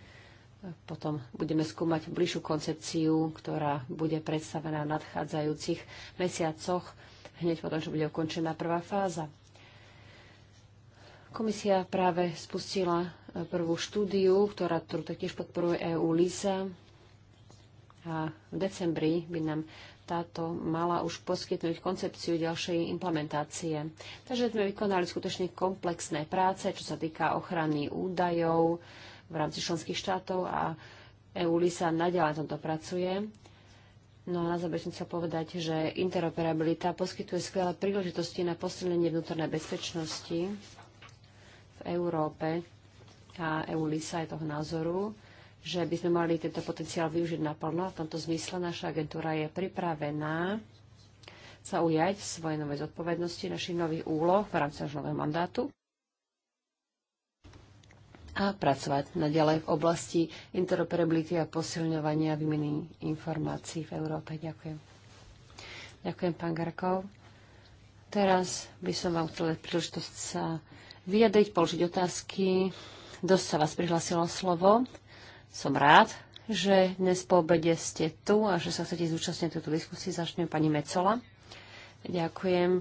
potom budeme skúmať bližšiu koncepciu, ktorá bude predstavená v nadchádzajúcich mesiacoch, hneď potom, čo bude ukončená prvá fáza. Komisia práve spustila e, prvú štúdiu, ktorá, ktorú taktiež podporuje EU LISA, a v decembri by nám táto mala už poskytnúť koncepciu ďalšej implementácie. Takže sme vykonali skutočne komplexné práce, čo sa týka ochrany údajov v rámci členských štátov a EULISA naďalej tomto pracuje. No a na záber som chcel povedať, že interoperabilita poskytuje skvelé príležitosti na posilnenie vnútornej bezpečnosti v Európe a EULISA je toho názoru že by sme mali tento potenciál využiť naplno. V tomto zmysle naša agentúra je pripravená sa ujať svoje nové zodpovednosti, našich nových úloh v rámci našho nového mandátu a pracovať naďalej v oblasti interoperability a posilňovania výmeny informácií v Európe. Ďakujem. Ďakujem, pán Garkov. Teraz by som vám chcel dať príležitosť sa vyjadriť, položiť otázky. Dosť sa vás prihlásilo slovo. Som rád, že dnes po obede ste tu a že sa chcete zúčastniť túto diskusiu. Začnem pani Mecola. Ďakujem.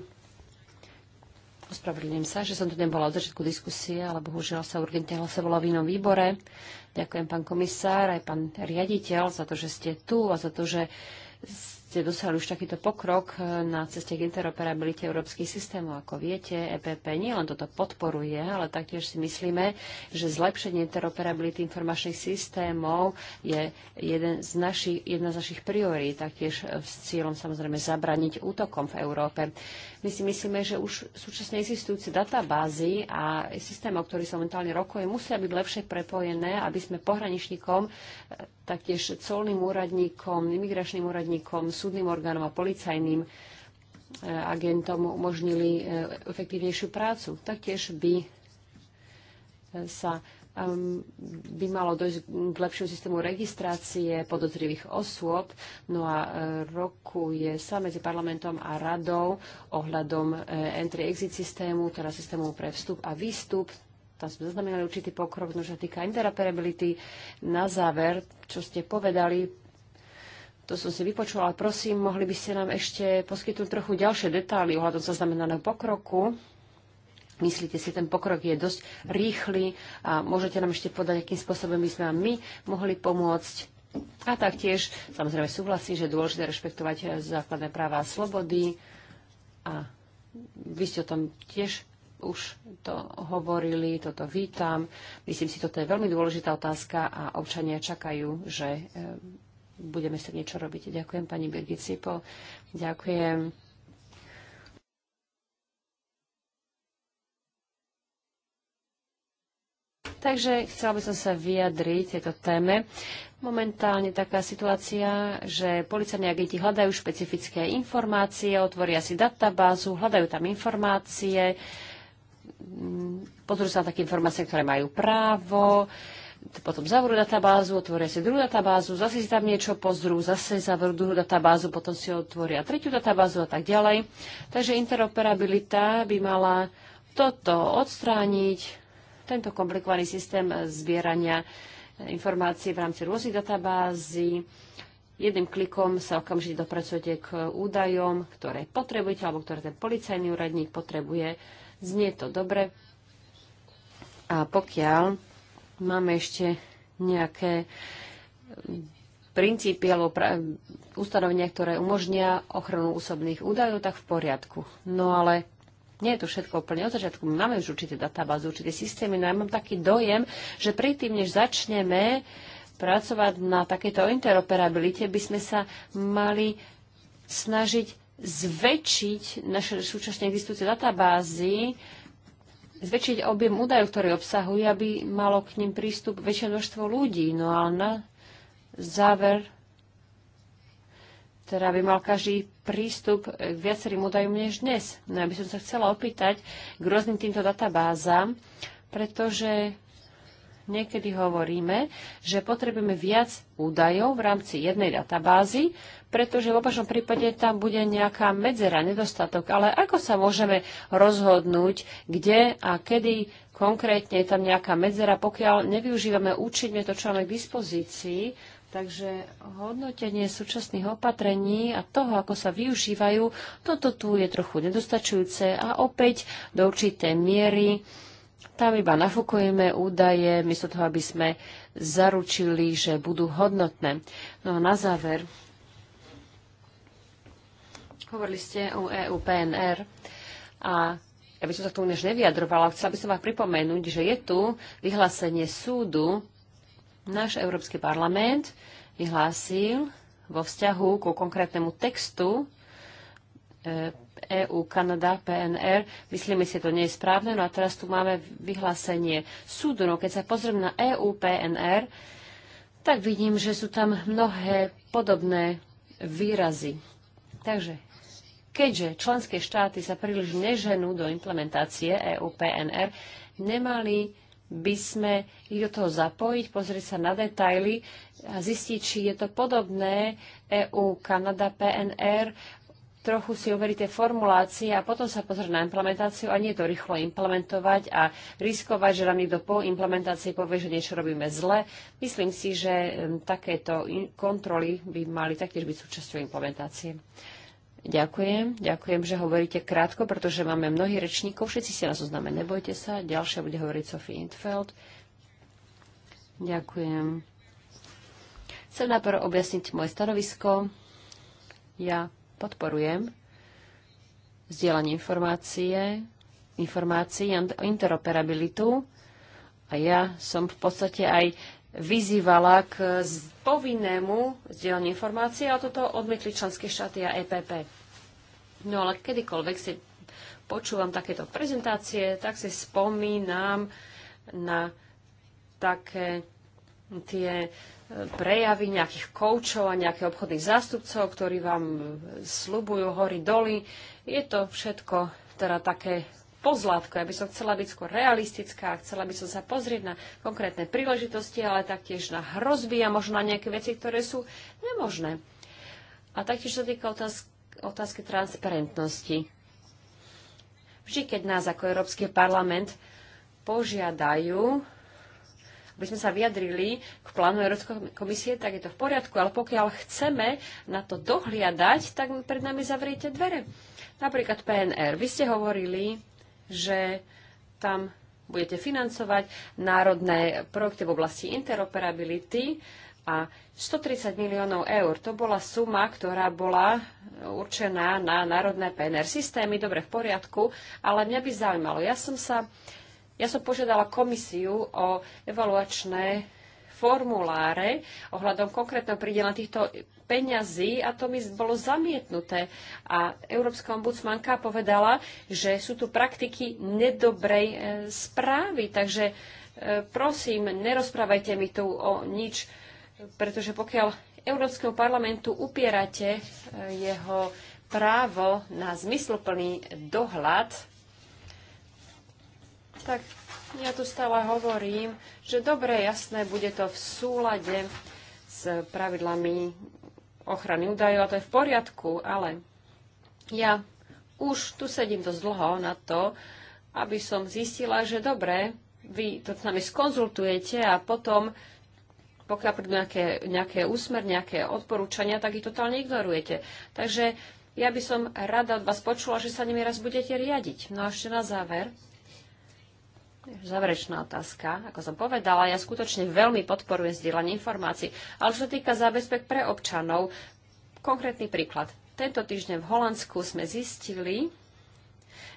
Ospravedlňujem sa, že som tu nebola od začiatku diskusie, ale bohužiaľ sa urgentne hlasovala v inom výbore. Ďakujem pán komisár, aj pán riaditeľ za to, že ste tu a za to, že ste dosiahli už takýto pokrok e, na ceste k interoperabilite európskych systémov. Ako viete, EPP nielen toto podporuje, ale taktiež si myslíme, že zlepšenie interoperability informačných systémov je jeden z našich, jedna z našich priorít, taktiež s cieľom samozrejme zabraniť útokom v Európe. My si myslíme, že už súčasne existujúce databázy a systémy, o ktorých sa momentálne rokuje, musia byť lepšie prepojené, aby sme pohraničníkom, e, taktiež colným úradníkom, imigračným úradníkom, súdnym orgánom a policajným e, agentom umožnili e, efektívnejšiu prácu. Taktiež by sa Ehm, by malo dojsť k lepšiemu systému registrácie podozrivých osôb. No a e, roku je sa medzi parlamentom a radou ohľadom e, entry-exit systému, teda systému pre vstup a výstup tam sme zaznamenali určitý pokrok, no čo týka interoperability. Na záver, čo ste povedali, to som si vypočula, ale prosím, mohli by ste nám ešte poskytnúť trochu ďalšie detaily ohľadom zaznamenaného pokroku. Myslíte si, ten pokrok je dosť rýchly a môžete nám ešte povedať, akým spôsobom by sme vám my mohli pomôcť. A taktiež, samozrejme, súhlasím, že je dôležité rešpektovať eh, základné práva a slobody. A vy ste o tom tiež už to hovorili, toto vítam. Myslím si, toto je veľmi dôležitá otázka a občania čakajú, že eh, budeme sa niečo robiť. Ďakujem pani Birgit Sipo. Ďakujem. Takže chcela by som sa vyjadriť tejto téme. Momentálne taká situácia, že policajní agenti hľadajú špecifické informácie, otvoria si databázu, hľadajú tam informácie, pozrú mm, sa na také informácie, ktoré majú právo, potom zavrú databázu, otvoria si druhú databázu, zase si tam niečo pozrú, zase zavrú druhú databázu, potom si otvoria tretiu databázu a tak ďalej. Takže interoperabilita by mala toto odstrániť tento komplikovaný systém zbierania informácií v rámci rôznych databází jedným klikom sa okamžite dopracujete k údajom, ktoré potrebujete alebo ktoré ten policajný úradník potrebuje. Znie to dobre. A pokiaľ máme ešte nejaké princípy alebo ustanovenia, ktoré umožnia ochranu osobných údajov, tak v poriadku. No ale nie je to všetko úplne od začiatku. My máme už určité databázy, určité systémy, no ja mám taký dojem, že predtým, než začneme pracovať na takéto interoperabilite, by sme sa mali snažiť zväčšiť naše súčasne existujúce databázy, zväčšiť objem údajov, ktoré obsahujú, aby malo k ním prístup väčšie množstvo ľudí. No a na záver teda by mal každý prístup k viacerým údajom než dnes. No ja by som sa chcela opýtať k rôznym týmto databázam, pretože niekedy hovoríme, že potrebujeme viac údajov v rámci jednej databázy, pretože v opačnom prípade tam bude nejaká medzera, nedostatok. Ale ako sa môžeme rozhodnúť, kde a kedy konkrétne je tam nejaká medzera, pokiaľ nevyužívame účinne to, čo máme k dispozícii, Takže hodnotenie súčasných opatrení a toho, ako sa využívajú, toto tu je trochu nedostačujúce a opäť do určitej miery tam iba nafokujeme údaje, miesto toho, aby sme zaručili, že budú hodnotné. No a na záver, hovorili ste o EU PNR a ja by som sa k tomu než nevyjadrovala, chcela by som vám pripomenúť, že je tu vyhlásenie súdu Náš Európsky parlament vyhlásil vo vzťahu ku konkrétnemu textu EU, e Kanada, PNR. Myslíme si, to nie je správne. No a teraz tu máme vyhlásenie súdu. No keď sa pozriem na EU, PNR, tak vidím, že sú tam mnohé podobné výrazy. Takže keďže členské štáty sa príliš neženú do implementácie EU, PNR, nemali by sme ich do toho zapojiť, pozrieť sa na detaily a zistiť, či je to podobné EU, Kanada, PNR, trochu si overiť tie formulácie a potom sa pozrieť na implementáciu a nie to rýchlo implementovať a riskovať, že nám niekto po implementácii povie, že niečo robíme zle. Myslím si, že takéto kontroly by mali taktiež byť súčasťou implementácie. Ďakujem. Ďakujem, že hovoríte krátko, pretože máme mnohých rečníkov. Všetci ste na zozname, nebojte sa. Ďalšia bude hovoriť Sophie Intfeld. Ďakujem. Chcem najprv objasniť moje stanovisko. Ja podporujem vzdielanie informácie, informácií a interoperabilitu. A ja som v podstate aj vyzývala k povinnému zdieľaniu informácií a toto odmietli členské štáty a EPP. No ale kedykoľvek si počúvam takéto prezentácie, tak si spomínam na také tie e, prejavy nejakých koučov a nejakých obchodných zástupcov, ktorí vám e, slubujú hory doly. Je to všetko teda také pozlátko. Ja by som chcela byť skôr realistická, chcela by som sa pozrieť na konkrétne príležitosti, ale taktiež na hrozby a možno na nejaké veci, ktoré sú nemožné. A taktiež sa týka otázky, otázky transparentnosti. Vždy, keď nás ako Európsky parlament požiadajú aby sme sa vyjadrili k plánu Európskej komisie, tak je to v poriadku, ale pokiaľ chceme na to dohliadať, tak pred nami zavriete dvere. Napríklad PNR. Vy ste hovorili že tam budete financovať národné projekty v oblasti interoperability a 130 miliónov eur. To bola suma, ktorá bola určená na národné PNR systémy, dobre v poriadku, ale mňa by zaujímalo. Ja som sa ja som požiadala komisiu o evaluačné formuláre ohľadom konkrétneho pridelenia týchto peňazí a to mi bolo zamietnuté. A Európska ombudsmanka povedala, že sú tu praktiky nedobrej e, správy, takže e, prosím, nerozprávajte mi tu o nič, pretože pokiaľ Európskeho parlamentu upierate e, jeho právo na zmysluplný dohľad, tak ja tu stále hovorím, že dobre, jasné, bude to v súlade s pravidlami ochrany údajov a to je v poriadku, ale ja už tu sedím dosť dlho na to, aby som zistila, že dobre, vy to s nami skonzultujete a potom, pokiaľ prídu nejaké, nejaké úsmer, nejaké odporúčania, tak ich totálne ignorujete. Takže ja by som rada od vás počula, že sa nimi raz budete riadiť. No a ešte na záver, Záverečná otázka. Ako som povedala, ja skutočne veľmi podporujem zdieľanie informácií. Ale čo sa týka zábezpek pre občanov, konkrétny príklad. Tento týždeň v Holandsku sme zistili,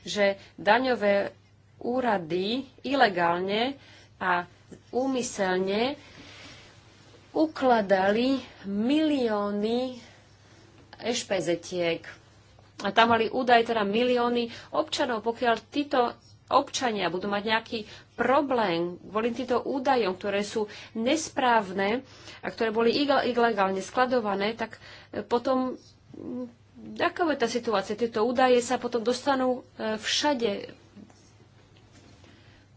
že daňové úrady ilegálne a úmyselne ukladali milióny ešpezetiek. A tam mali údaj teda milióny občanov, pokiaľ títo občania budú mať nejaký problém kvôli týmto údajom, ktoré sú nesprávne a ktoré boli ilegálne skladované, tak e, potom mm, aká je tá situácia? Tieto údaje sa potom dostanú e, všade,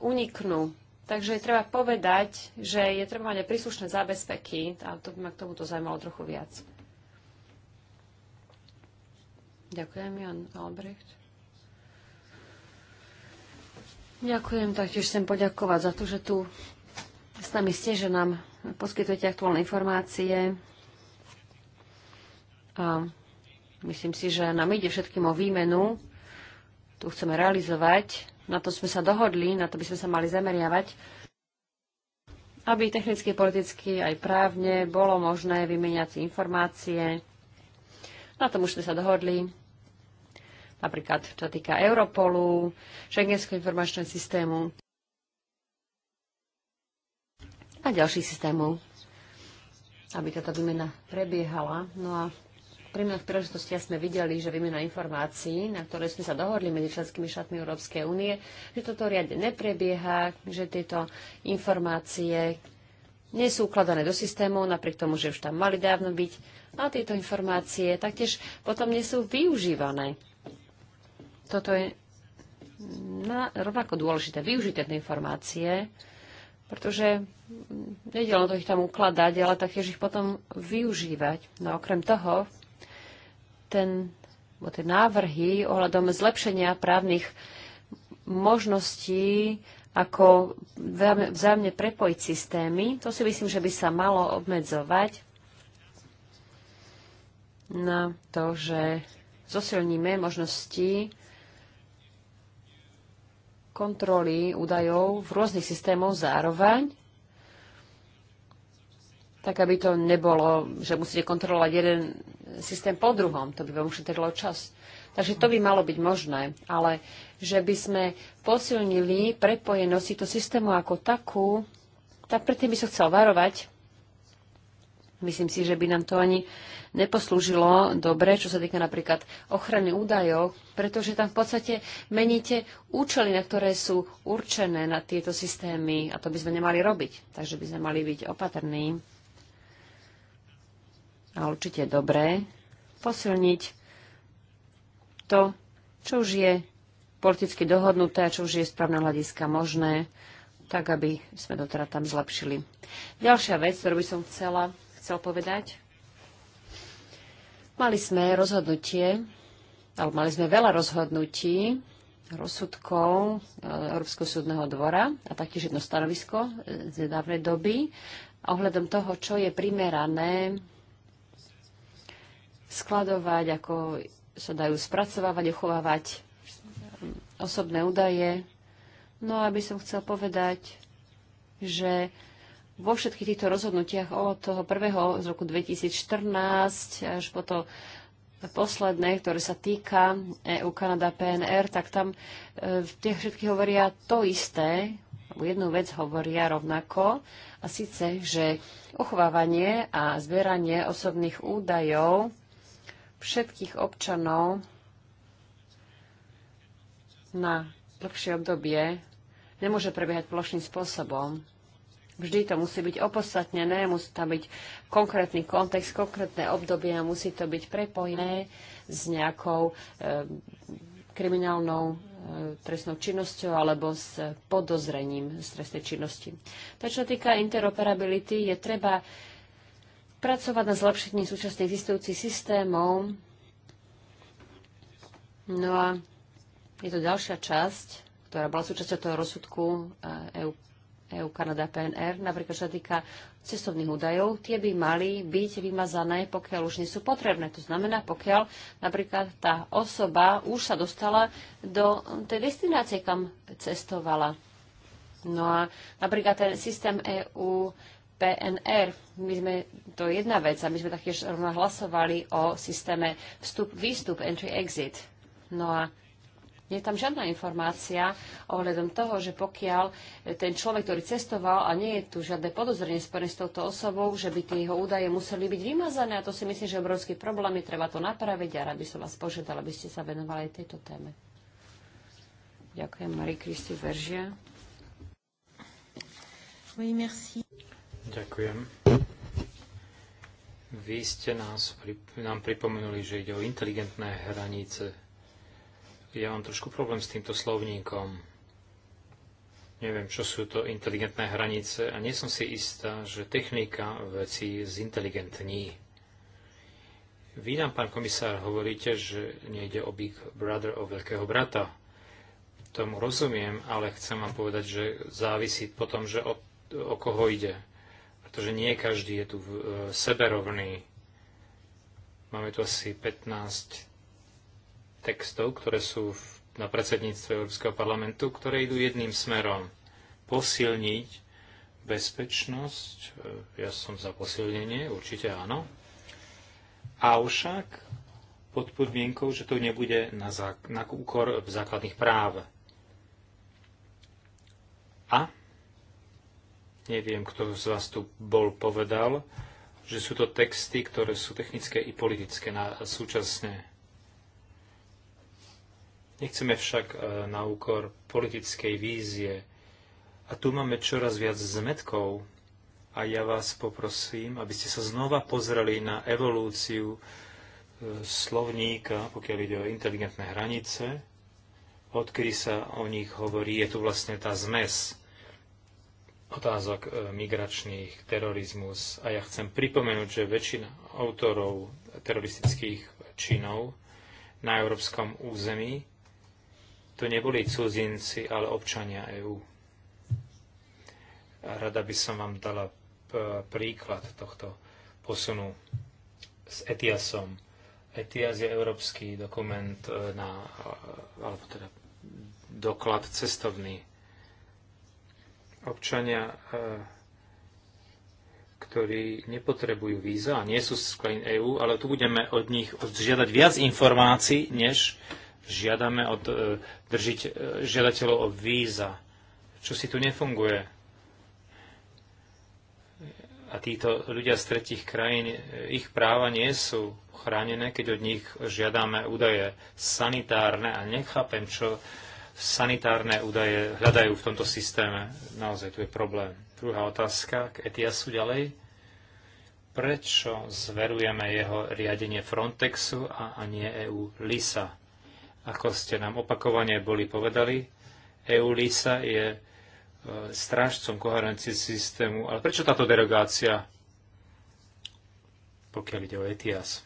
uniknú. Takže treba povedať, že je treba mať príslušné zábezpeky a to by ma k tomuto zaujímalo trochu viac. Ďakujem, Jan Albrecht. Ďakujem, taktiež chcem poďakovať za to, že tu s nami ste, že nám poskytujete aktuálne informácie. A myslím si, že nám ide všetkým o výmenu. Tu chceme realizovať. Na to sme sa dohodli, na to by sme sa mali zameriavať aby technicky, politicky aj právne bolo možné vymeniať informácie. Na tom už sme sa dohodli napríklad čo týka Europolu, Schengenského informačného systému a ďalších systémov, aby táto výmena prebiehala. No a pri v príležitosti sme videli, že výmena informácií, na ktoré sme sa dohodli medzi členskými štátmi Európskej únie, že toto riade neprebieha, že tieto informácie nie sú ukladané do systému, napriek tomu, že už tam mali dávno byť, a tieto informácie taktiež potom nie sú využívané. Toto je na, rovnako dôležité využiť tie informácie, pretože nejde len to ich tam ukladať, ale taktiež ich potom využívať. No okrem toho, ten, bo tie návrhy ohľadom zlepšenia právnych možností, ako vzájomne prepojiť systémy, to si myslím, že by sa malo obmedzovať na to, že zosilníme možnosti kontroly údajov v rôznych systémoch zároveň, tak aby to nebolo, že musíte kontrolovať jeden systém po druhom, to by vám ušetrilo čas. Takže to by malo byť možné, ale že by sme posilnili prepojenosť týchto systému ako takú, tak predtým by som chcel varovať, Myslím si, že by nám to ani neposlúžilo dobre, čo sa týka napríklad ochrany údajov, pretože tam v podstate meníte účely, na ktoré sú určené na tieto systémy a to by sme nemali robiť. Takže by sme mali byť opatrní a určite dobré posilniť to, čo už je politicky dohodnuté a čo už je správne hľadiska možné, tak aby sme to teda tam zlepšili. Ďalšia vec, ktorú by som chcela chcel povedať. Mali sme rozhodnutie, ale mali sme veľa rozhodnutí, rozsudkov e, Európskeho súdneho dvora a taktiež jedno stanovisko e, z nedávnej doby ohľadom toho, čo je primerané skladovať, ako sa dajú spracovávať, uchovávať osobné údaje. No a by som chcel povedať, že vo všetkých týchto rozhodnutiach od toho prvého z roku 2014 až po to posledné, ktoré sa týka EU, Kanada, PNR, tak tam e, tie všetky hovoria to isté, alebo jednu vec hovoria rovnako, a síce, že uchovávanie a zbieranie osobných údajov všetkých občanov na dlhšie obdobie nemôže prebiehať plošným spôsobom Vždy to musí byť opodstatnené, musí tam byť konkrétny kontext, konkrétne obdobie a musí to byť prepojené s nejakou e, kriminálnou e, trestnou činnosťou alebo s podozrením z trestnej činnosti. To, čo týka interoperability, je treba pracovať na zlepšení súčasných existujúcich systémov. No a je to ďalšia časť, ktorá bola súčasťou toho rozsudku eh, EU EU, Kanada, PNR, napríklad čo sa týka cestovných údajov, tie by mali byť vymazané, pokiaľ už nie sú potrebné. To znamená, pokiaľ napríklad tá osoba už sa dostala do tej destinácie, kam cestovala. No a napríklad ten systém EU PNR, my sme, to je jedna vec a my sme taktiež hlasovali o systéme vstup-výstup, entry-exit. No a nie je tam žiadna informácia ohľadom toho, že pokiaľ ten človek, ktorý cestoval a nie je tu žiadne podozrenie spojené s touto osobou, že by tie jeho údaje museli byť vymazané. A to si myslím, že obrovský problém je, treba to napraviť a rád by som vás požiadala, aby ste sa venovali tejto téme. Ďakujem, Marie Kristi Veržia. Oui, merci. Ďakujem. Vy ste nás, nám pripomenuli, že ide o inteligentné hranice ja mám trošku problém s týmto slovníkom. Neviem, čo sú to inteligentné hranice a nie som si istá, že technika veci zinteligentní. Vy nám, pán komisár, hovoríte, že nejde o Big Brother, o veľkého brata. Tomu rozumiem, ale chcem vám povedať, že závisí potom, že o, o koho ide. Pretože nie každý je tu v, e, seberovný. Máme tu asi 15 textov, ktoré sú na predsedníctve Európskeho parlamentu, ktoré idú jedným smerom. Posilniť bezpečnosť, e, ja som za posilnenie, určite áno, avšak pod podmienkou, že to nebude na, zák- na úkor základných práv. A neviem, kto z vás tu bol povedal, že sú to texty, ktoré sú technické i politické na, súčasne Nechceme však e, na úkor politickej vízie. A tu máme čoraz viac zmetkov. A ja vás poprosím, aby ste sa znova pozreli na evolúciu e, slovníka, pokiaľ ide o inteligentné hranice, odkedy sa o nich hovorí, je tu vlastne tá zmes otázok e, migračných, terorizmus. A ja chcem pripomenúť, že väčšina autorov teroristických činov na európskom území to neboli cudzinci, ale občania EÚ. Rada by som vám dala e, príklad tohto posunu s ETIASom. ETIAS je európsky dokument e, na, e, alebo teda doklad cestovný. Občania, ktorí nepotrebujú víza a nie sú z krajín EÚ, ale tu budeme od nich žiadať viac informácií, než žiadame od e, držiť, e, žiadateľov o víza, čo si tu nefunguje. A títo ľudia z tretich krajín, e, ich práva nie sú chránené, keď od nich žiadame údaje sanitárne a nechápem, čo sanitárne údaje hľadajú v tomto systéme. Naozaj tu je problém. Druhá otázka k Etiasu ďalej. Prečo zverujeme jeho riadenie Frontexu a, a nie EU LISA? Ako ste nám opakovane boli povedali, EULISA je e, strážcom koherencie systému. Ale prečo táto derogácia, pokiaľ ide o ETIAS?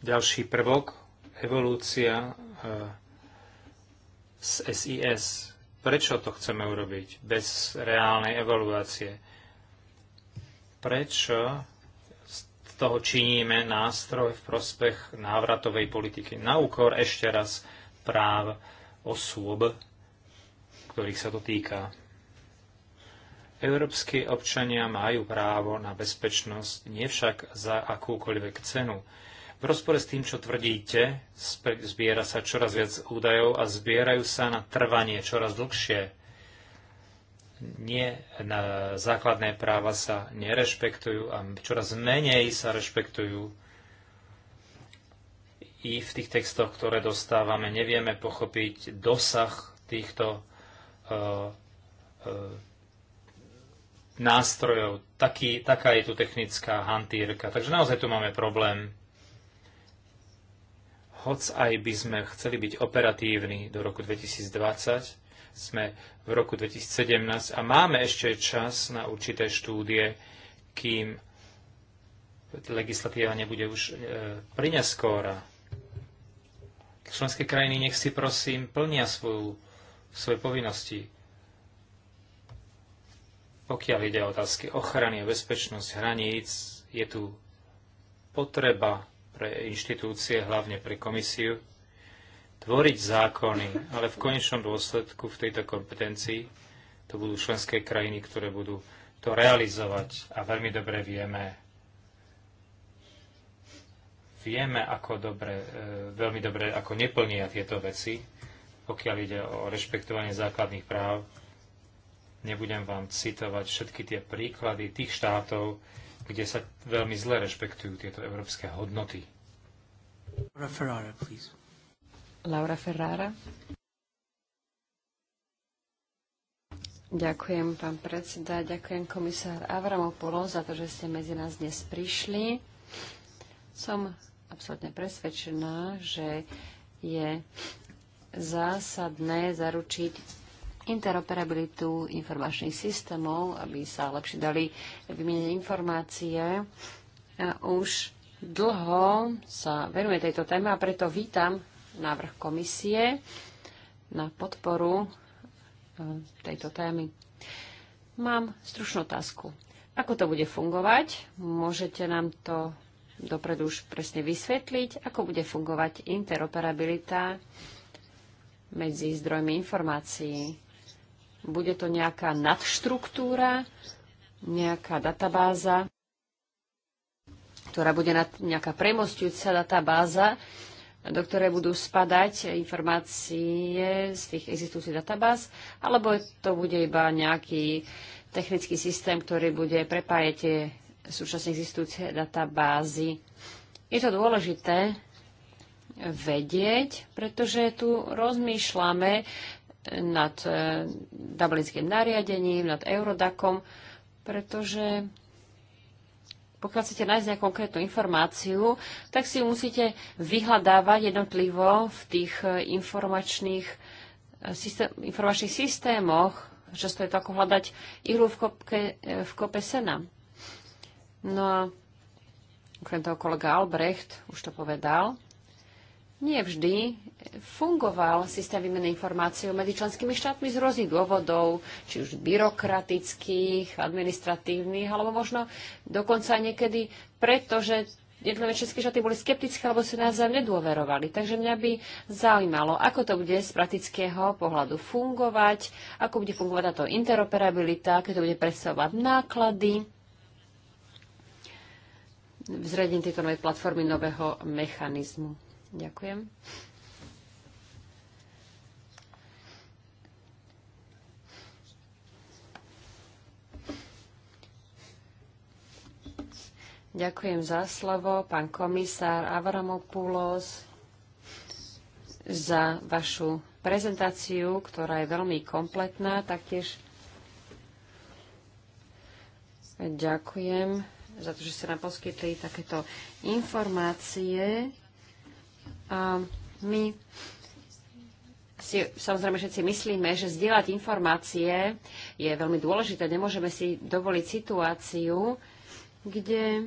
Ďalší prvok, evolúcia e, z SIS. Prečo to chceme urobiť bez reálnej evaluácie? Prečo z toho činíme nástroj v prospech návratovej politiky na úkor ešte raz práv osôb, ktorých sa to týka. Európsky občania majú právo na bezpečnosť, nevšak za akúkoľvek cenu. V rozpore s tým, čo tvrdíte, zbiera sa čoraz viac údajov a zbierajú sa na trvanie čoraz dlhšie nie, na základné práva sa nerešpektujú a čoraz menej sa rešpektujú i v tých textoch, ktoré dostávame. Nevieme pochopiť dosah týchto uh, uh, nástrojov. Taký, taká je tu technická hantírka. Takže naozaj tu máme problém. Hoc aj by sme chceli byť operatívni do roku 2020, sme v roku 2017 a máme ešte čas na určité štúdie, kým legislatíva nebude už e, priňaskóra. Členské krajiny nech si prosím plnia svoju, svoje povinnosti. Pokiaľ ide o otázky ochrany a bezpečnosť hraníc, je tu potreba pre inštitúcie, hlavne pre komisiu, tvoriť zákony, ale v konečnom dôsledku v tejto kompetencii to budú členské krajiny, ktoré budú to realizovať. A veľmi dobre vieme, vieme, ako dobre, e, veľmi dobre, ako neplnia tieto veci, pokiaľ ide o rešpektovanie základných práv. Nebudem vám citovať všetky tie príklady tých štátov, kde sa veľmi zle rešpektujú tieto európske hodnoty. Ferrara, please. Laura Ferrara. Ďakujem, pán predseda, ďakujem komisár Avramopoulos za to, že ste medzi nás dnes prišli. Som absolútne presvedčená, že je zásadné zaručiť interoperabilitu informačných systémov, aby sa lepšie dali vymieňať informácie. A už dlho sa venuje tejto téme a preto vítam návrh komisie na podporu e, tejto témy. Mám stručnú otázku. Ako to bude fungovať? Môžete nám to dopredu už presne vysvetliť, ako bude fungovať interoperabilita medzi zdrojmi informácií. Bude to nejaká nadštruktúra, nejaká databáza, ktorá bude nejaká premostujúca databáza, do ktoré budú spadať informácie z tých existujúcich databáz, alebo to bude iba nejaký technický systém, ktorý bude prepájať tie súčasne existujúce databázy. Je to dôležité vedieť, pretože tu rozmýšľame nad eh, dublinským nariadením, nad Eurodakom, pretože pokiaľ chcete nájsť nejakú konkrétnu informáciu, tak si ju musíte vyhľadávať jednotlivo v tých e, informačných, e, systém, informačných systémoch. Často je to ako hľadať ihlu v, kopke, e, v kope sena. No a okrem toho kolega Albrecht už to povedal, nie vždy fungoval systém výmeny informácií medzi členskými štátmi z rôznych dôvodov, či už byrokratických, administratívnych, alebo možno dokonca niekedy preto, že jednotlivé české štáty boli skeptické alebo si nás nedôverovali. Takže mňa by zaujímalo, ako to bude z praktického pohľadu fungovať, ako bude fungovať táto interoperabilita, aké to bude predstavovať náklady v zredení tejto novej platformy, nového mechanizmu. Ďakujem. Ďakujem za slovo, pán komisár Avramopoulos, za vašu prezentáciu, ktorá je veľmi kompletná. Taktiež ďakujem za to, že ste nám poskytli takéto informácie. My si samozrejme všetci myslíme, že zdieľať informácie je veľmi dôležité. Nemôžeme si dovoliť situáciu, kde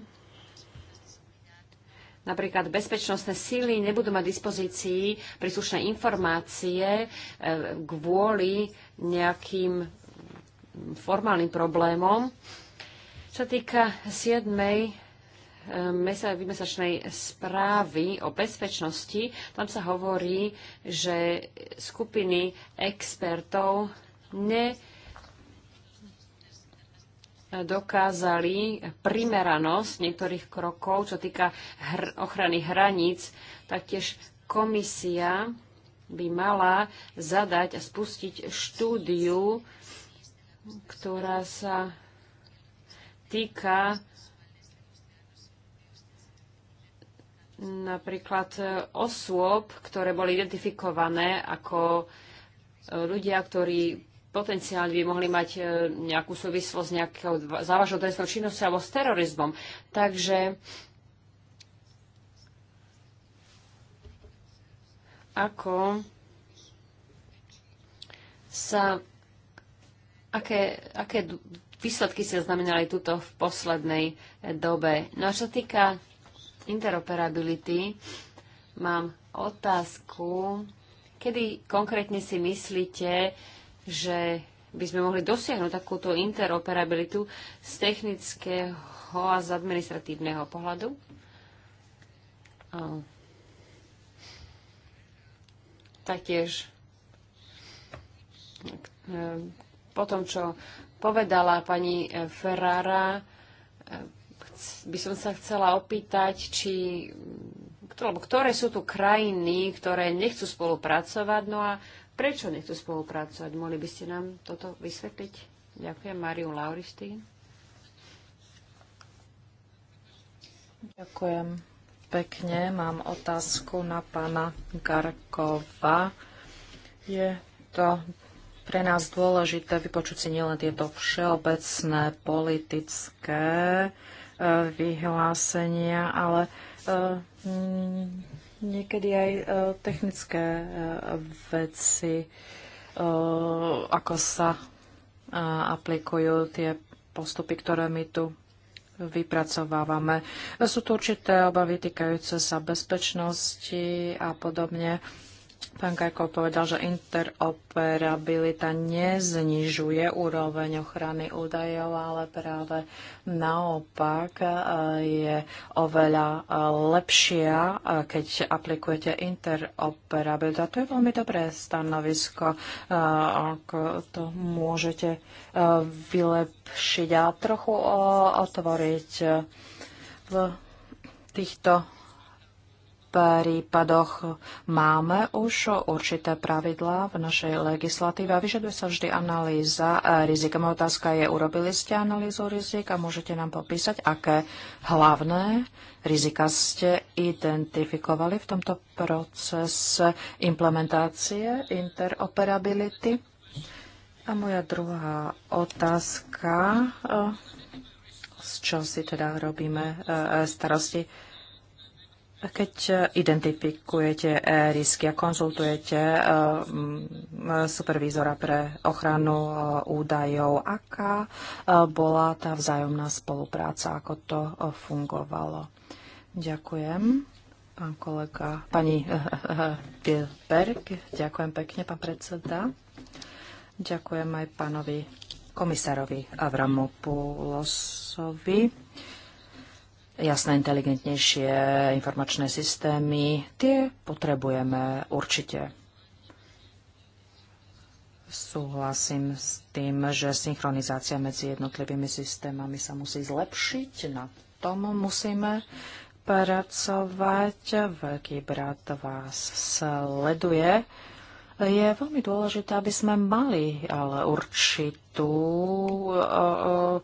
napríklad bezpečnostné síly nebudú mať dispozícii príslušné informácie e, kvôli nejakým formálnym problémom. Čo týka 7 mesačnej správy o bezpečnosti, tam sa hovorí, že skupiny expertov ne dokázali primeranosť niektorých krokov, čo týka hr- ochrany hraníc, taktiež komisia by mala zadať a spustiť štúdiu, ktorá sa týka napríklad e, osôb, ktoré boli identifikované ako e, ľudia, ktorí potenciálne by mohli mať e, nejakú súvislosť s nejakou závažnou trestnou činnosťou alebo s terorizmom. Takže ako sa, aké, aké výsledky sa znamenali tuto v poslednej dobe. No a čo týka interoperability mám otázku, kedy konkrétne si myslíte, že by sme mohli dosiahnuť takúto interoperabilitu z technického a z administratívneho pohľadu? A taktiež e, po tom, čo povedala pani Ferrara, e, by som sa chcela opýtať, či, alebo ktoré sú tu krajiny, ktoré nechcú spolupracovať, no a prečo nechcú spolupracovať? Mohli by ste nám toto vysvetliť? Ďakujem, Mariu Lauristín. Ďakujem pekne. Mám otázku na pána Garkova. Je to pre nás dôležité vypočuť si nielen tieto všeobecné politické vyhlásenia, ale eh, niekedy aj eh, technické eh, veci, ako sa aplikujú tie postupy, ktoré my tu vypracovávame. Sú tu určité obavy týkajúce sa bezpečnosti a podobne. Pán Kajko povedal, že interoperabilita neznižuje úroveň ochrany údajov, ale práve naopak e, je oveľa e, lepšia, e, keď aplikujete interoperabilitu. A to je veľmi dobré stanovisko, ako to môžete vylepšiť a trochu otvoriť v týchto prípadoch máme už určité pravidlá v našej legislatíve a vyžaduje sa vždy analýza rizika. Moja otázka je, urobili ste analýzu rizik a môžete nám popísať, aké hlavné rizika ste identifikovali v tomto procese implementácie interoperability? A moja druhá otázka, eh, z čo si teda robíme eh, starosti keď eh, identifikujete eh, risky a konzultujete eh, supervízora pre ochranu údajov, aká bola tá vzájomná spolupráca, ako to fungovalo? Ďakujem. Pán kolega, pani Berg, ďakujem pekne, pán predseda. Ďakujem aj pánovi komisárovi Avramopulosovi jasné, inteligentnejšie informačné systémy, tie potrebujeme určite. Súhlasím s tým, že synchronizácia medzi jednotlivými systémami sa musí zlepšiť. Na tom musíme pracovať. Veľký brat vás sleduje je veľmi dôležité, aby sme mali ale určitú e, e,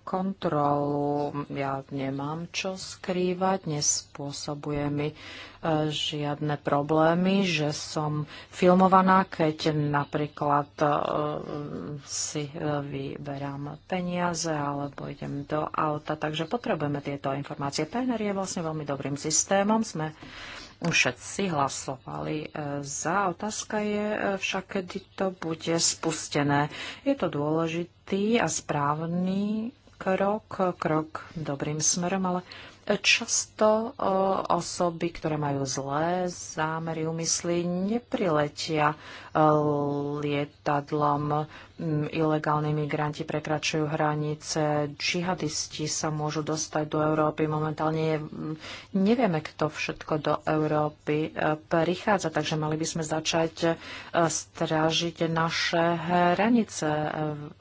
kontrolu. Ja nemám čo skrývať, nespôsobuje mi e, žiadne problémy, že som filmovaná, keď napríklad si vyberám peniaze alebo idem do auta. Takže potrebujeme tieto informácie. PNR je vlastne veľmi dobrým systémom. Sme všetci hlasovali e, za. Otázka je e, však, kedy to bude spustené. Je to dôležitý a správny krok, krok dobrým smerom, ale často e, osoby, ktoré majú zlé zámery, úmysly, nepriletia lietadlom ilegálni migranti prekračujú hranice, džihadisti sa môžu dostať do Európy. Momentálne nevieme, kto všetko do Európy e, prichádza, takže mali by sme začať e, strážiť naše hranice e,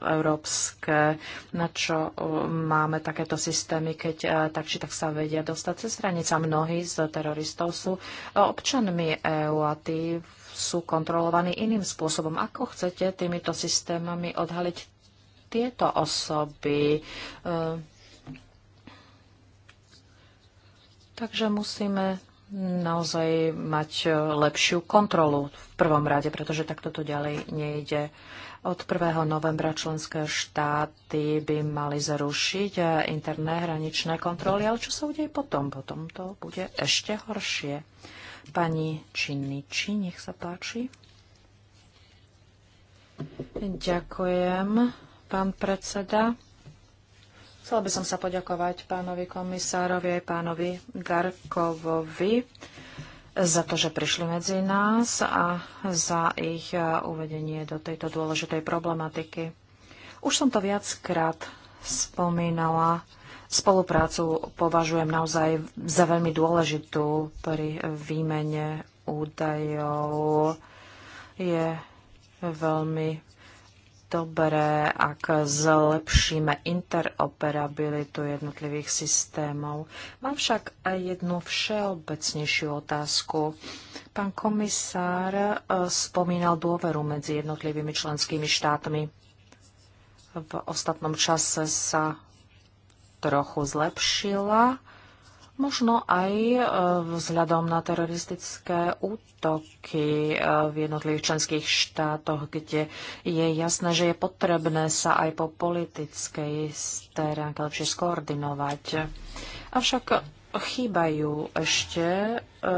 európske, na čo máme takéto systémy, keď tak či tak sa vedia dostať cez hranice. Mnohí z teroristov sú občanmi EU a tí v sú kontrolovaní iným spôsobom. Ako chcete týmito systémami odhaliť tieto osoby? Eh, takže musíme naozaj mať eh, lepšiu kontrolu v prvom rade, pretože takto to ďalej nejde. Od 1. novembra členské štáty by mali zrušiť eh, interné hraničné kontroly, ale čo sa udeje potom? Potom to bude ešte horšie. Pani Činiči, nech sa páči. Ďakujem, pán predseda. Chcela by som sa poďakovať pánovi komisárovi aj pánovi Garkovovi za to, že prišli medzi nás a za ich eh, uvedenie do tejto dôležitej problematiky. Už som to viackrát spomínala Spoluprácu považujem naozaj za veľmi dôležitú pri výmene údajov. Je veľmi dobré, ak zlepšíme interoperabilitu jednotlivých systémov. Mám však aj jednu všeobecnejšiu otázku. Pán komisár e, spomínal dôveru medzi jednotlivými členskými štátmi. V ostatnom čase sa trochu zlepšila. Možno aj e, vzhľadom na teroristické útoky e, v jednotlivých členských štátoch, kde je jasné, že je potrebné sa aj po politickej stránke lepšie skoordinovať. Avšak chýbajú ešte Eh,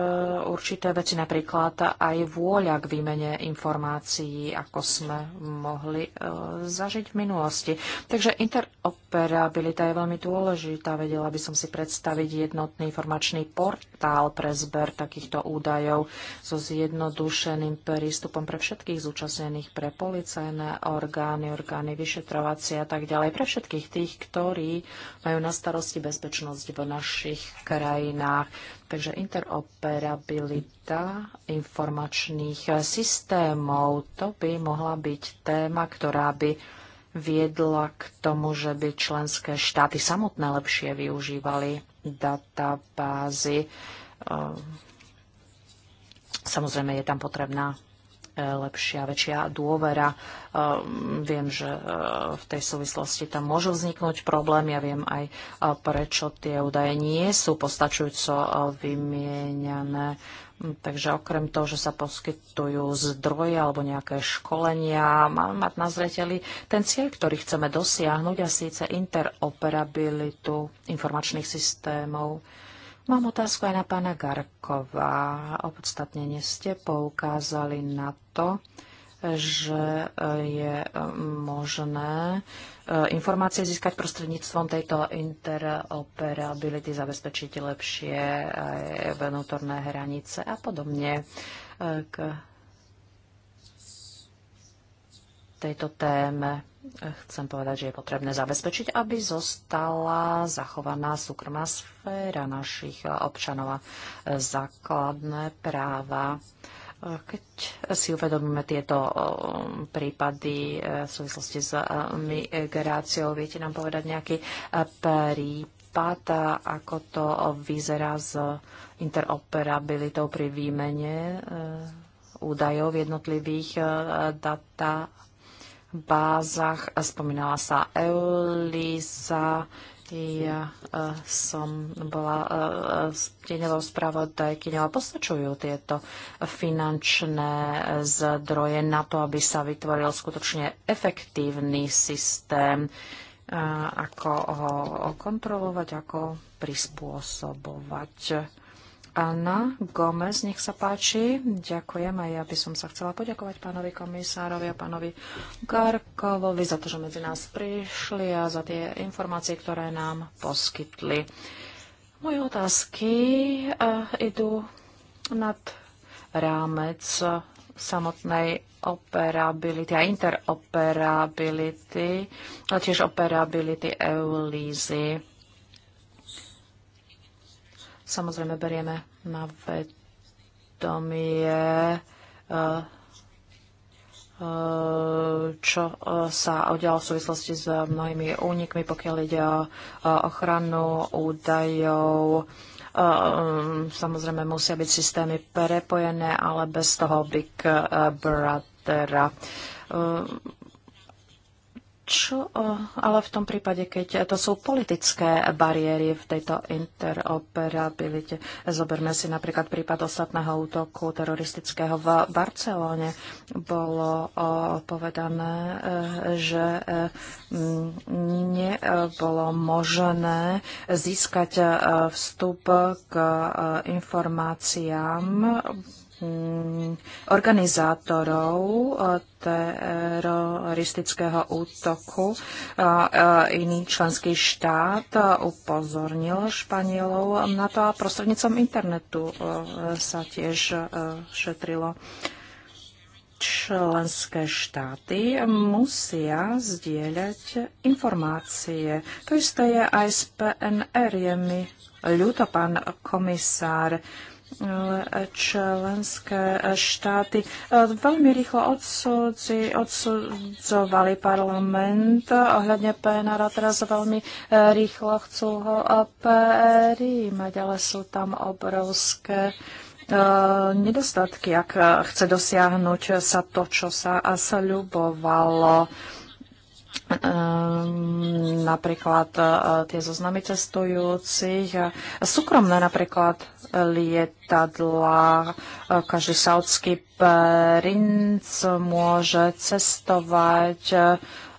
určité veci, napríklad aj vôľa k výmene informácií, ako sme mohli eh, zažiť v minulosti. Takže interoperabilita je veľmi dôležitá. Vedela by som si predstaviť jednotný informačný portál pre zber takýchto údajov so zjednodušeným prístupom pre všetkých zúčastnených, pre policajné orgány, orgány vyšetrovacie a tak ďalej, pre všetkých tých, ktorí majú na starosti bezpečnosť v našich krajinách. Takže interoperabilita informačných systémov, to by mohla byť téma, ktorá by viedla k tomu, že by členské štáty samotné lepšie využívali databázy. Ehm, samozrejme, je tam potrebná lepšia, väčšia dôvera. Ehm, viem, že ehm, v tej súvislosti tam môžu vzniknúť problémy a ja viem aj, eh, prečo tie údaje nie sú postačujúco eh, vymieňané. Hm, takže okrem toho, že sa poskytujú zdroje alebo nejaké školenia, máme mať na zreteli ten cieľ, ktorý chceme dosiahnuť a síce interoperabilitu informačných systémov. Mám otázku aj na pána Garkova. Opodstatnenie ste poukázali na to, že eh, je eh, možné eh, informácie získať prostredníctvom tejto interoperability, zabezpečiť lepšie vnútorné hranice a podobne. K tejto téme chcem povedať, že je potrebné zabezpečiť, aby zostala zachovaná súkromná sféra našich občanov a základné práva. Keď si uvedomíme tieto eh, prípady eh, v súvislosti s eh, migráciou, viete nám povedať nejaký prípad, ako to vyzerá s interoperabilitou pri výmene údajov v jednotlivých data bázach. Spomínala sa Eulisa, ja uh, som bola uh, tieňovou spravodajkyňou a postačujú tieto finančné zdroje na to, aby sa vytvoril skutočne efektívny systém, uh, ako ho kontrolovať, ako prispôsobovať. Anna Gomez, nech sa páči. Ďakujem a ja by som sa chcela poďakovať pánovi komisárovi a pánovi Garkovovi za to, že medzi nás prišli a za tie informácie, ktoré nám poskytli. Moje otázky uh, idú nad rámec samotnej operability a interoperability, ale tiež operability Eulízy. Samozrejme berieme na vedomie e, e, čo e, sa udialo v súvislosti s mnohými únikmi, pokiaľ ide o ochranu údajov. Samozrejme musia byť systémy prepojené, ale bez toho Big Brothera. Čo eh, ale v tom prípade, keď to sú politické bariéry v tejto interoperabilite? Zoberme si napríklad prípad ostatného útoku teroristického v Barcelóne. Bolo eh, povedané, eh, že nebolo možné získať vstup k informáciám Mm, organizátorov eh, teroristického útoku. Eh, eh, iný členský štát upozornil Španielov na to a prostrednícom internetu sa tiež šetrilo členské štáty musia zdieľať informácie. To isté je aj z PNR, je mi ľúto, pán komisár. Uh, členské štáty e, veľmi rýchlo odsudzi, odsudzovali parlament ohľadne PNR a teraz veľmi e, rýchlo chcú ho e, príjmať, ale sú tam obrovské nedostatky, ak chce dosiahnuť sa to, čo sa sľubovalo. Ehm, napríklad e, tie zoznamy cestujúcich, e, súkromné napríklad e, lietadla, každý saudský princ môže cestovať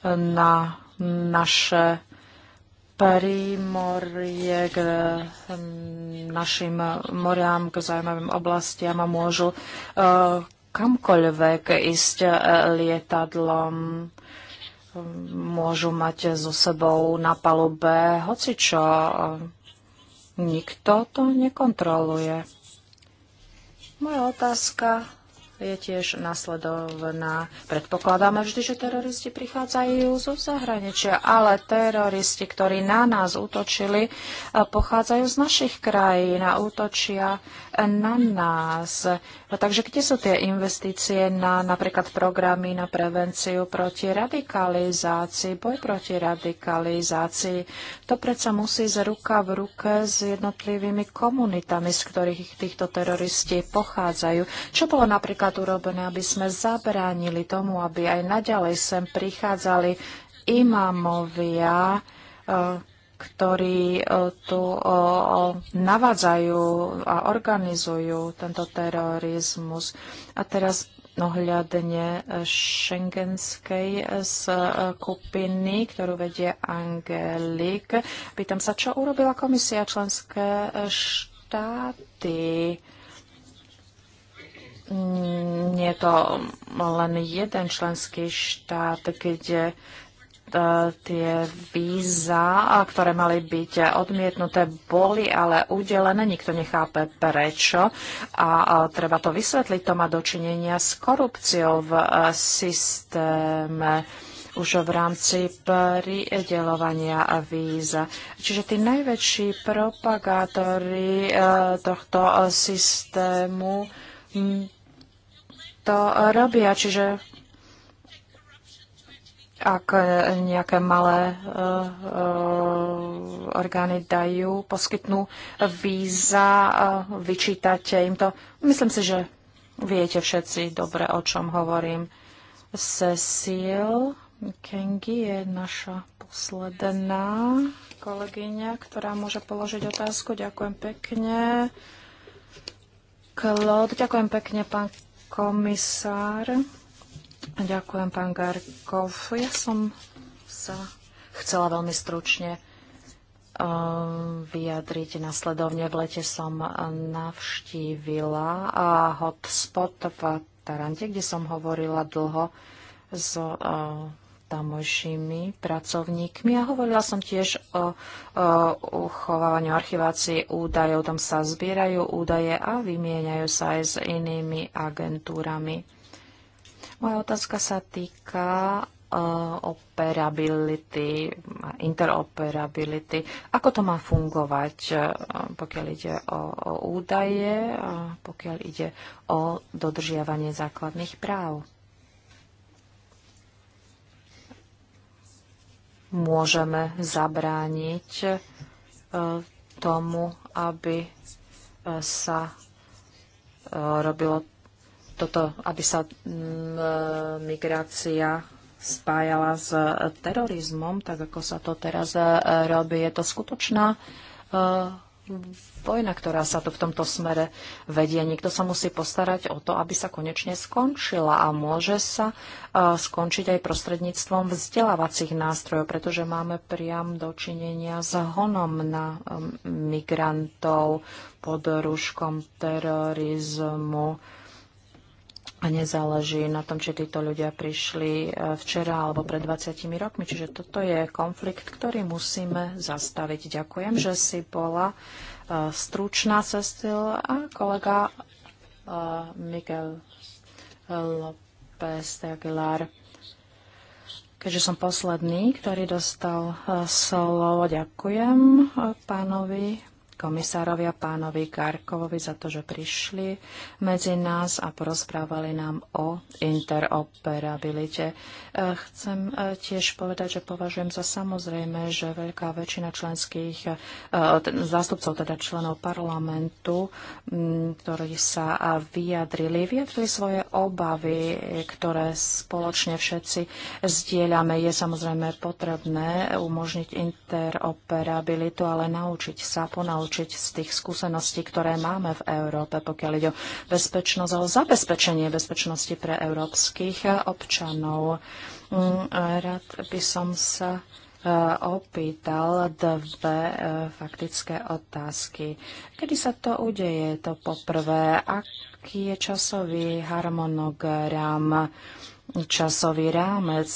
na naše prímorie k našim moriam, k zaujímavým oblastiam a môžu kamkoľvek ísť lietadlom môžu mať so sebou na palube hocičo. Nikto to nekontroluje. Moja otázka je tiež nasledovná. Predpokladáme vždy, že teroristi prichádzajú zo zahraničia, ale teroristi, ktorí na nás útočili, pochádzajú z našich krajín a útočia na nás. Takže kde sú tie investície na napríklad programy na prevenciu proti radikalizácii, boj proti radikalizácii? To predsa musí ísť ruka v ruke s jednotlivými komunitami, z ktorých týchto teroristi pochádzajú. Čo bolo napríklad urobené, aby sme zabránili tomu, aby aj naďalej sem prichádzali imamovia, eh, ktorí e, tu e, navádzajú a organizujú tento terorizmus. A teraz ohľadne šengenskej e, skupiny, ktorú vedie Angelik. Pýtam sa, čo urobila komisia členské štáty? Nie mm, je to len jeden členský štát, kde E, tie víza, ktoré mali byť odmietnuté, boli ale udelené. Nikto nechápe prečo. A treba to vysvetliť. To má dočinenia s korupciou v e, systéme už v rámci pridelovania víza. Čiže tí najväčší propagátori e, tohto systému to robia. Čiže ak e, nejaké malé e, e, orgány dajú, poskytnú víza, vyčítate im to. Myslím si, že viete všetci dobre, o čom hovorím. Cecil Kengi je naša posledná kolegyňa, ktorá môže položiť otázku. Ďakujem pekne. Claude, ďakujem pekne, pán komisár. Ďakujem, pán Garkov. Ja som sa chcela veľmi stručne eh, vyjadriť nasledovne. V lete som navštívila eh, hotspot v Tarante, kde som hovorila dlho s eh, tamojšími pracovníkmi a hovorila som tiež o, o uchovávaniu archivácii údajov. Tam sa zbierajú údaje a vymieňajú sa aj s inými agentúrami. Moja otázka sa týka e, operability, interoperability. Ako to má fungovať, e, pokiaľ ide o, o údaje, a pokiaľ ide o dodržiavanie základných práv? Môžeme zabrániť e, tomu, aby sa robilo toto, aby sa mm, e, migrácia spájala s e, terorizmom, tak ako sa to teraz e, robí. Je to skutočná vojna, ktorá sa tu v tomto smere vedie. Niekto sa musí postarať o to, aby sa konečne skončila a môže sa skončiť aj prostredníctvom vzdelávacích nástrojov, pretože máme priam dočinenia s honom na migrantov pod rúškom terorizmu a nezáleží na tom, či títo ľudia prišli e, včera alebo pred 20 rokmi. Čiže toto je konflikt, ktorý musíme zastaviť. Ďakujem, že si bola e, stručná cestil a kolega e, Miguel López de Aguilar. Keďže som posledný, ktorý dostal slovo, ďakujem pánovi komisárovi a pánovi Garkovovi za to, že prišli medzi nás a porozprávali nám o interoperabilite. E, chcem e, tiež povedať, že považujem za samozrejme, že veľká väčšina členských e, zástupcov, teda členov parlamentu, ktorí sa vyjadrili, vyjadrili svoje obavy, ktoré spoločne všetci zdieľame. Je samozrejme potrebné umožniť interoperabilitu, ale naučiť sa ponaučiť naučiť z tých skúseností, ktoré máme v Európe, pokiaľ ide o bezpečnosť a zabezpečenie bezpečnosti pre európskych občanov. Mm, rád by som sa e, opýtal dve e, faktické otázky. Kedy sa to udeje? To poprvé, aký je časový harmonogram? časový rámec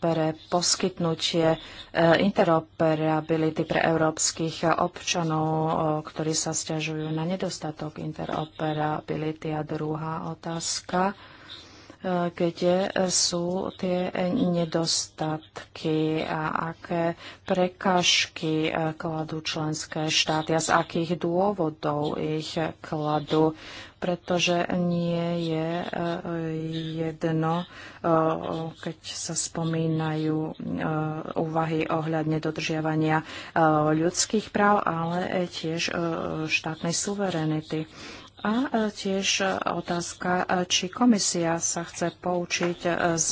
pre poskytnutie e, interoperability pre európskych občanov, e, ktorí sa stiažujú na nedostatok interoperability. A druhá otázka, e, kde sú tie nedostatky a aké prekažky kladú členské štáty a z akých dôvodov ich kladú pretože nie je eh, jedno, eh, keď sa spomínajú eh, úvahy ohľadne dodržiavania ľudských práv, ale tiež štátnej suverenity. A e, tiež e, otázka, e, či komisia sa chce poučiť z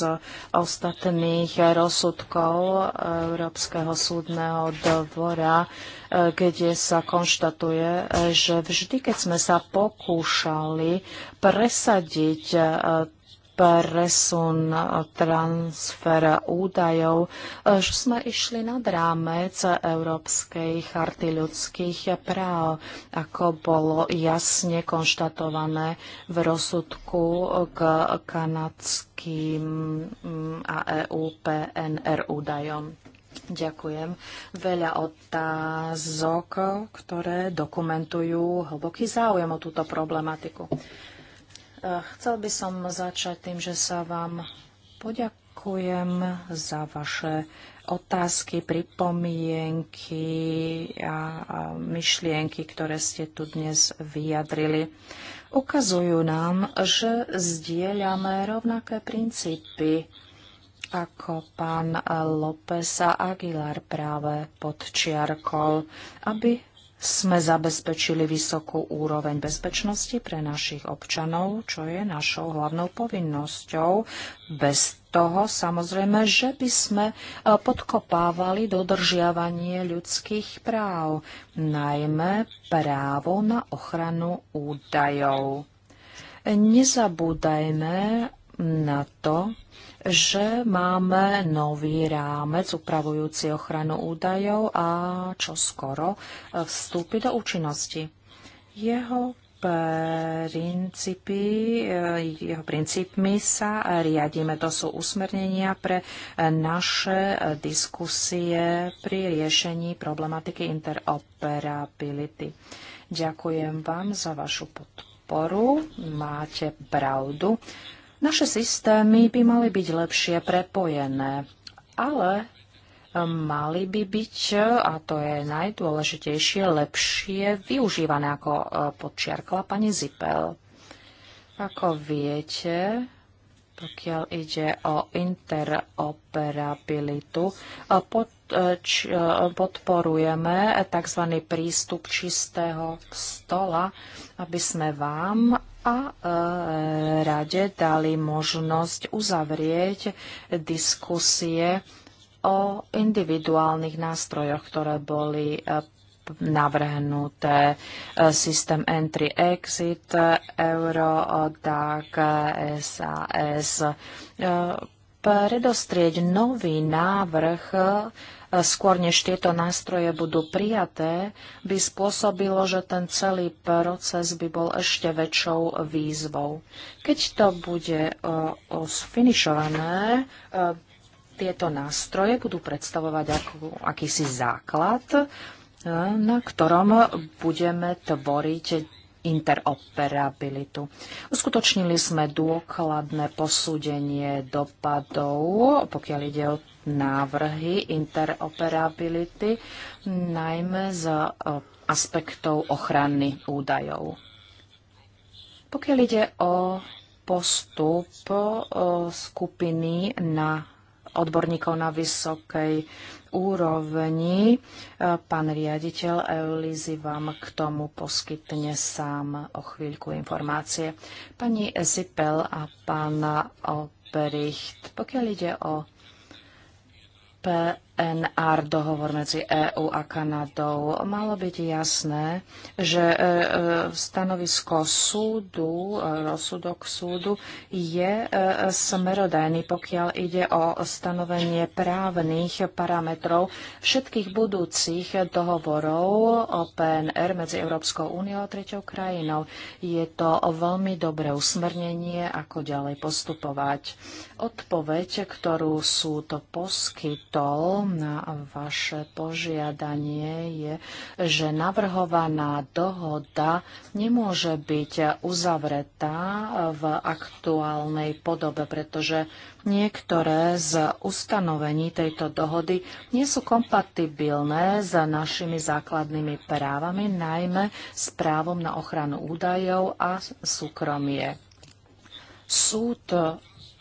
ostatných rozsudkov Európskeho súdneho dvora, kde sa konštatuje, že vždy, keď sme sa pokúšali presadiť presun, transfer údajov, že sme išli nad rámec Európskej charty ľudských práv, ako bolo jasne konštatované v rozsudku k kanadským a EU PNR údajom. Ďakujem. Veľa otázok, ktoré dokumentujú hlboký záujem o túto problematiku. Eh, chcel by som začať tým, že sa vám poďakujem za vaše otázky, pripomienky a myšlienky, ktoré ste tu dnes vyjadrili. Ukazujú nám, že zdieľame rovnaké princípy ako pán Lopesa Aguilar práve podčiarkol, aby sme zabezpečili vysokú úroveň bezpečnosti pre našich občanov, čo je našou hlavnou povinnosťou. Bez toho samozrejme, že by sme e, podkopávali dodržiavanie ľudských práv, najmä právo na ochranu údajov. Nezabúdajme na to, že máme nový rámec upravujúci ochranu údajov a čo skoro vstúpi do účinnosti. Jeho princípy, jeho princípmi sa riadíme. To sú usmernenia pre naše diskusie pri riešení problematiky interoperability. Ďakujem vám za vašu podporu. Máte pravdu naše systémy by mali byť lepšie prepojené, ale um, mali by byť, uh, a to je najdôležitejšie, lepšie využívané, ako uh, podčiarkla pani Zipel. Ako viete, pokiaľ ide o interoperabilitu, uh, pod podporujeme tzv. prístup čistého stola, aby sme vám a e, rade dali možnosť uzavrieť diskusie o individuálnych nástrojoch, ktoré boli e, navrhnuté e, systém entry-exit, Eurodac, SAS, predostrieť nový návrh skôr než tieto nástroje budú prijaté, by spôsobilo, že ten celý proces by bol ešte väčšou výzvou. Keď to bude e, sfinišované, e, tieto nástroje budú predstavovať akú, akýsi základ, e, na ktorom budeme tvoriť interoperabilitu. Uskutočnili sme dôkladné posúdenie dopadov, pokiaľ ide o návrhy interoperability, najmä z e, aspektov ochrany údajov. Pokiaľ ide o postup e, skupiny na odborníkov na vysokej úrovni. E, pán riaditeľ Eulizy vám k tomu poskytne sám o chvíľku informácie. Pani Zipel a pána Opericht, pokiaľ ide o NR dohovor medzi EÚ a Kanadou. Malo byť jasné, že e, e, stanovisko súdu, e, rozsudok súdu je smerodajný, pokiaľ ide o stanovenie právnych parametrov všetkých budúcich dohovorov o PNR medzi Európskou úniou a treťou krajinou. Je to veľmi dobré usmernenie, ako ďalej postupovať. Odpoveď, ktorú súd poskytol, reakciou na vaše požiadanie je, že navrhovaná dohoda nemôže byť uzavretá v aktuálnej podobe, pretože Niektoré z ustanovení tejto dohody nie sú kompatibilné s našimi základnými právami, najmä s právom na ochranu údajov a súkromie. Súd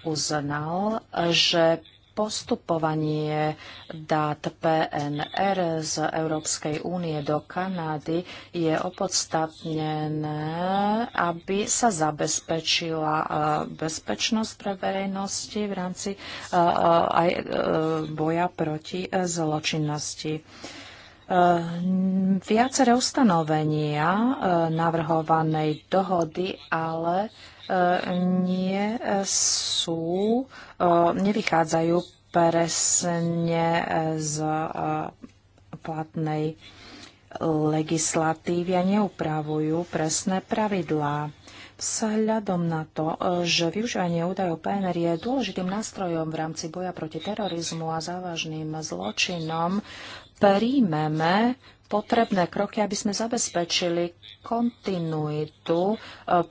uznal, že postupovanie dát PNR z Európskej únie do Kanady je opodstatnené, aby sa zabezpečila eh, bezpečnosť pre verejnosti v rámci eh, eh, aj boja proti zločinnosti. Viaceré ustanovenia navrhovanej dohody ale nie sú, e, nevychádzajú presne e, z e, platnej legislatívy a neupravujú presné pravidlá. Vzhľadom na to, že využívanie údajov PNR je dôležitým nástrojom v rámci boja proti terorizmu a závažným zločinom, príjmeme potrebné kroky, aby sme zabezpečili kontinuitu e,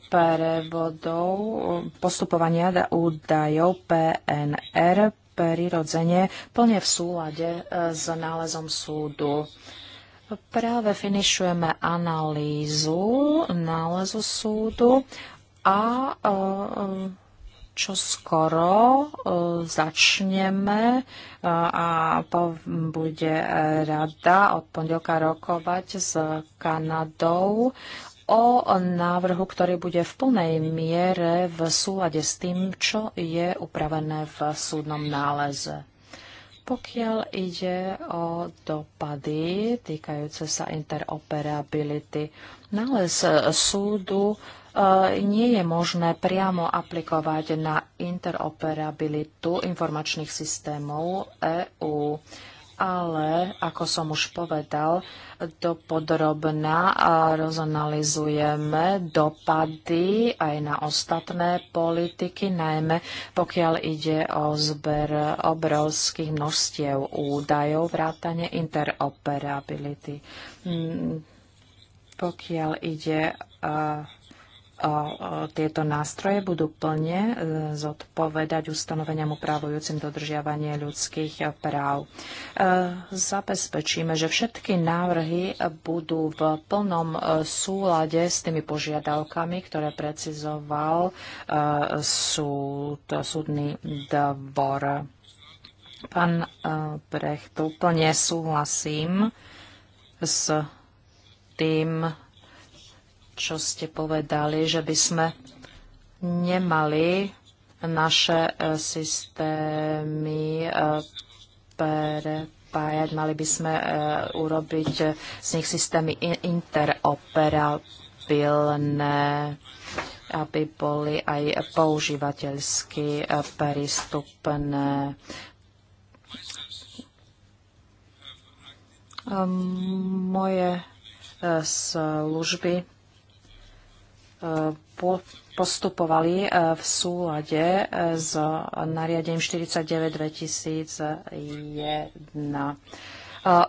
prevodov e, postupovania údajov PNR prirodzene plne v súlade e, s nálezom súdu. Práve finišujeme analýzu nálezu súdu a čo skoro e, začneme e, a bude rada od pondelka rokovať s Kanadou o návrhu, ktorý bude v plnej miere v súlade s tým, čo je upravené v súdnom náleze. Pokiaľ ide o dopady týkajúce sa interoperability, nález súdu E, nie je možné priamo aplikovať na interoperabilitu informačných systémov EÚ ale ako som už povedal, dopodrobná e, rozanalizujeme dopady aj na ostatné politiky, najmä pokiaľ ide o zber obrovských množstiev údajov, vrátane interoperability. Mm, pokiaľ ide e, tieto nástroje budú plne e, zodpovedať ustanoveniam upravujúcim dodržiavanie ľudských e, práv. E, zabezpečíme, že všetky návrhy budú v plnom súlade s tými požiadavkami, ktoré precizoval súd, súdny dvor. Pán Brecht, úplne súhlasím s tým, čo ste povedali, že by sme nemali naše e, systémy e, prepájať, mali by sme e, urobiť z nich systémy interoperabilné aby boli aj používateľsky prístupné. Moje služby Eh, postupovali eh, v súlade eh, s nariadením 49 2001.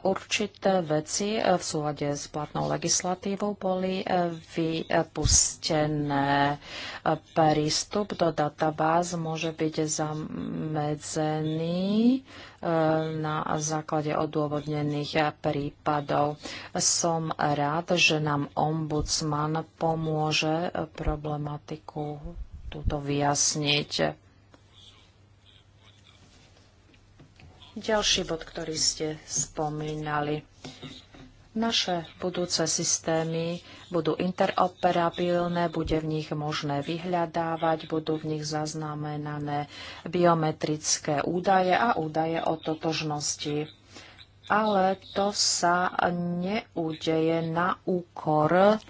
Určité veci e, v súlade s platnou legislatívou boli e, vypustené. E, prístup do databáz môže byť zamedzený na základe odôvodnených prípadov. Som rád, že nám ombudsman pomôže problematiku túto vyjasniť. Ďalší bod, ktorý ste spomínali. Naše budúce systémy budú interoperabilné, bude v nich možné vyhľadávať, budú v nich zaznamenané biometrické údaje a údaje o totožnosti. Ale to sa neudeje na úkor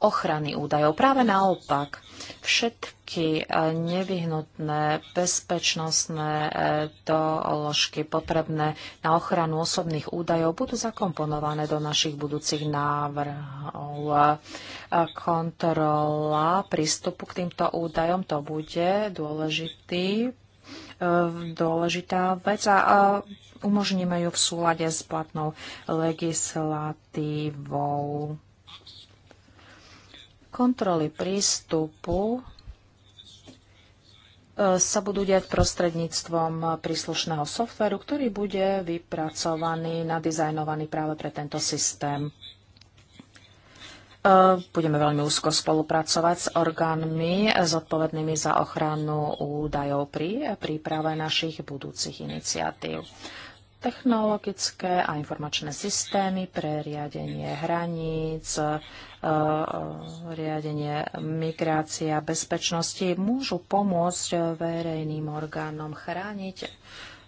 ochrany údajov. Práve naopak, všetky e, nevyhnutné bezpečnostné e, doložky potrebné na ochranu osobných údajov budú zakomponované do našich budúcich návrhov. E, kontrola prístupu k týmto údajom to bude dôležitý dôležitá vec a umožníme ju v súlade s platnou legislatívou. Kontroly prístupu e, sa budú diať prostredníctvom príslušného softveru, ktorý bude vypracovaný, nadizajnovaný práve pre tento systém. E, budeme veľmi úzko spolupracovať s orgánmi zodpovednými za ochranu údajov pri príprave našich budúcich iniciatív technologické a informačné systémy pre riadenie hraníc, e, e, riadenie migrácie a bezpečnosti môžu pomôcť verejným orgánom chrániť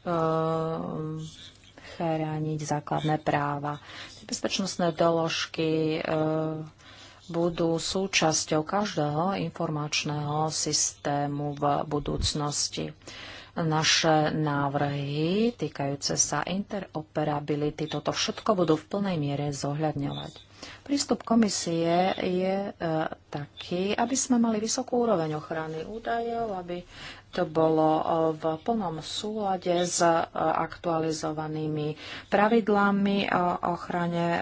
e, chrániť základné práva. Bezpečnostné doložky budú súčasťou každého informačného systému v budúcnosti naše návrhy týkajúce sa interoperability. Toto všetko budú v plnej miere zohľadňovať. Prístup komisie je e, taký, aby sme mali vysokú úroveň ochrany údajov, aby to bolo e, v plnom súlade s e, aktualizovanými pravidlami o ochrane e,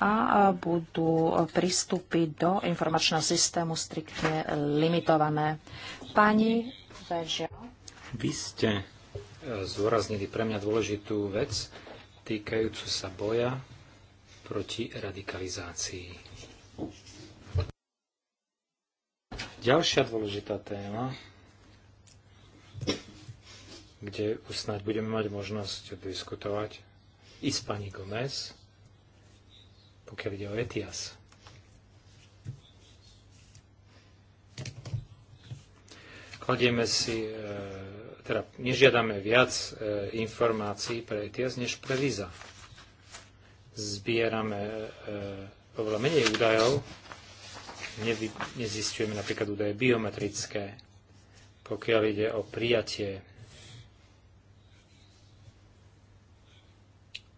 a budú prístupy do informačného systému striktne limitované. Pani vy ste eh, zdôraznili pre mňa dôležitú vec týkajúcu sa boja proti radikalizácii. Ďalšia dôležitá téma, kde už snáď budeme mať možnosť diskutovať i s pani Gomez, pokiaľ ide o ETIAS. kladieme si, e, teda nežiadame viac e, informácií pre ETIAS než pre VISA. Zbierame e, oveľa menej údajov, nezistujeme napríklad údaje biometrické, pokiaľ ide o prijatie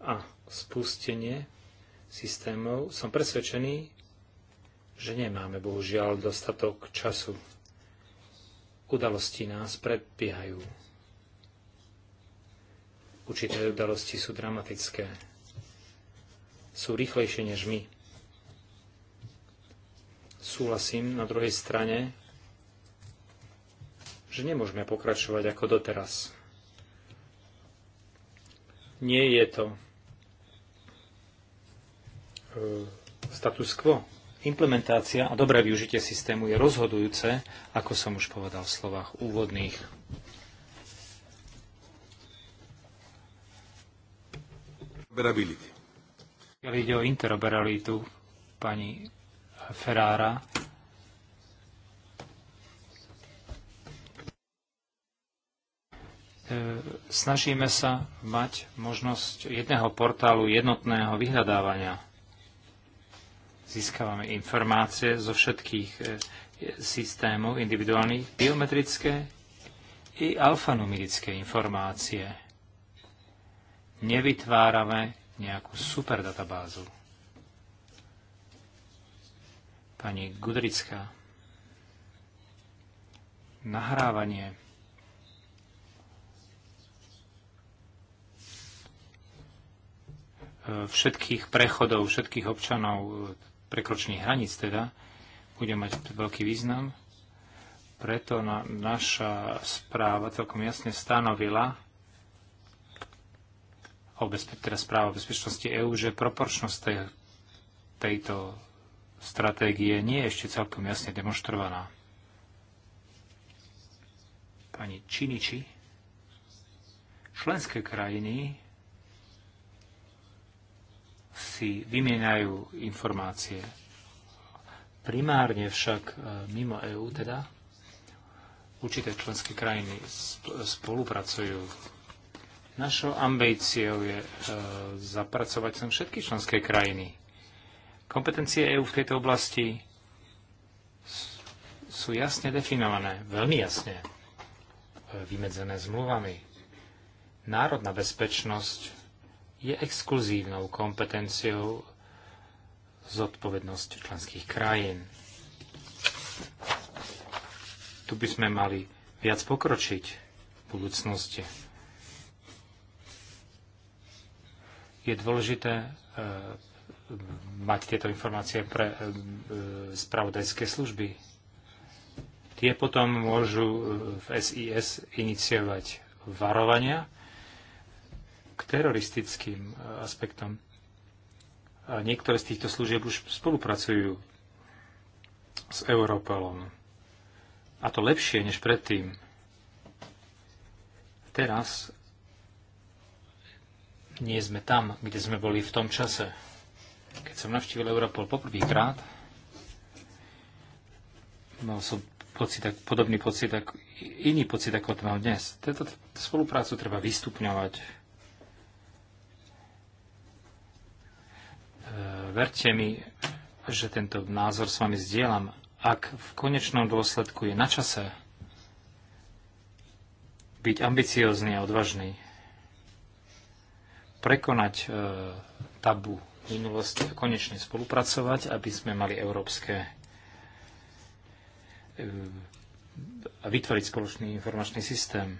a spustenie systémov, som presvedčený, že nemáme bohužiaľ dostatok času Udalosti nás predbiehajú. Určité udalosti sú dramatické. Sú rýchlejšie než my. Súhlasím na druhej strane, že nemôžeme pokračovať ako doteraz. Nie je to e, status quo Implementácia a dobré využitie systému je rozhodujúce, ako som už povedal v slovách úvodných. Keď ide o interoperabilitu pani Ferrara, e, snažíme sa mať možnosť jedného portálu jednotného vyhľadávania získavame informácie zo všetkých e, systémov individuálnych, biometrické i alfanumerické informácie. Nevytvárame nejakú superdatabázu. Pani Gudrická. Nahrávanie. E, všetkých prechodov, všetkých občanov prekročných hraníc teda, bude mať veľký význam. Preto na, naša správa celkom jasne stanovila, o bezpe- teda správa o bezpečnosti EÚ, že proporčnosť tej, tejto stratégie nie je ešte celkom jasne demonstrovaná. Pani Činiči, členské krajiny si vymieňajú informácie. Primárne však e, mimo EÚ teda určité členské krajiny spolupracujú. Našou ambíciou je e, zapracovať sem všetky členské krajiny. Kompetencie EÚ v tejto oblasti sú jasne definované, veľmi jasne, e, vymedzené zmluvami. Národná bezpečnosť je exkluzívnou kompetenciou zodpovednosť členských krajín. Tu by sme mali viac pokročiť v budúcnosti. Je dôležité e, mať tieto informácie pre e, e spravodajské služby. Tie potom môžu e, v SIS iniciovať varovania teroristickým e, aspektom. A niektoré z týchto služieb už spolupracujú s Europolom. A to lepšie než predtým. Teraz nie sme tam, kde sme boli v tom čase. Keď som navštívil Europol poprvýkrát, mal som pocit, podobný pocit, iný pocit, ako to mám dnes. Tento spoluprácu treba vystupňovať verte mi, že tento názor s vami zdieľam. Ak v konečnom dôsledku je na čase byť ambiciózny a odvažný, prekonať e, tabu minulosti a konečne spolupracovať, aby sme mali európske e, a vytvoriť spoločný informačný systém.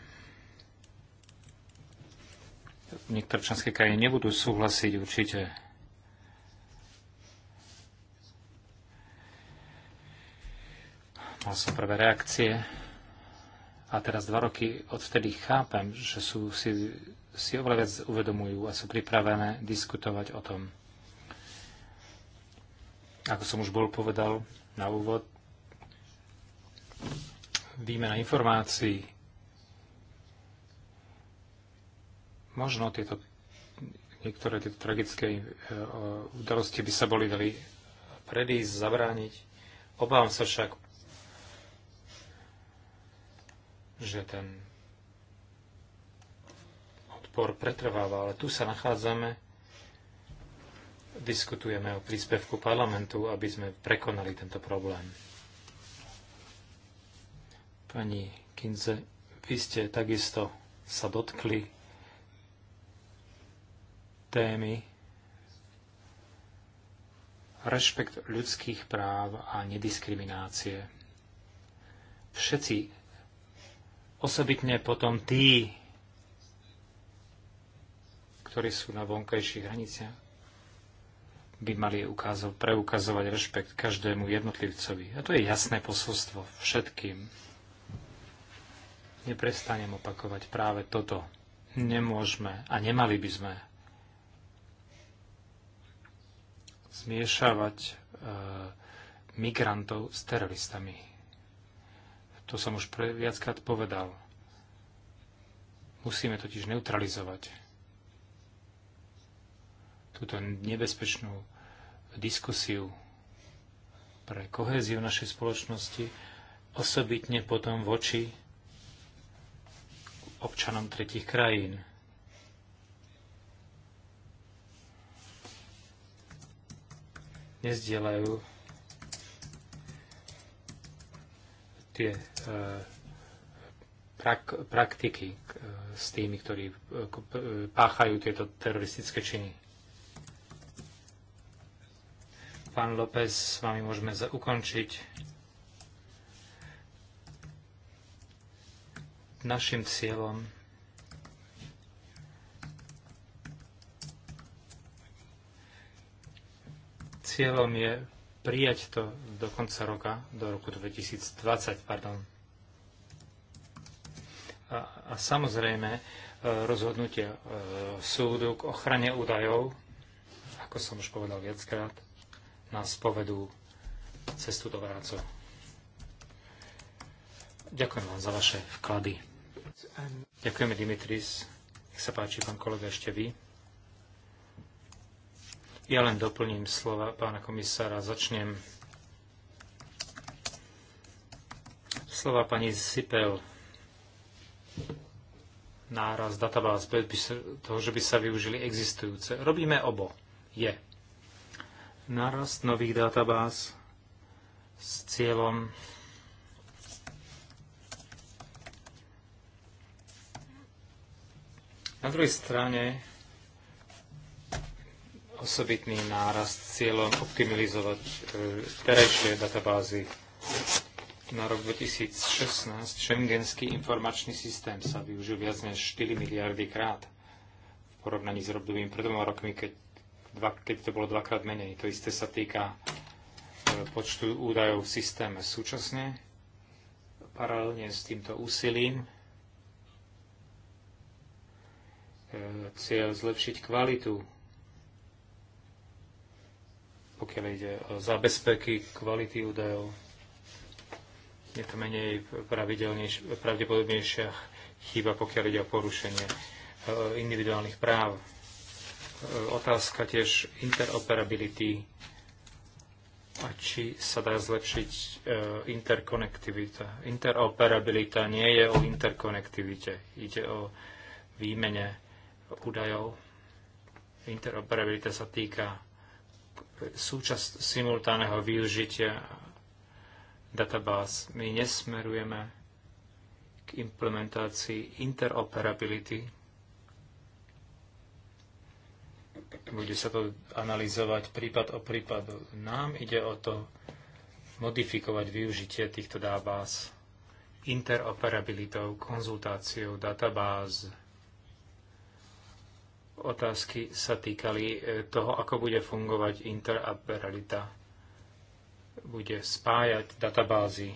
Niektoré členské krajiny nebudú súhlasiť určite Mal som prvé reakcie a teraz dva roky odvtedy chápem, že sú si, si oveľa viac uvedomujú a sú pripravené diskutovať o tom. Ako som už bol povedal na úvod, výmena informácií, možno tieto, niektoré tieto tragické e, udalosti by sa boli dali predísť, zabrániť. Obávam sa však že ten odpor pretrváva, ale tu sa nachádzame, diskutujeme o príspevku parlamentu, aby sme prekonali tento problém. Pani Kinze, vy ste takisto sa dotkli témy rešpekt ľudských práv a nediskriminácie. Všetci Osobitne potom tí, ktorí sú na vonkajších hraniciach, by mali ukázov, preukazovať rešpekt každému jednotlivcovi. A to je jasné posolstvo všetkým. Neprestanem opakovať práve toto. Nemôžeme a nemali by sme zmiešavať e, migrantov s teroristami. To som už pre, viackrát povedal. Musíme totiž neutralizovať túto nebezpečnú diskusiu pre kohéziu našej spoločnosti, osobitne potom voči občanom tretich krajín. Nezdielajú tie e, prak- praktiky e, s tými, ktorí e, páchajú tieto teroristické činy. Pán López, s vami môžeme ukončiť. Našim cieľom cieľom je prijať to do konca roka, do roku 2020, pardon. A, a samozrejme e, rozhodnutie e, súdu k ochrane údajov, ako som už povedal viackrát, nás povedú cez túto prácu. Ďakujem vám za vaše vklady. Ďakujeme, Dimitris. Nech sa páči, pán kolega, ešte vy. Ja len doplním slova pána komisára. Začnem slova pani Sipel. Náraz databáz, toho, že by sa využili existujúce. Robíme obo. Je. Nárast nových databáz s cieľom Na druhej strane osobitný nárast s cieľom optimalizovať e, terajšie databázy. Na rok 2016 šengenský informačný systém sa využil viac než 4 miliardy krát v porovnaní s obdobím pred dvoma rokmi, keď, dva, keď to bolo dvakrát menej. To isté sa týka e, počtu údajov v systéme súčasne. Paralelne s týmto úsilím e, cieľ zlepšiť kvalitu pokiaľ ide o zabezpeky kvality údajov. Je to menej pravdepodobnejšia chyba, pokiaľ ide o porušenie eh, individuálnych práv. Eh, otázka tiež interoperability a či sa dá zlepšiť eh, interkonektivita. Interoperabilita nie je o interkonektivite, ide o výmene údajov. Interoperabilita sa týka súčasť simultánneho využitia databáz. My nesmerujeme k implementácii interoperability. Bude sa to analyzovať prípad o prípadu. Nám ide o to modifikovať využitie týchto databáz interoperabilitou, konzultáciou databáz otázky sa týkali e, toho, ako bude fungovať interoperabilita. Bude spájať databázy,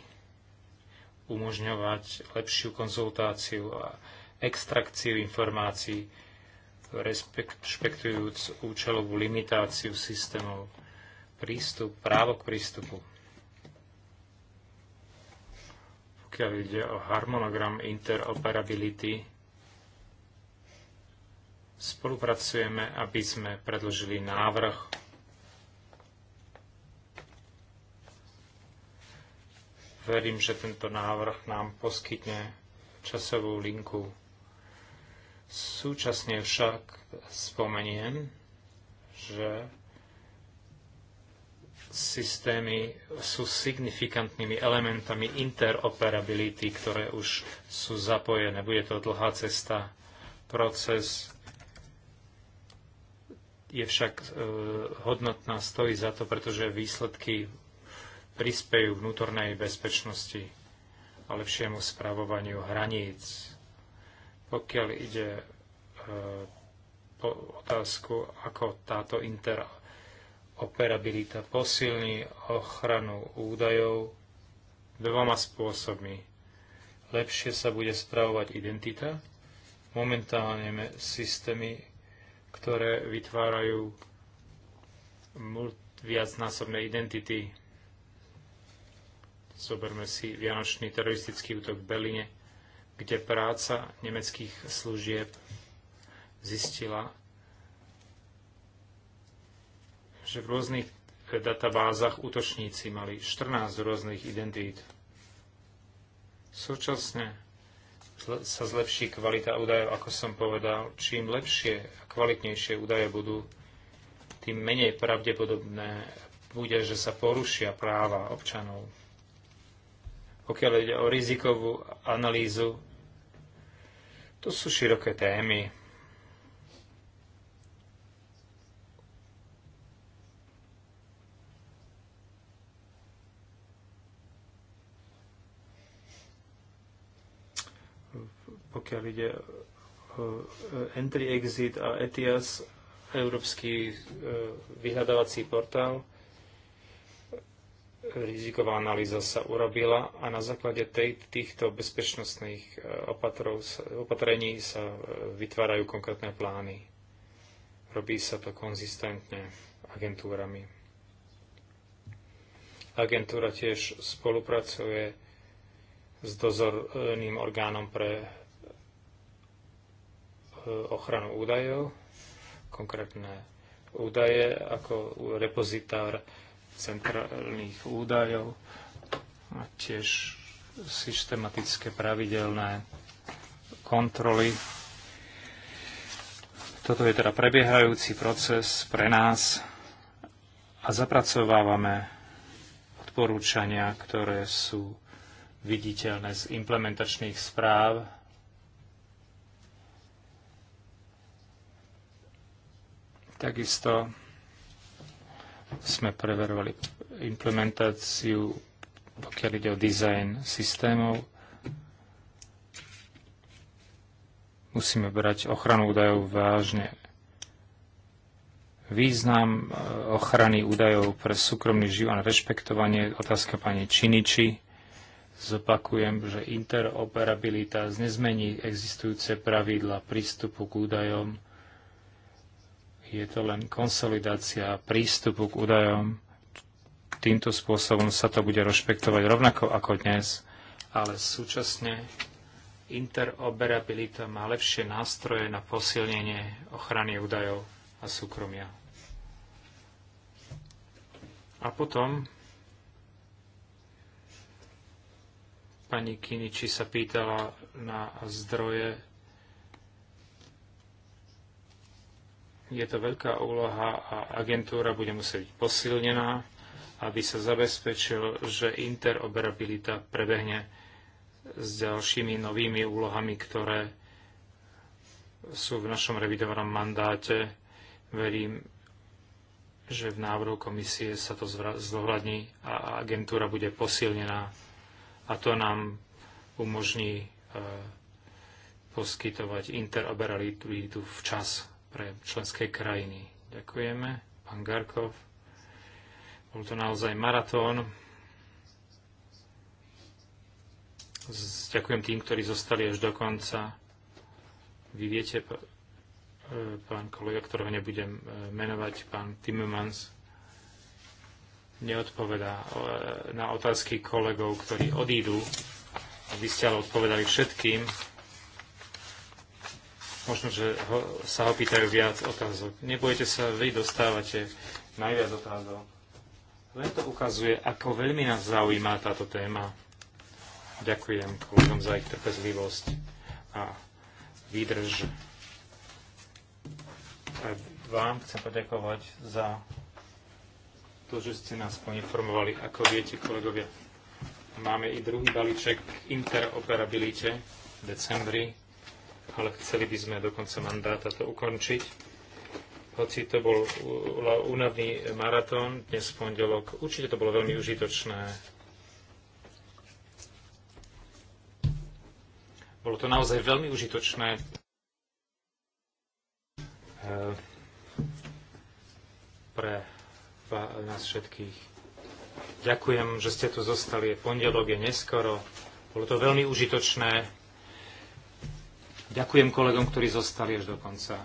umožňovať lepšiu konzultáciu a extrakciu informácií, rešpektujúc účelovú limitáciu systémov, prístup, právo k prístupu. Pokiaľ ide o harmonogram interoperability, Spolupracujeme, aby sme predložili návrh verím, že tento návrh nám poskytne časovú linku. Súčasne však spomeniem, že systémy sú signifikantnými elementami interoperability, ktoré už sú zapojené. Bude to dlhá cesta, proces je však e, hodnotná, stojí za to, pretože výsledky prispejú vnútornej bezpečnosti a lepšiemu spravovaniu hraníc. Pokiaľ ide e, po otázku, ako táto interoperabilita posilní ochranu údajov dvoma spôsobmi. Lepšie sa bude spravovať identita. Momentálne systémy ktoré vytvárajú viacnásobné identity. Zoberme si vianočný teroristický útok v Berlíne, kde práca nemeckých služieb zistila, že v rôznych databázach útočníci mali 14 rôznych identít. Súčasne sa zlepší kvalita údajov, ako som povedal. Čím lepšie a kvalitnejšie údaje budú, tým menej pravdepodobné bude, že sa porušia práva občanov. Pokiaľ ide o rizikovú analýzu, to sú široké témy pokiaľ ide entry, exit a ETIAS, európsky e, vyhľadávací portál. Riziková analýza sa urobila a na základe tej, týchto bezpečnostných e, opatrov, opatrení sa e, vytvárajú konkrétne plány. Robí sa to konzistentne agentúrami. Agentúra tiež spolupracuje s dozorným orgánom pre Eh, ochranu údajov, konkrétne údaje ako repozitár centrálnych údajov a tiež systematické pravidelné kontroly. Toto je teda prebiehajúci proces pre nás a zapracovávame odporúčania, ktoré sú viditeľné z implementačných správ Takisto sme preverovali implementáciu, pokiaľ ide o dizajn systémov. Musíme brať ochranu údajov vážne. Význam eh, ochrany údajov pre súkromný život a rešpektovanie, otázka pani Činiči. Zopakujem, že interoperabilita znezmení existujúce pravidla prístupu k údajom je to len konsolidácia prístupu k údajom. Týmto spôsobom sa to bude rešpektovať rovnako ako dnes, ale súčasne interoperabilita má lepšie nástroje na posilnenie ochrany údajov a súkromia. A potom pani Kiniči sa pýtala na zdroje Je to veľká úloha a agentúra bude musieť byť posilnená, aby sa zabezpečil, že interoperabilita prebehne s ďalšími novými úlohami, ktoré sú v našom revidovanom mandáte. Verím, že v návrhu komisie sa to zohľadní a agentúra bude posilnená a to nám umožní eh, poskytovať interoperabilitu včas pre členské krajiny. Ďakujeme, pán Garkov. Bol to naozaj maratón. Ďakujem tým, ktorí zostali až do konca. Vy viete, e, pán kolega, ktorého nebudem e, menovať, pán Timmermans, neodpovedá e, na otázky kolegov, ktorí odídu. vy ste ale odpovedali všetkým možno, že ho, sa ho pýtajú viac otázok. Nebojte sa, vy dostávate najviac otázok. Len to ukazuje, ako veľmi nás zaujíma táto téma. Ďakujem kolegom za ich trpezlivosť a výdrž. A vám chcem poďakovať za to, že ste nás poinformovali. Ako viete, kolegovia, máme i druhý balíček k interoperabilite v decembri ale chceli by sme do konca mandáta to ukončiť. Hoci to bol únavný maratón dnes v pondelok, určite to bolo veľmi užitočné. Bolo to naozaj veľmi užitočné. Eh, pre nás všetkých. Ďakujem, že ste tu zostali. Pondelok je neskoro. Bolo to veľmi užitočné Ďakujem kolegom, ktorí zostali až do konca.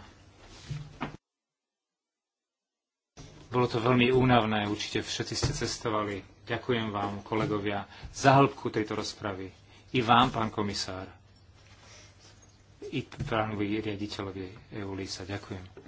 Bolo to veľmi únavné, určite všetci ste cestovali. Ďakujem vám, kolegovia, za hĺbku tejto rozpravy. I vám, pán komisár. I pánovi riaditeľovi Eulisa. Ďakujem.